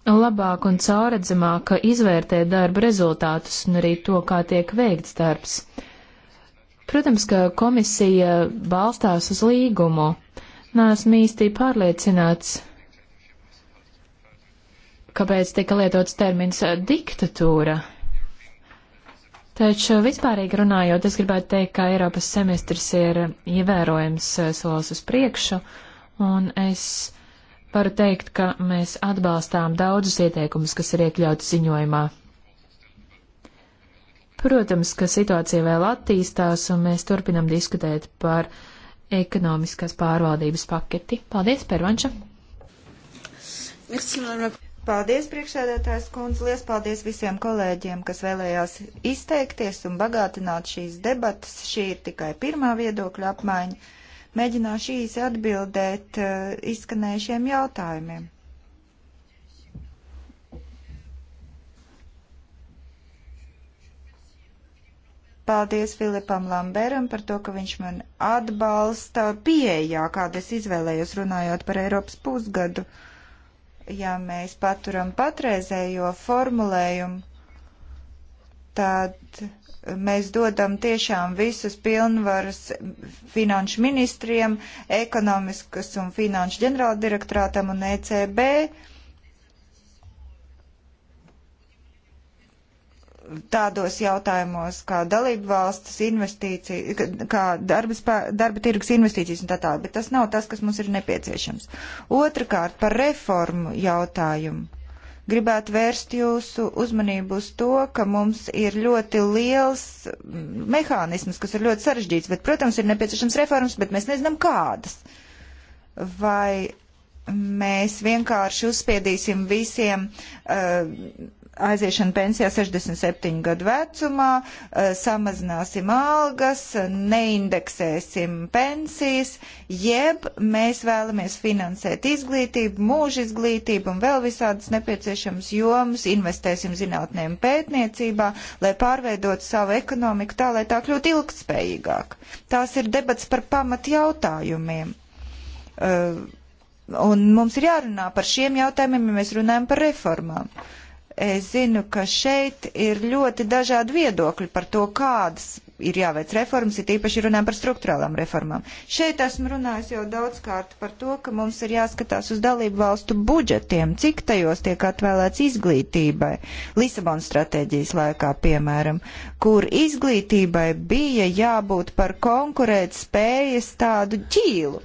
labāk un cauredzamāk izvērtēt darba rezultātus un arī to, kā tiek veikts darbs. Protams, ka komisija balstās uz līgumu. Nāsmu īsti pārliecināts, kāpēc tika lietots termins diktatūra. Taču vispārīgi runājot, es gribētu teikt, ka Eiropas semestris ir ievērojams solis uz priekšu, un es varu teikt, ka mēs atbalstām daudzus ieteikumus, kas ir iekļauti ziņojumā. Protams, ka situācija vēl attīstās, un mēs turpinam diskutēt par uh, ekonomiskās pārvaldības paketi. Paldies, Pervanča! Paldies, priekšsēdētājs kundze, liels paldies visiem kolēģiem, kas vēlējās izteikties un bagātināt šīs debatas. Šī ir tikai pirmā viedokļa apmaiņa. Mēģināšu īsi atbildēt uh, izskanējušiem jautājumiem. Paldies Filipam Lamberam par to, ka viņš man atbalsta pieejā, kāda es izvēlējos runājot par Eiropas pusgadu. Ja mēs paturam patreizējo formulējumu, tad mēs dodam tiešām visas pilnvaras finanšu ministriem, ekonomiskas un finanšu ģenerāldirektorātam un ECB tādos jautājumos kā dalību valsts investīcija, kā darba, spā, darba tirgus investīcijas un tā tālāk, bet tas nav tas, kas mums ir nepieciešams. Otrakārt, par reformu jautājumu. Gribētu vērst jūsu uzmanību uz to, ka mums ir ļoti liels mehānisms, kas ir ļoti sarežģīts, bet, protams, ir nepieciešams reformas, bet mēs nezinām kādas. Vai mēs vienkārši uzspiedīsim visiem uh, aiziešana pensijā 67 gadu vecumā, eh, samazināsim algas, neindeksēsim pensijas, jeb mēs vēlamies finansēt izglītību, mūža izglītību un vēl visādas nepieciešamas jomas, investēsim zinātnē un pētniecībā, lai pārveidotu savu ekonomiku tā, lai tā kļūtu ilgtspējīgāk. Tās ir debats par pamat jautājumiem. Uh, un mums ir jārunā par šiem jautājumiem, ja mēs runājam par reformām. Uh, Es zinu, ka šeit ir ļoti dažādi viedokļi par to, kādas ir jāveic reformas, ir īpaši runājam par struktūrālām reformām. Šeit esmu runājis jau daudz kārt par to, ka mums ir jāskatās uz dalību valstu budžetiem, cik tajos tiek atvēlēts izglītībai. Lisabonas stratēģijas laikā, piemēram, kur izglītībai bija jābūt par konkurēt spējas tādu ķīlu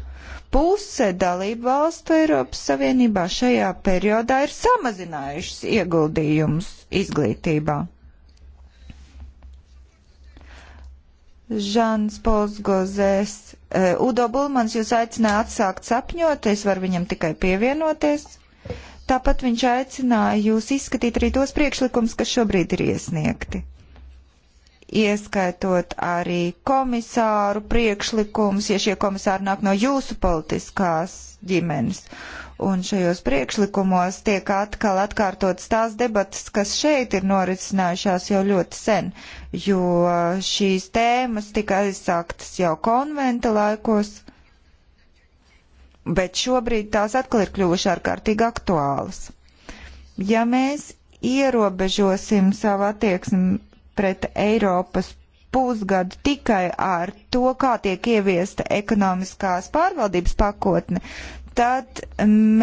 Puse dalību valstu Eiropas Savienībā šajā periodā ir samazinājušas ieguldījumus izglītībā. Žans Pols Gozēs, e, Udo Bulmans jūs aicināja atsākt sapņot, es varu viņam tikai pievienoties. Tāpat viņš aicināja jūs izskatīt arī tos priekšlikumus, kas šobrīd ir iesniegti ieskaitot arī komisāru priekšlikums, ja šie komisāri nāk no jūsu politiskās ģimenes. Un šajos priekšlikumos tiek atkal atkārtotas tās debatas, kas šeit ir norisinājušās jau ļoti sen, jo šīs tēmas tika aizsāktas jau konventa laikos, bet šobrīd tās atkal ir kļuvušas ārkārtīgi aktuālas. Ja mēs ierobežosim savu attieksmi pret Eiropas pusgadu tikai ar to, kā tiek ieviesta ekonomiskās pārvaldības pakotne, tad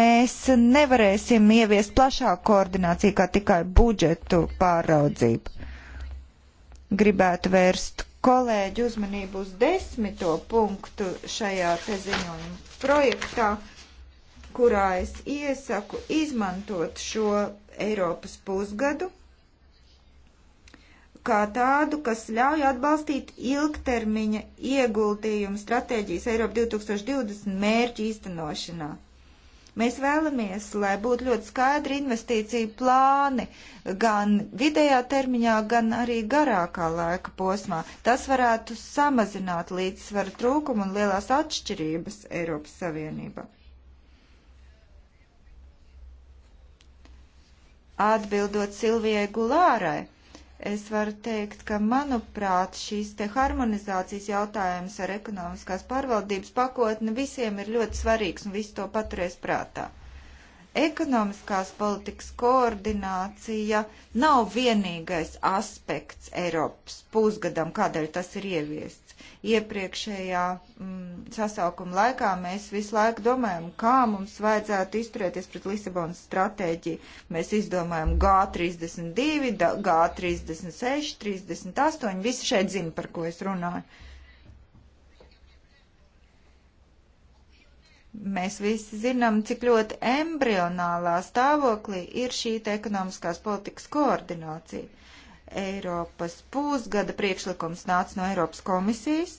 mēs nevarēsim ieviest plašāku koordināciju kā tikai budžetu pāraudzību. Gribētu vērst kolēģu uzmanību uz desmito punktu šajā te ziņojuma projektā, kurā es iesaku izmantot šo Eiropas pusgadu kā tādu, kas ļauj atbalstīt ilgtermiņa ieguldījumu stratēģijas Eiropa 2020 mērķu īstenošanā. Mēs vēlamies, lai būtu ļoti skaidri investīcija plāni gan vidējā termiņā, gan arī garākā laika posmā. Tas varētu samazināt līdzsvaru trūkumu un lielās atšķirības Eiropas Savienībā. Atbildot Silvijai Gulārai, Es varu teikt, ka manuprāt šīs te harmonizācijas jautājums ar ekonomiskās pārvaldības pakotni visiem ir ļoti svarīgs un visi to paturēs prātā ekonomiskās politikas koordinācija nav vienīgais aspekts Eiropas pusgadam, kādēļ tas ir ieviests iepriekšējā mm, sasaukuma laikā mēs visu laiku domājam, kā mums vajadzētu izturēties pret Lisabonas stratēģiju. Mēs izdomājam G32, G36, 38, visi šeit zina, par ko es runāju. Mēs visi zinām, cik ļoti embrionālā stāvoklī ir šī ekonomiskās politikas koordinācija Eiropas pusgada priekšlikums nāca no Eiropas komisijas,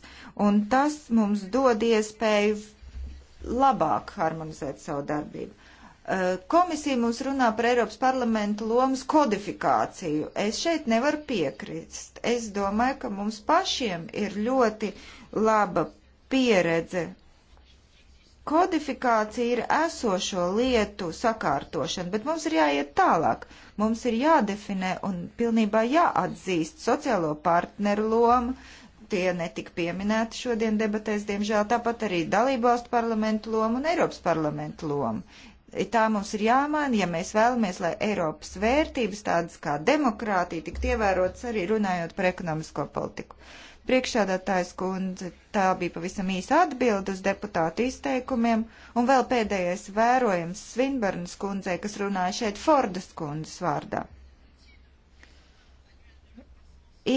un tas mums dod iespēju labāk harmonizēt savu darbību. Eh, komisija mums runā par Eiropas parlamentu lomas kodifikāciju. Es šeit nevaru piekrist. Es domāju, ka mums pašiem ir ļoti laba pieredze Kodifikācija ir esošo lietu sakārtošana, bet mums ir jāiet tālāk. Mums ir jādefinē un pilnībā jāatzīst sociālo partneru loma, tie netika pieminēti šodien debatēs, diemžēl, tāpat arī dalībvalstu parlamentu lomu un Eiropas parlamentu lomu. Tā mums ir jāmaina, ja mēs vēlamies, lai Eiropas vērtības tādas kā demokrātija tiktu ievērotas arī runājot par ekonomisko politiku. Priekšādātājs kundze, tā bija pavisam īsa atbilde uz deputātu izteikumiem, un vēl pēdējais vērojums Svinbarnas kundzē, kas runāja šeit Fordas kundzes vārdā.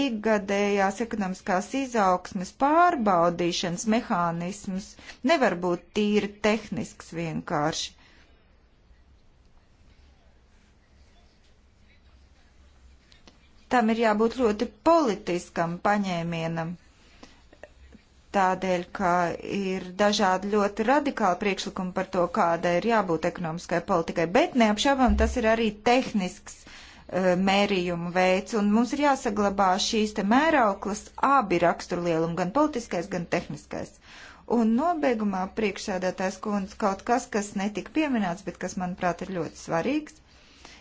Ikgadējās ekonomiskās izaugsmes pārbaudīšanas mehānisms nevar būt tīri tehnisks vienkārši. tam ir jābūt ļoti politiskam paņēmienam. Tādēļ, ka ir dažādi ļoti radikāli priekšlikumi par to, kāda ir jābūt ekonomiskai politikai, bet neapšaubām tas ir arī tehnisks uh, mērījumu veids, un mums ir jāsaglabā šīs te mērauklas abi raksturlielumi, gan politiskais, gan tehniskais. Un nobeigumā priekšsēdētājs kundze kaut kas, kas netika pieminēts, bet kas, manuprāt, ir ļoti svarīgs.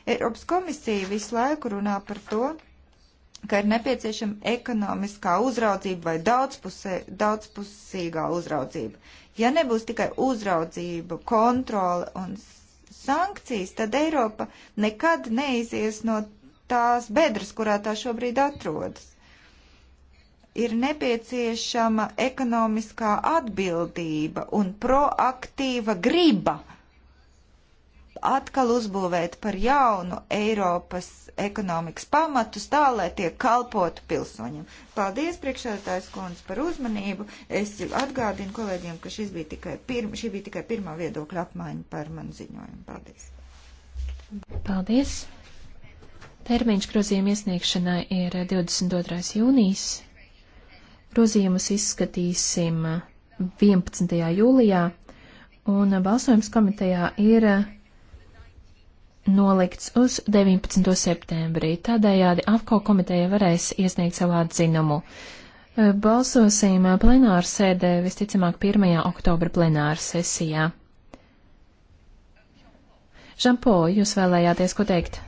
Eiropas komisija visu laiku runā par to, ka ir nepieciešama ekonomiskā uzraudzība vai daudzpusē, daudzpusīgā uzraudzība. Ja nebūs tikai uzraudzība, kontrole un sankcijas, tad Eiropa nekad neizies no tās bedres, kurā tā šobrīd atrodas. Ir nepieciešama ekonomiskā atbildība un proaktīva griba atkal uzbūvēt par jaunu Eiropas ekonomikas pamatus tā, lai tie kalpotu pilsoņiem. Paldies, priekšsēdētājs kundze, par uzmanību. Es atgādinu kolēģiem, ka šis bija tikai pirma, šī bija tikai pirmā viedokļa apmaiņa par manu ziņojumu. Paldies. Paldies. Termiņš grozījuma iesniegšanai ir 22. jūnijas. Grozījumus izskatīsim 11. jūlijā, un balsojums komitejā ir nolikts uz 19. septembrī. Tādējādi AFCO komiteja varēs iesniegt savu atzinumu. E, balsosim plenāru sēdē visticamāk 1. oktobra plenāru sesijā. Žampo, jūs vēlējāties ko teikt?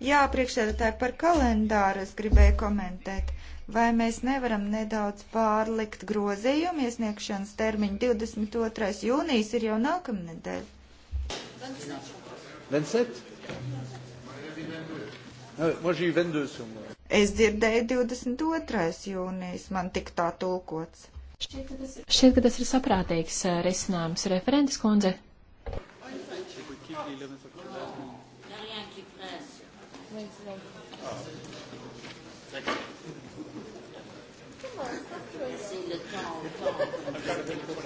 Jā, priekšsēdētāji par kalendāru es gribēju komentēt. Vai mēs nevaram nedaudz pārlikt grozījumu iesniegšanas termiņu 22. jūnijas ir jau nākamnedēļ? Thank you. 27 Moi, j'ai eu 22 sur moi. Es dzirdēju 22. jūnijas, man tik tā tulkots. Šķiet, ka tas ir, Šķiet, ka tas ir saprātīgs risinājums. Referentes kundze. C'est le temps, le temps.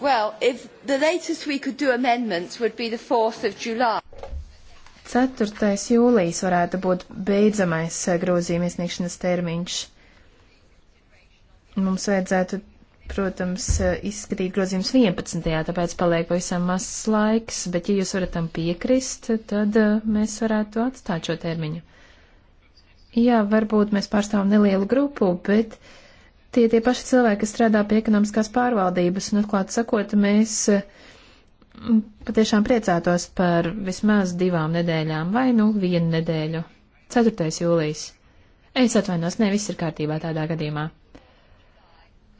Well, if the latest we could do amendments would be the 4th of July. 4. jūlijas varētu būt beidzamais eh, grozījuma iesniegšanas termiņš. Mums vajadzētu, protams, eh, izskatīt grozījums 11. tāpēc paliek pavisam mazs laiks, bet ja jūs varat tam piekrist, tad eh, mēs varētu atstāt šo termiņu. Jā, varbūt mēs pārstāvam nelielu grupu, bet uh, tie tie paši cilvēki, kas strādā pie ekonomiskās pārvaldības, un atklāt sakot, mēs mm, patiešām priecātos par vismaz divām nedēļām vai nu vienu nedēļu. 4. jūlijas. Es atvainos, ne viss ir kārtībā tādā gadījumā.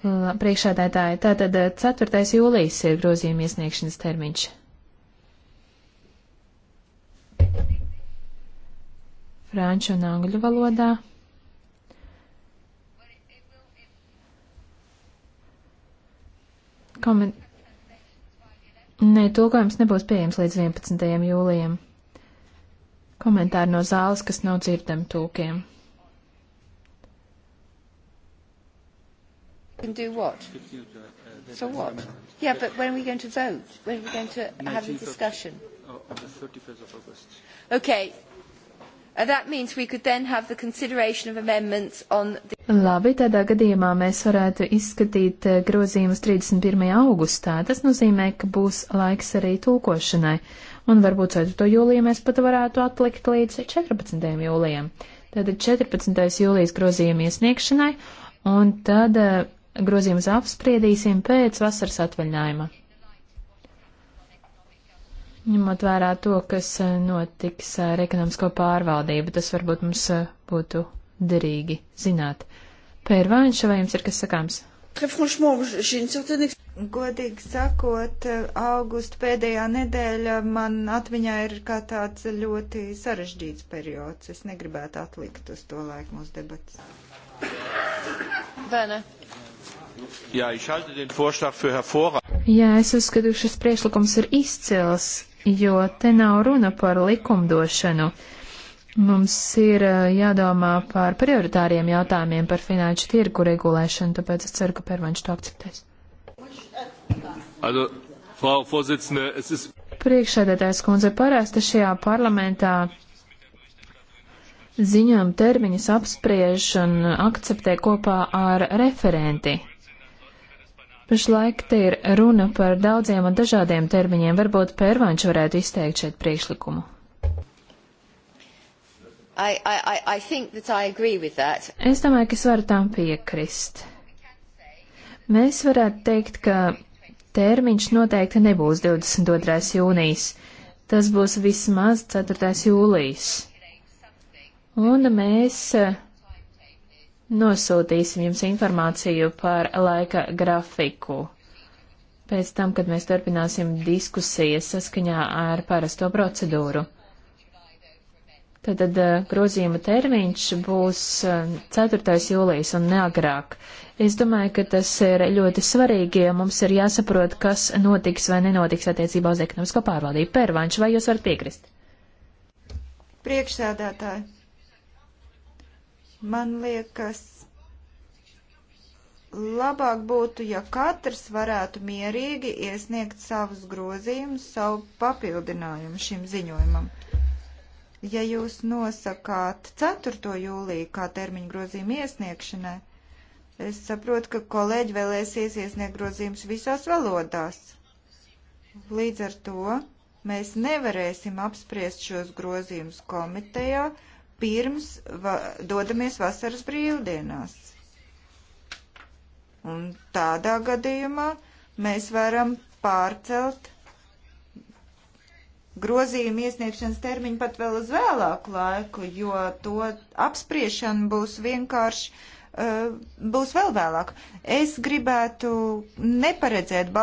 Priekšādētāji, tātad 4. Eh, jūlijas ir grozījuma iesniegšanas termiņš. Franču un angļu valodā. Komen... Nē, tulkojums nebūs pieejams līdz 11. jūlijam. Komentāri no zāles, kas nav dzirdami tūkiem. Can do what? So what? Yeah, but when are we going to vote? When are we going to have a discussion? Of, of oh, the 31st of August. Okay, Uh, Labi, tādā gadījumā mēs varētu izskatīt uh, grozījumus 31. augustā. Tas nozīmē, ka būs laiks arī tulkošanai. Un varbūt 4. jūlija mēs pat varētu atlikt līdz 14. jūlijam. Tātad 14. jūlijas grozījuma iesniegšanai, un tad uh, grozījumus apspriedīsim pēc vasaras atvaļinājuma. Ņemot vērā to, kas eh, notiks eh, ar ekonomisko pārvaldību, tas varbūt mums eh, būtu derīgi zināt. Pērvāņš, vai jums ir kas sakāms? Godīgi sakot, augusta pēdējā nedēļa man atmiņā ir kā tāds ļoti sarežģīts periods. Es negribētu atlikt uz to laiku mūsu debatas. Bene. Jā, es uzskatu, šis priekšlikums ir izcils jo te nav runa par likumdošanu. Mums ir eh, jādomā par prioritāriem jautājumiem par finanšu tirgu regulēšanu, tāpēc es ceru, ka Pērvanš to akceptēs. Also, Frau Vorsitzende, es ist priekšsēdētājs kundze parasti šajā parlamentā ziņām termiņus apspriež un akceptē kopā ar referenti. Pašlaik te ir runa par daudziem un dažādiem termiņiem. Varbūt Pērvanš varētu izteikt šeit priekšlikumu. I, I, I es domāju, ka es varu tam piekrist. Mēs varētu teikt, ka termiņš noteikti nebūs 22. jūnijas. Tas būs vismaz 4. jūlijas. Un mēs Nosūtīsim jums informāciju par laika grafiku. Pēc tam, kad mēs turpināsim diskusijas saskaņā ar parasto procedūru. Tad, tad eh, grozījuma termiņš būs 4. Eh, jūlijas un neagrāk. Es domāju, ka tas ir ļoti svarīgi, ja mums ir jāsaprot, kas notiks vai nenotiks attiecībā uz ekonomisko pārvaldību. Pērvanš, vai jūs varat piekrist? Priekšsēdētāji. Man liekas, labāk būtu, ja katrs varētu mierīgi iesniegt savus grozījumus, savu papildinājumu šim ziņojumam. Ja jūs nosakāt 4. jūliju kā termiņu grozījumu iesniegšanai, es saprotu, ka kolēģi vēlēsies iesniegt grozījumus visās valodās. Līdz ar to mēs nevarēsim apspriest šos grozījumus komitejā, pirms va dodamies vasaras brīvdienās. Un tādā gadījumā mēs varam pārcelt grozījuma iesniegšanas termiņu pat vēl uz vēlāku laiku, jo to apspriešana būs vienkārši uh, būs vēl vēlāk. Es gribētu neparedzēt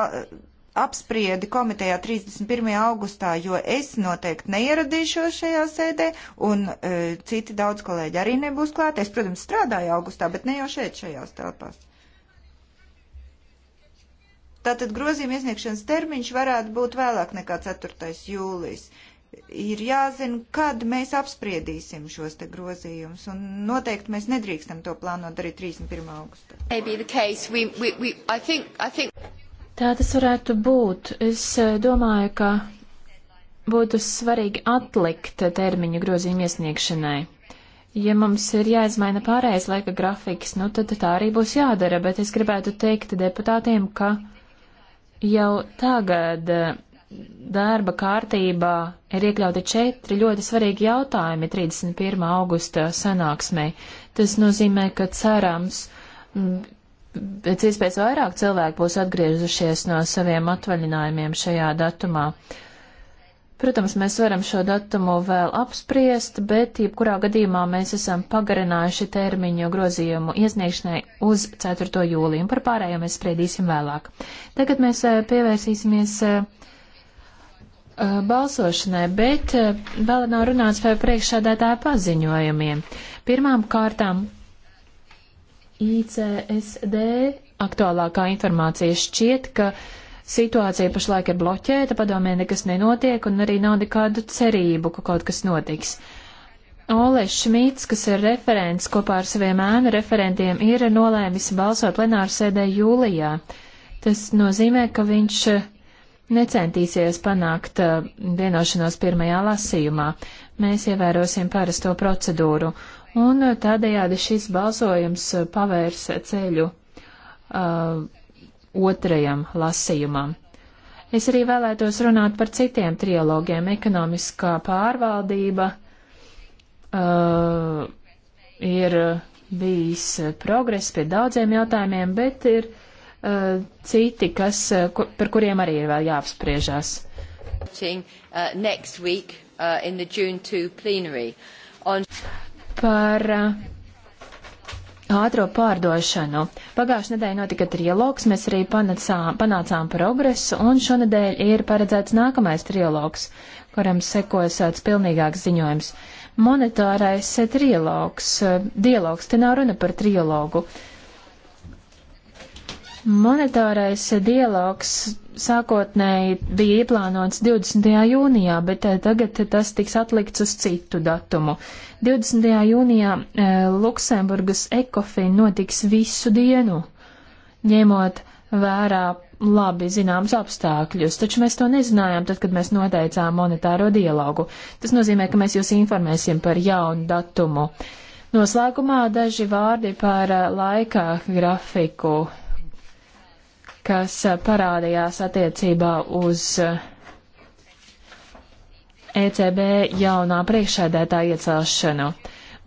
apspriedi komitejā 31. augustā, jo es noteikti neieradīšos šajā sēdē, un e, citi daudz kolēģi arī nebūs klāt. Es, protams, strādāju augustā, bet ne jau šeit, šajās telpās. Tātad grozījuma iesniegšanas termiņš varētu būt vēlāk nekā 4. jūlijas. Ir jāzina, kad mēs apspriedīsim šos te grozījumus, un noteikti mēs nedrīkstam to plānot arī 31. augustā. Tā tas varētu būt. Es eh, domāju, ka būtu svarīgi atlikt termiņu grozījumu iesniegšanai. Ja mums ir jāizmaina pārējais laika grafiks, nu tad tā arī būs jādara, bet es gribētu teikt deputātiem, ka jau tagad eh, darba kārtībā ir iekļauti četri ļoti svarīgi jautājumi 31. augusta sanāksmē. Tas nozīmē, ka cerams pēc iespējas vairāk cilvēku būs atgriezušies no saviem atvaļinājumiem šajā datumā. Protams, mēs varam šo datumu vēl apspriest, bet jebkurā gadījumā mēs esam pagarinājuši termiņu grozījumu iesniegšanai uz 4. jūliju, un par pārējo mēs spriedīsim vēlāk. Tagad mēs eh, pievērsīsimies eh, balsošanai, bet eh, vēl nav runāts par priekšsādētāju paziņojumiem. Pirmām kārtām ICSD aktuālākā informācija šķiet, ka situācija pašlaik ir bloķēta, padomē nekas nenotiek un arī nav nekādu cerību, ka kaut kas notiks. Ole Šmīts, kas ir referents kopā ar saviem ēnu referentiem, ir nolēmis balsot plenārsēdē jūlijā. Tas nozīmē, ka viņš necentīsies panākt uh, vienošanos pirmajā lasījumā. Mēs ievērosim parasto procedūru. Uh, un tādējādi šis balsojums pavērs ceļu uh, otrajam lasījumam. Es arī vēlētos runāt par citiem trilogiem - ekonomiskā pārvaldība uh, ir bijis progress pie daudziem jautājumiem, bet ir uh, citi, kas, ku, par kuriem arī ir vēl jāapspriežās. Uh, next week uh, in the June 2 plenary. On par eh, ātro pārdošanu. Pagājušajā nedēļā notika trialogs, mēs arī panācām, panācām progresu, un šonadēļ ir paredzēts nākamais trialogs, kuram sekos tāds pilnīgāks ziņojums. Monetārais eh, trialogs, eh, dialogs, te nav runa par trialogu. Uh, Monetārais dialogs sākotnēji bija ieplānots 20. jūnijā, bet eh, tagad tas tiks atlikts uz citu datumu. 20. jūnijā eh, Luksemburgas ekofin notiks visu dienu, ņemot vērā labi zināms apstākļus, taču mēs to nezinājām tad, kad mēs noteicām monetāro dialogu. Tas nozīmē, ka mēs jūs informēsim par jaunu datumu. Noslēgumā daži vārdi par eh, laika grafiku kas eh, parādījās attiecībā uz ECB eh, e jaunā priekšsēdētāja iecelšanu.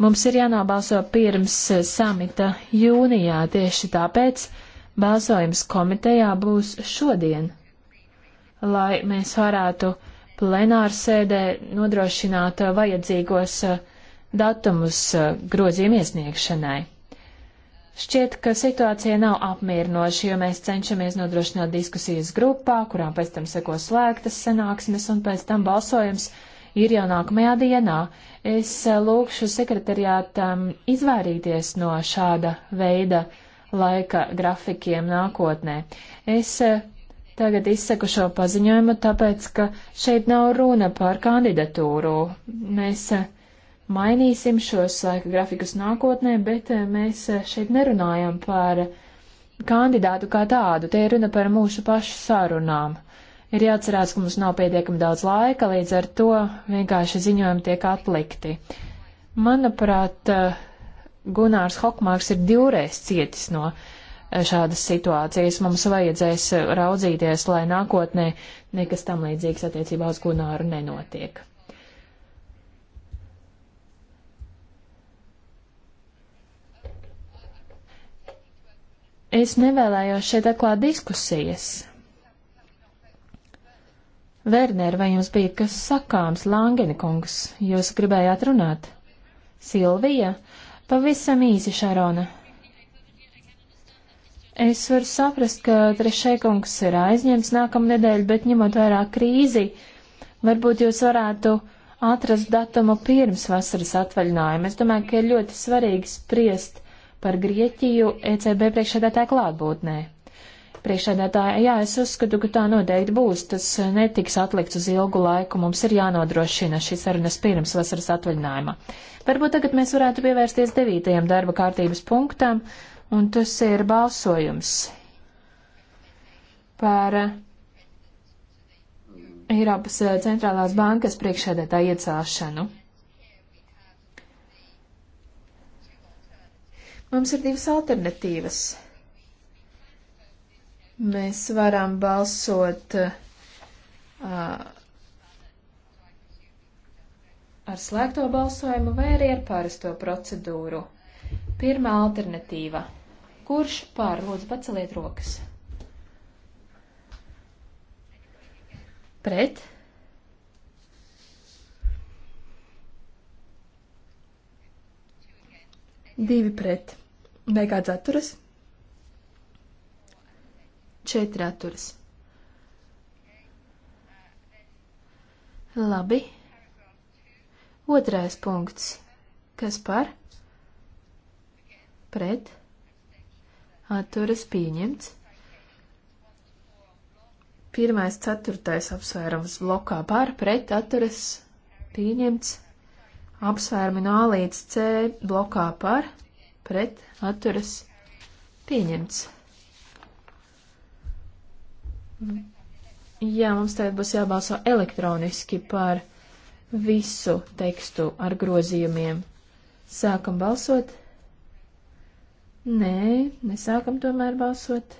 Mums ir jānobalso pirms eh, samita jūnijā, tieši tāpēc balsojums komitejā būs šodien, lai mēs varētu plenārsēdē nodrošināt vajadzīgos datumus grozījumu iesniegšanai. Šķiet, ka situācija nav apmierinoša, jo mēs cenšamies nodrošināt diskusijas grupā, kurām pēc tam seko slēgtas sanāksmes un pēc tam balsojums ir jau nākamajā dienā. Es eh, lūkšu sekretariātam izvairīties no šāda veida laika grafikiem nākotnē. Es eh, tagad izsaku šo paziņojumu, tāpēc, ka šeit nav runa par kandidatūru. Mēs eh, mainīsim šos laika eh, grafikus nākotnē, bet eh, mēs eh, šeit nerunājam par kandidātu kā tādu. Te ir runa par mūsu pašu sarunām. Ir jāatcerās, ka mums nav pietiekami daudz laika, līdz ar to vienkārši ziņojumi tiek atlikti. Manuprāt, Gunārs Hokmārs ir divreiz cietis no šādas situācijas. Mums vajadzēs raudzīties, lai nākotnē nekas tam līdzīgs attiecībā uz Gunāru nenotiek. Es nevēlējos šeit atklāt diskusijas. Werner, vai jums bija kas sakāms, Langenikungs? Jūs gribējāt runāt? Silvija? Pavisam īsi, Šarona. Es varu saprast, ka Trešēkungs ir aizņemts nākamnedēļ, bet ņemot vērā krīzi, varbūt jūs varētu atrast datumu pirms vasaras atvaļinājuma. Es domāju, ka ir ļoti svarīgi spriest par Grieķiju ECB priekšsēdētāja klātbūtnē. Priekšsēdētāja, jā, es uzskatu, ka tā noteikti būs. Tas eh, netiks atlikts uz ilgu laiku. Mums ir jānodrošina šīs sarunas pirms vasaras atvaļinājuma. Varbūt tagad mēs varētu pievērsties devītajam darba kārtības punktam, un tas ir balsojums par eh, Eiropas eh, centrālās bankas priekšēdētāju iecelšanu. Mums ir divas alternatīvas. Mēs varam balsot uh, ar slēgto balsojumu vai arī ar pāristo procedūru. Pirmā alternatīva. Kurš pār lūdzu paceliet rokas? Pret? 2 pret. Vai kāds atturas? 4 atturas. Labi. Otrais punkts. Kas par? Pret. Atturas pieņemts. Pirmais, ceturtais apsvērums blokā par, pret, atturas pieņemts apsvērumi no A līdz C blokā par, pret, atturas, pieņemts. Jā, mums tagad būs jābalso elektroniski par visu tekstu ar grozījumiem. Sākam balsot. Nē, nesākam tomēr balsot.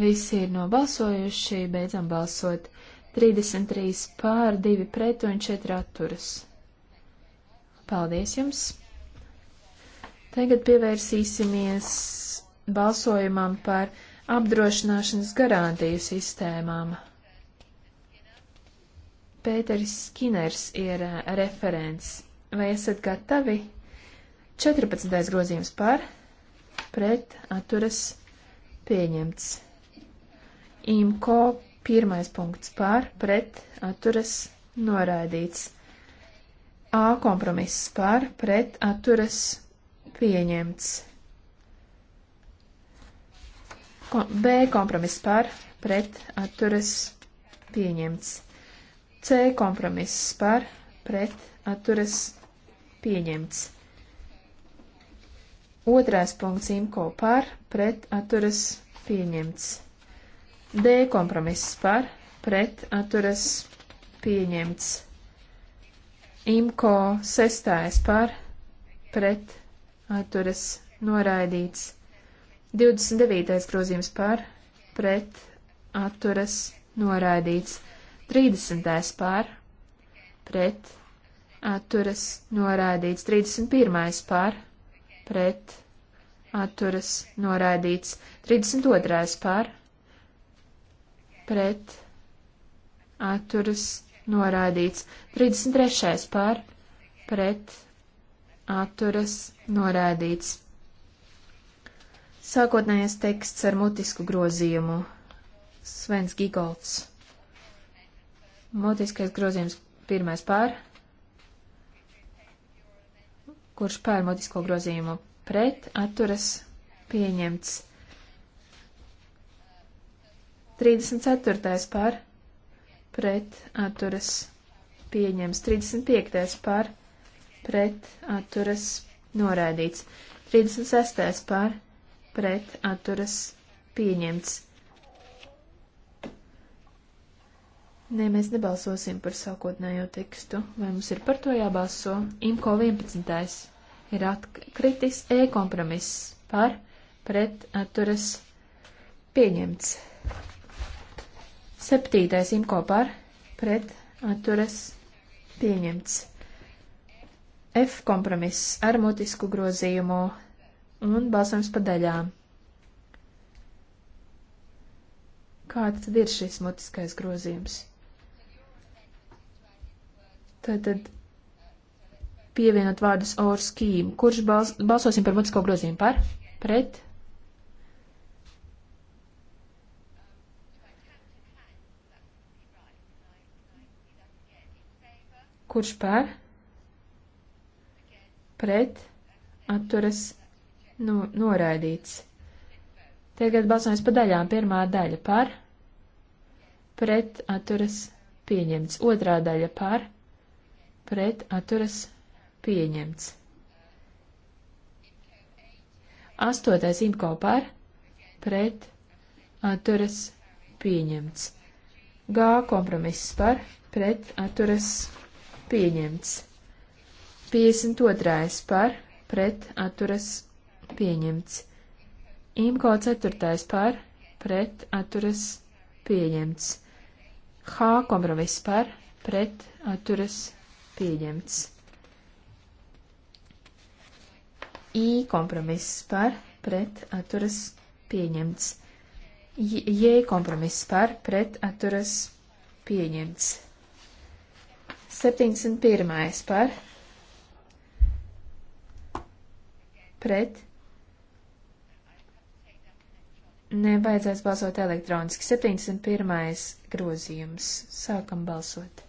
Visi ir nobalsojuši, beidzam balsot. 33 pār, 2 pret un 4 atturas. Paldies jums! Tagad pievērsīsimies balsojumam par apdrošināšanas garantiju sistēmām. Pēteris Skiners ir eh, referents. Vai esat gatavi? 14. grozījums par, pret, atturas, pieņemts. Imko pirmais punkts par, pret, atturas, noraidīts. A kompromiss par, pret, atturas, pieņemts. Kom B kompromiss par, pret, atturas, pieņemts. C kompromiss par, pret, atturas, pieņemts. Otrais punkts imko par, pret, atturas, pieņemts. D kompromiss par, pret atturas pieņemts. Imko sestājas par, pret atturas noraidīts. 29. grozījums par, pret atturas noraidīts. 30. par, pret atturas noraidīts. 31. par, pret atturas noraidīts. 32. par, pret pret atturas norādīts. 33. par pret atturas norādīts. Sākotnējais teksts ar mutisku grozījumu. Svens Gigolds. Mutiskais grozījums pirmais pār. Kurš pār mutisko grozījumu pret atturas pieņemts. 34. par pret atturas pieņems. 35. par pret atturas noraidīts. 36. par pret atturas pieņemts. Nē, mēs nebalsosim par sākotnējo tekstu. Vai mums ir par to jābalso? IMCO 11. ir atkritis E kompromiss par pret atturas pieņemts. Septītais imko par pret atturas pieņemts. F kompromiss ar mutisku grozījumu un balsojums pa daļām. Kāds tad ir šis mutiskais grozījums? Tātad pievienot vārdus or scheme. Kurš bals, balsosim par mutisko grozījumu par? Pret? Kurš par? Pret. Atturas. Nu, noraidīts. Tagad balsojums pa daļām. Pirmā daļa par. Pret. Atturas. Pieņemts. Otrā daļa par. Pret. Atturas. Pieņemts. Astotais imko par. Pret. Atturas. Pieņemts. G kompromiss par. Pret. Atturas. Pieņemts pieņemts. 52. par pret atturas pieņemts. Imko 4. par pret atturas pieņemts. H kompromiss par pret atturas pieņemts. I kompromiss par pret atturas pieņemts. J, J kompromiss par pret atturas pieņemts. 71. par pret nevajadzēs balsot elektroniski. 71. grozījums. Sākam balsot.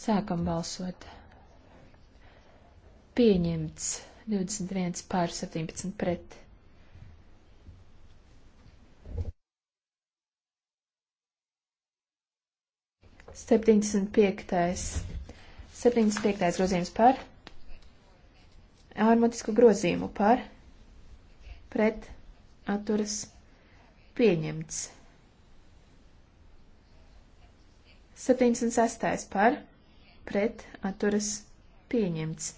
Sākam balsot. Pieņemts 21 pār 17 pret. 75. 75. grozījums par. Ar mutisku grozījumu par. Pret. Atturas. Pieņemts. 76. par. Pret. Atturas. Pieņemts.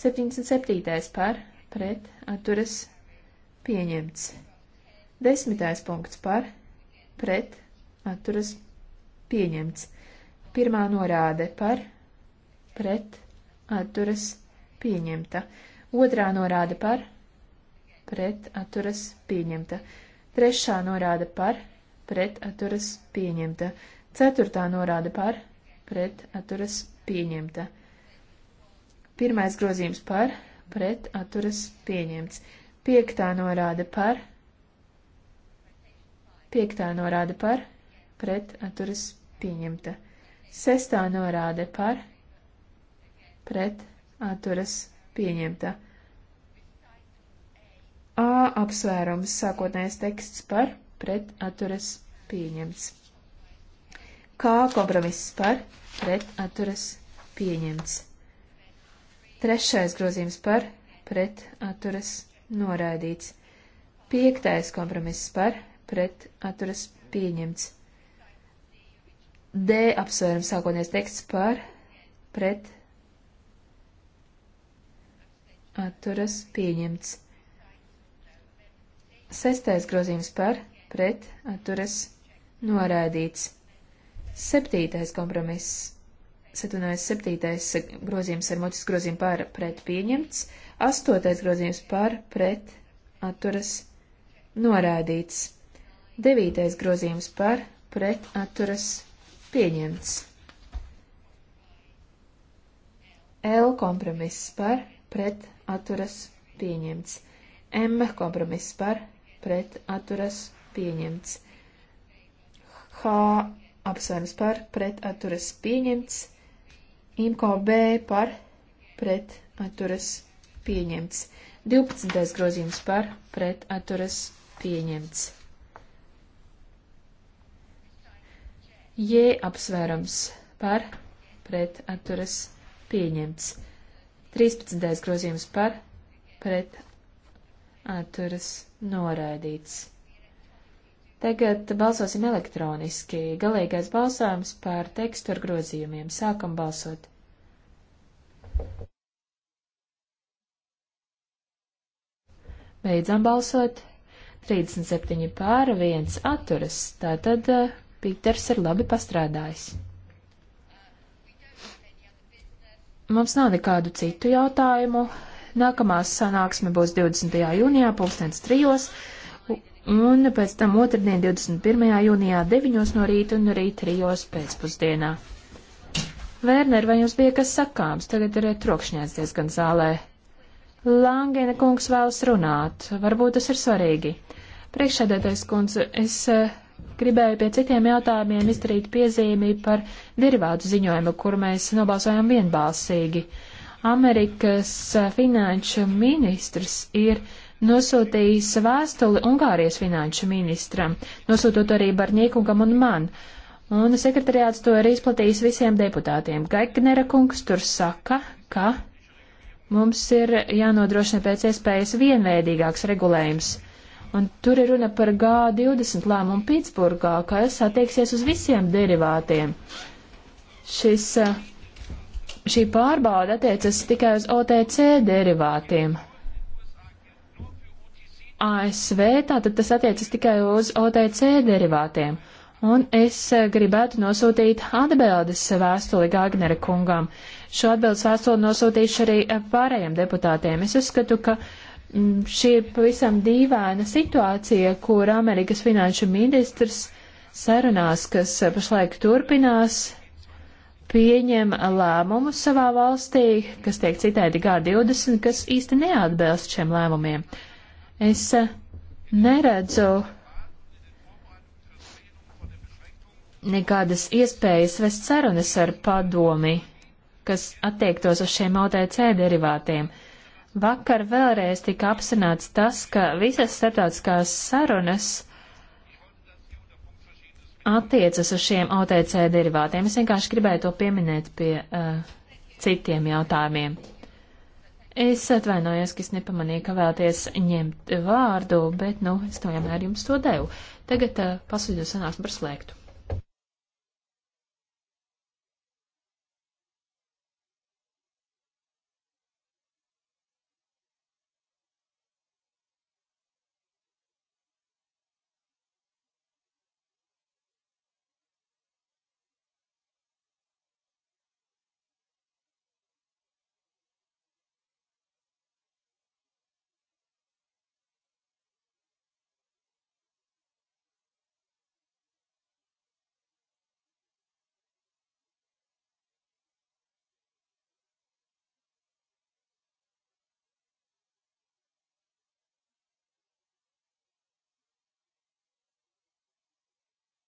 77. par. Pret. Atturas. Pieņemts. 10. punkts par. Pret. Atturas. Pieņemts. Pirmā norāde par pret atturas pieņemta. Otrā norāde par pret atturas pieņemta. Trešā norāde par pret atturas pieņemta. Ceturtā norāde par pret atturas pieņemta. Pirmais grozījums par pret atturas pieņemts. Piektā norāde par piektā norāde par pret atturas pieņemta. Sestā norāde par pret atturas pieņemta. A apsvērums sākotnējais teksts par pret atturas pieņemts. K kompromiss par pret atturas pieņemts. Trešais grozījums par pret atturas noraidīts. Piektais kompromiss par pret atturas pieņemts. D apsvērums sākotnējais teksts par pret atturas pieņemts. Sestais grozījums par pret atturas noraidīts. Septītais kompromiss. Satunājas septītais grozījums ar mocis grozījumu par pret pieņemts. Astotais grozījums par pret atturas noraidīts. Devītais grozījums par pret atturas pieņemts. L kompromiss par pret atturas pieņemts. M kompromiss par pret atturas pieņemts. H apsvērums par pret atturas pieņemts. Imko B par pret atturas pieņemts. 12. grozījums par pret atturas pieņemts. J apsvērums par pret atturas pieņemts. 13. grozījums par pret atturas noraidīts. Tagad balsosim elektroniski. Galīgais balsojums par tekstu ar grozījumiem. Sākam balsot. Beidzam balsot. 37 pār 1 atturas. Tātad Pīters ir labi pastrādājis. Mums nav nekādu citu jautājumu. Nākamā sanāksme būs 20. jūnijā, pulkstens trijos, un pēc tam otrdien 21. jūnijā 9 no rīta un arī trijos pēcpusdienā. Vērner, vai jums bija kas sakāms? Tagad ir trokšņēts diezgan zālē. Langēna kungs vēlas runāt, varbūt tas ir svarīgi. Priekšsēdētais kundze, es eh, gribēju pie citiem jautājumiem izdarīt piezīmi par derivātu ziņojumu, kur mēs nobalsojām vienbalsīgi. Amerikas finanšu ministrs ir nosūtījis vēstuli Ungārijas finanšu ministram, nosūtot arī Barņiekungam un man. Un sekretariāts to ir izplatījis visiem deputātiem. Gaignera kungs tur saka, ka mums ir jānodrošina pēc iespējas vienveidīgāks regulējums Un tur ir runa par G20 lēmumu Pitsburgā, kas attieksies uz visiem derivātiem. Šis, eh, šī pārbauda attiecas tikai uz OTC derivātiem. ASV tātad tas attiecas tikai uz OTC derivātiem. Un es eh, gribētu nosūtīt atbildes vēstuli Gāgnera kungam. Šo atbildes vēstuli nosūtīšu arī eh, pārējiem deputātiem. Es uzskatu, ka uh, Mm, šī ir pavisam dīvaina situācija, kur Amerikas finanšu ministrs sarunās, kas pašlaik turpinās, pieņem lēmumus savā valstī, kas tiek citēti G20, kas īsti neatbilst šiem lēmumiem. Es eh, neredzu nekādas iespējas vest sarunas ar padomi, kas attiektos uz šiem OTC derivātiem. Uh, Vakar vēlreiz tika apsināts tas, ka visas starptautiskās sarunas attiecas uz šiem OTC derivātiem. Es vienkārši gribēju to pieminēt pie uh, citiem jautājumiem. Es atvainojos, ka es nepamanīju, ka vēlaties ņemt vārdu, bet, nu, es tomēr jums to devu. Tagad uh, eh, pasūdzu sanāksmu par slēgtu.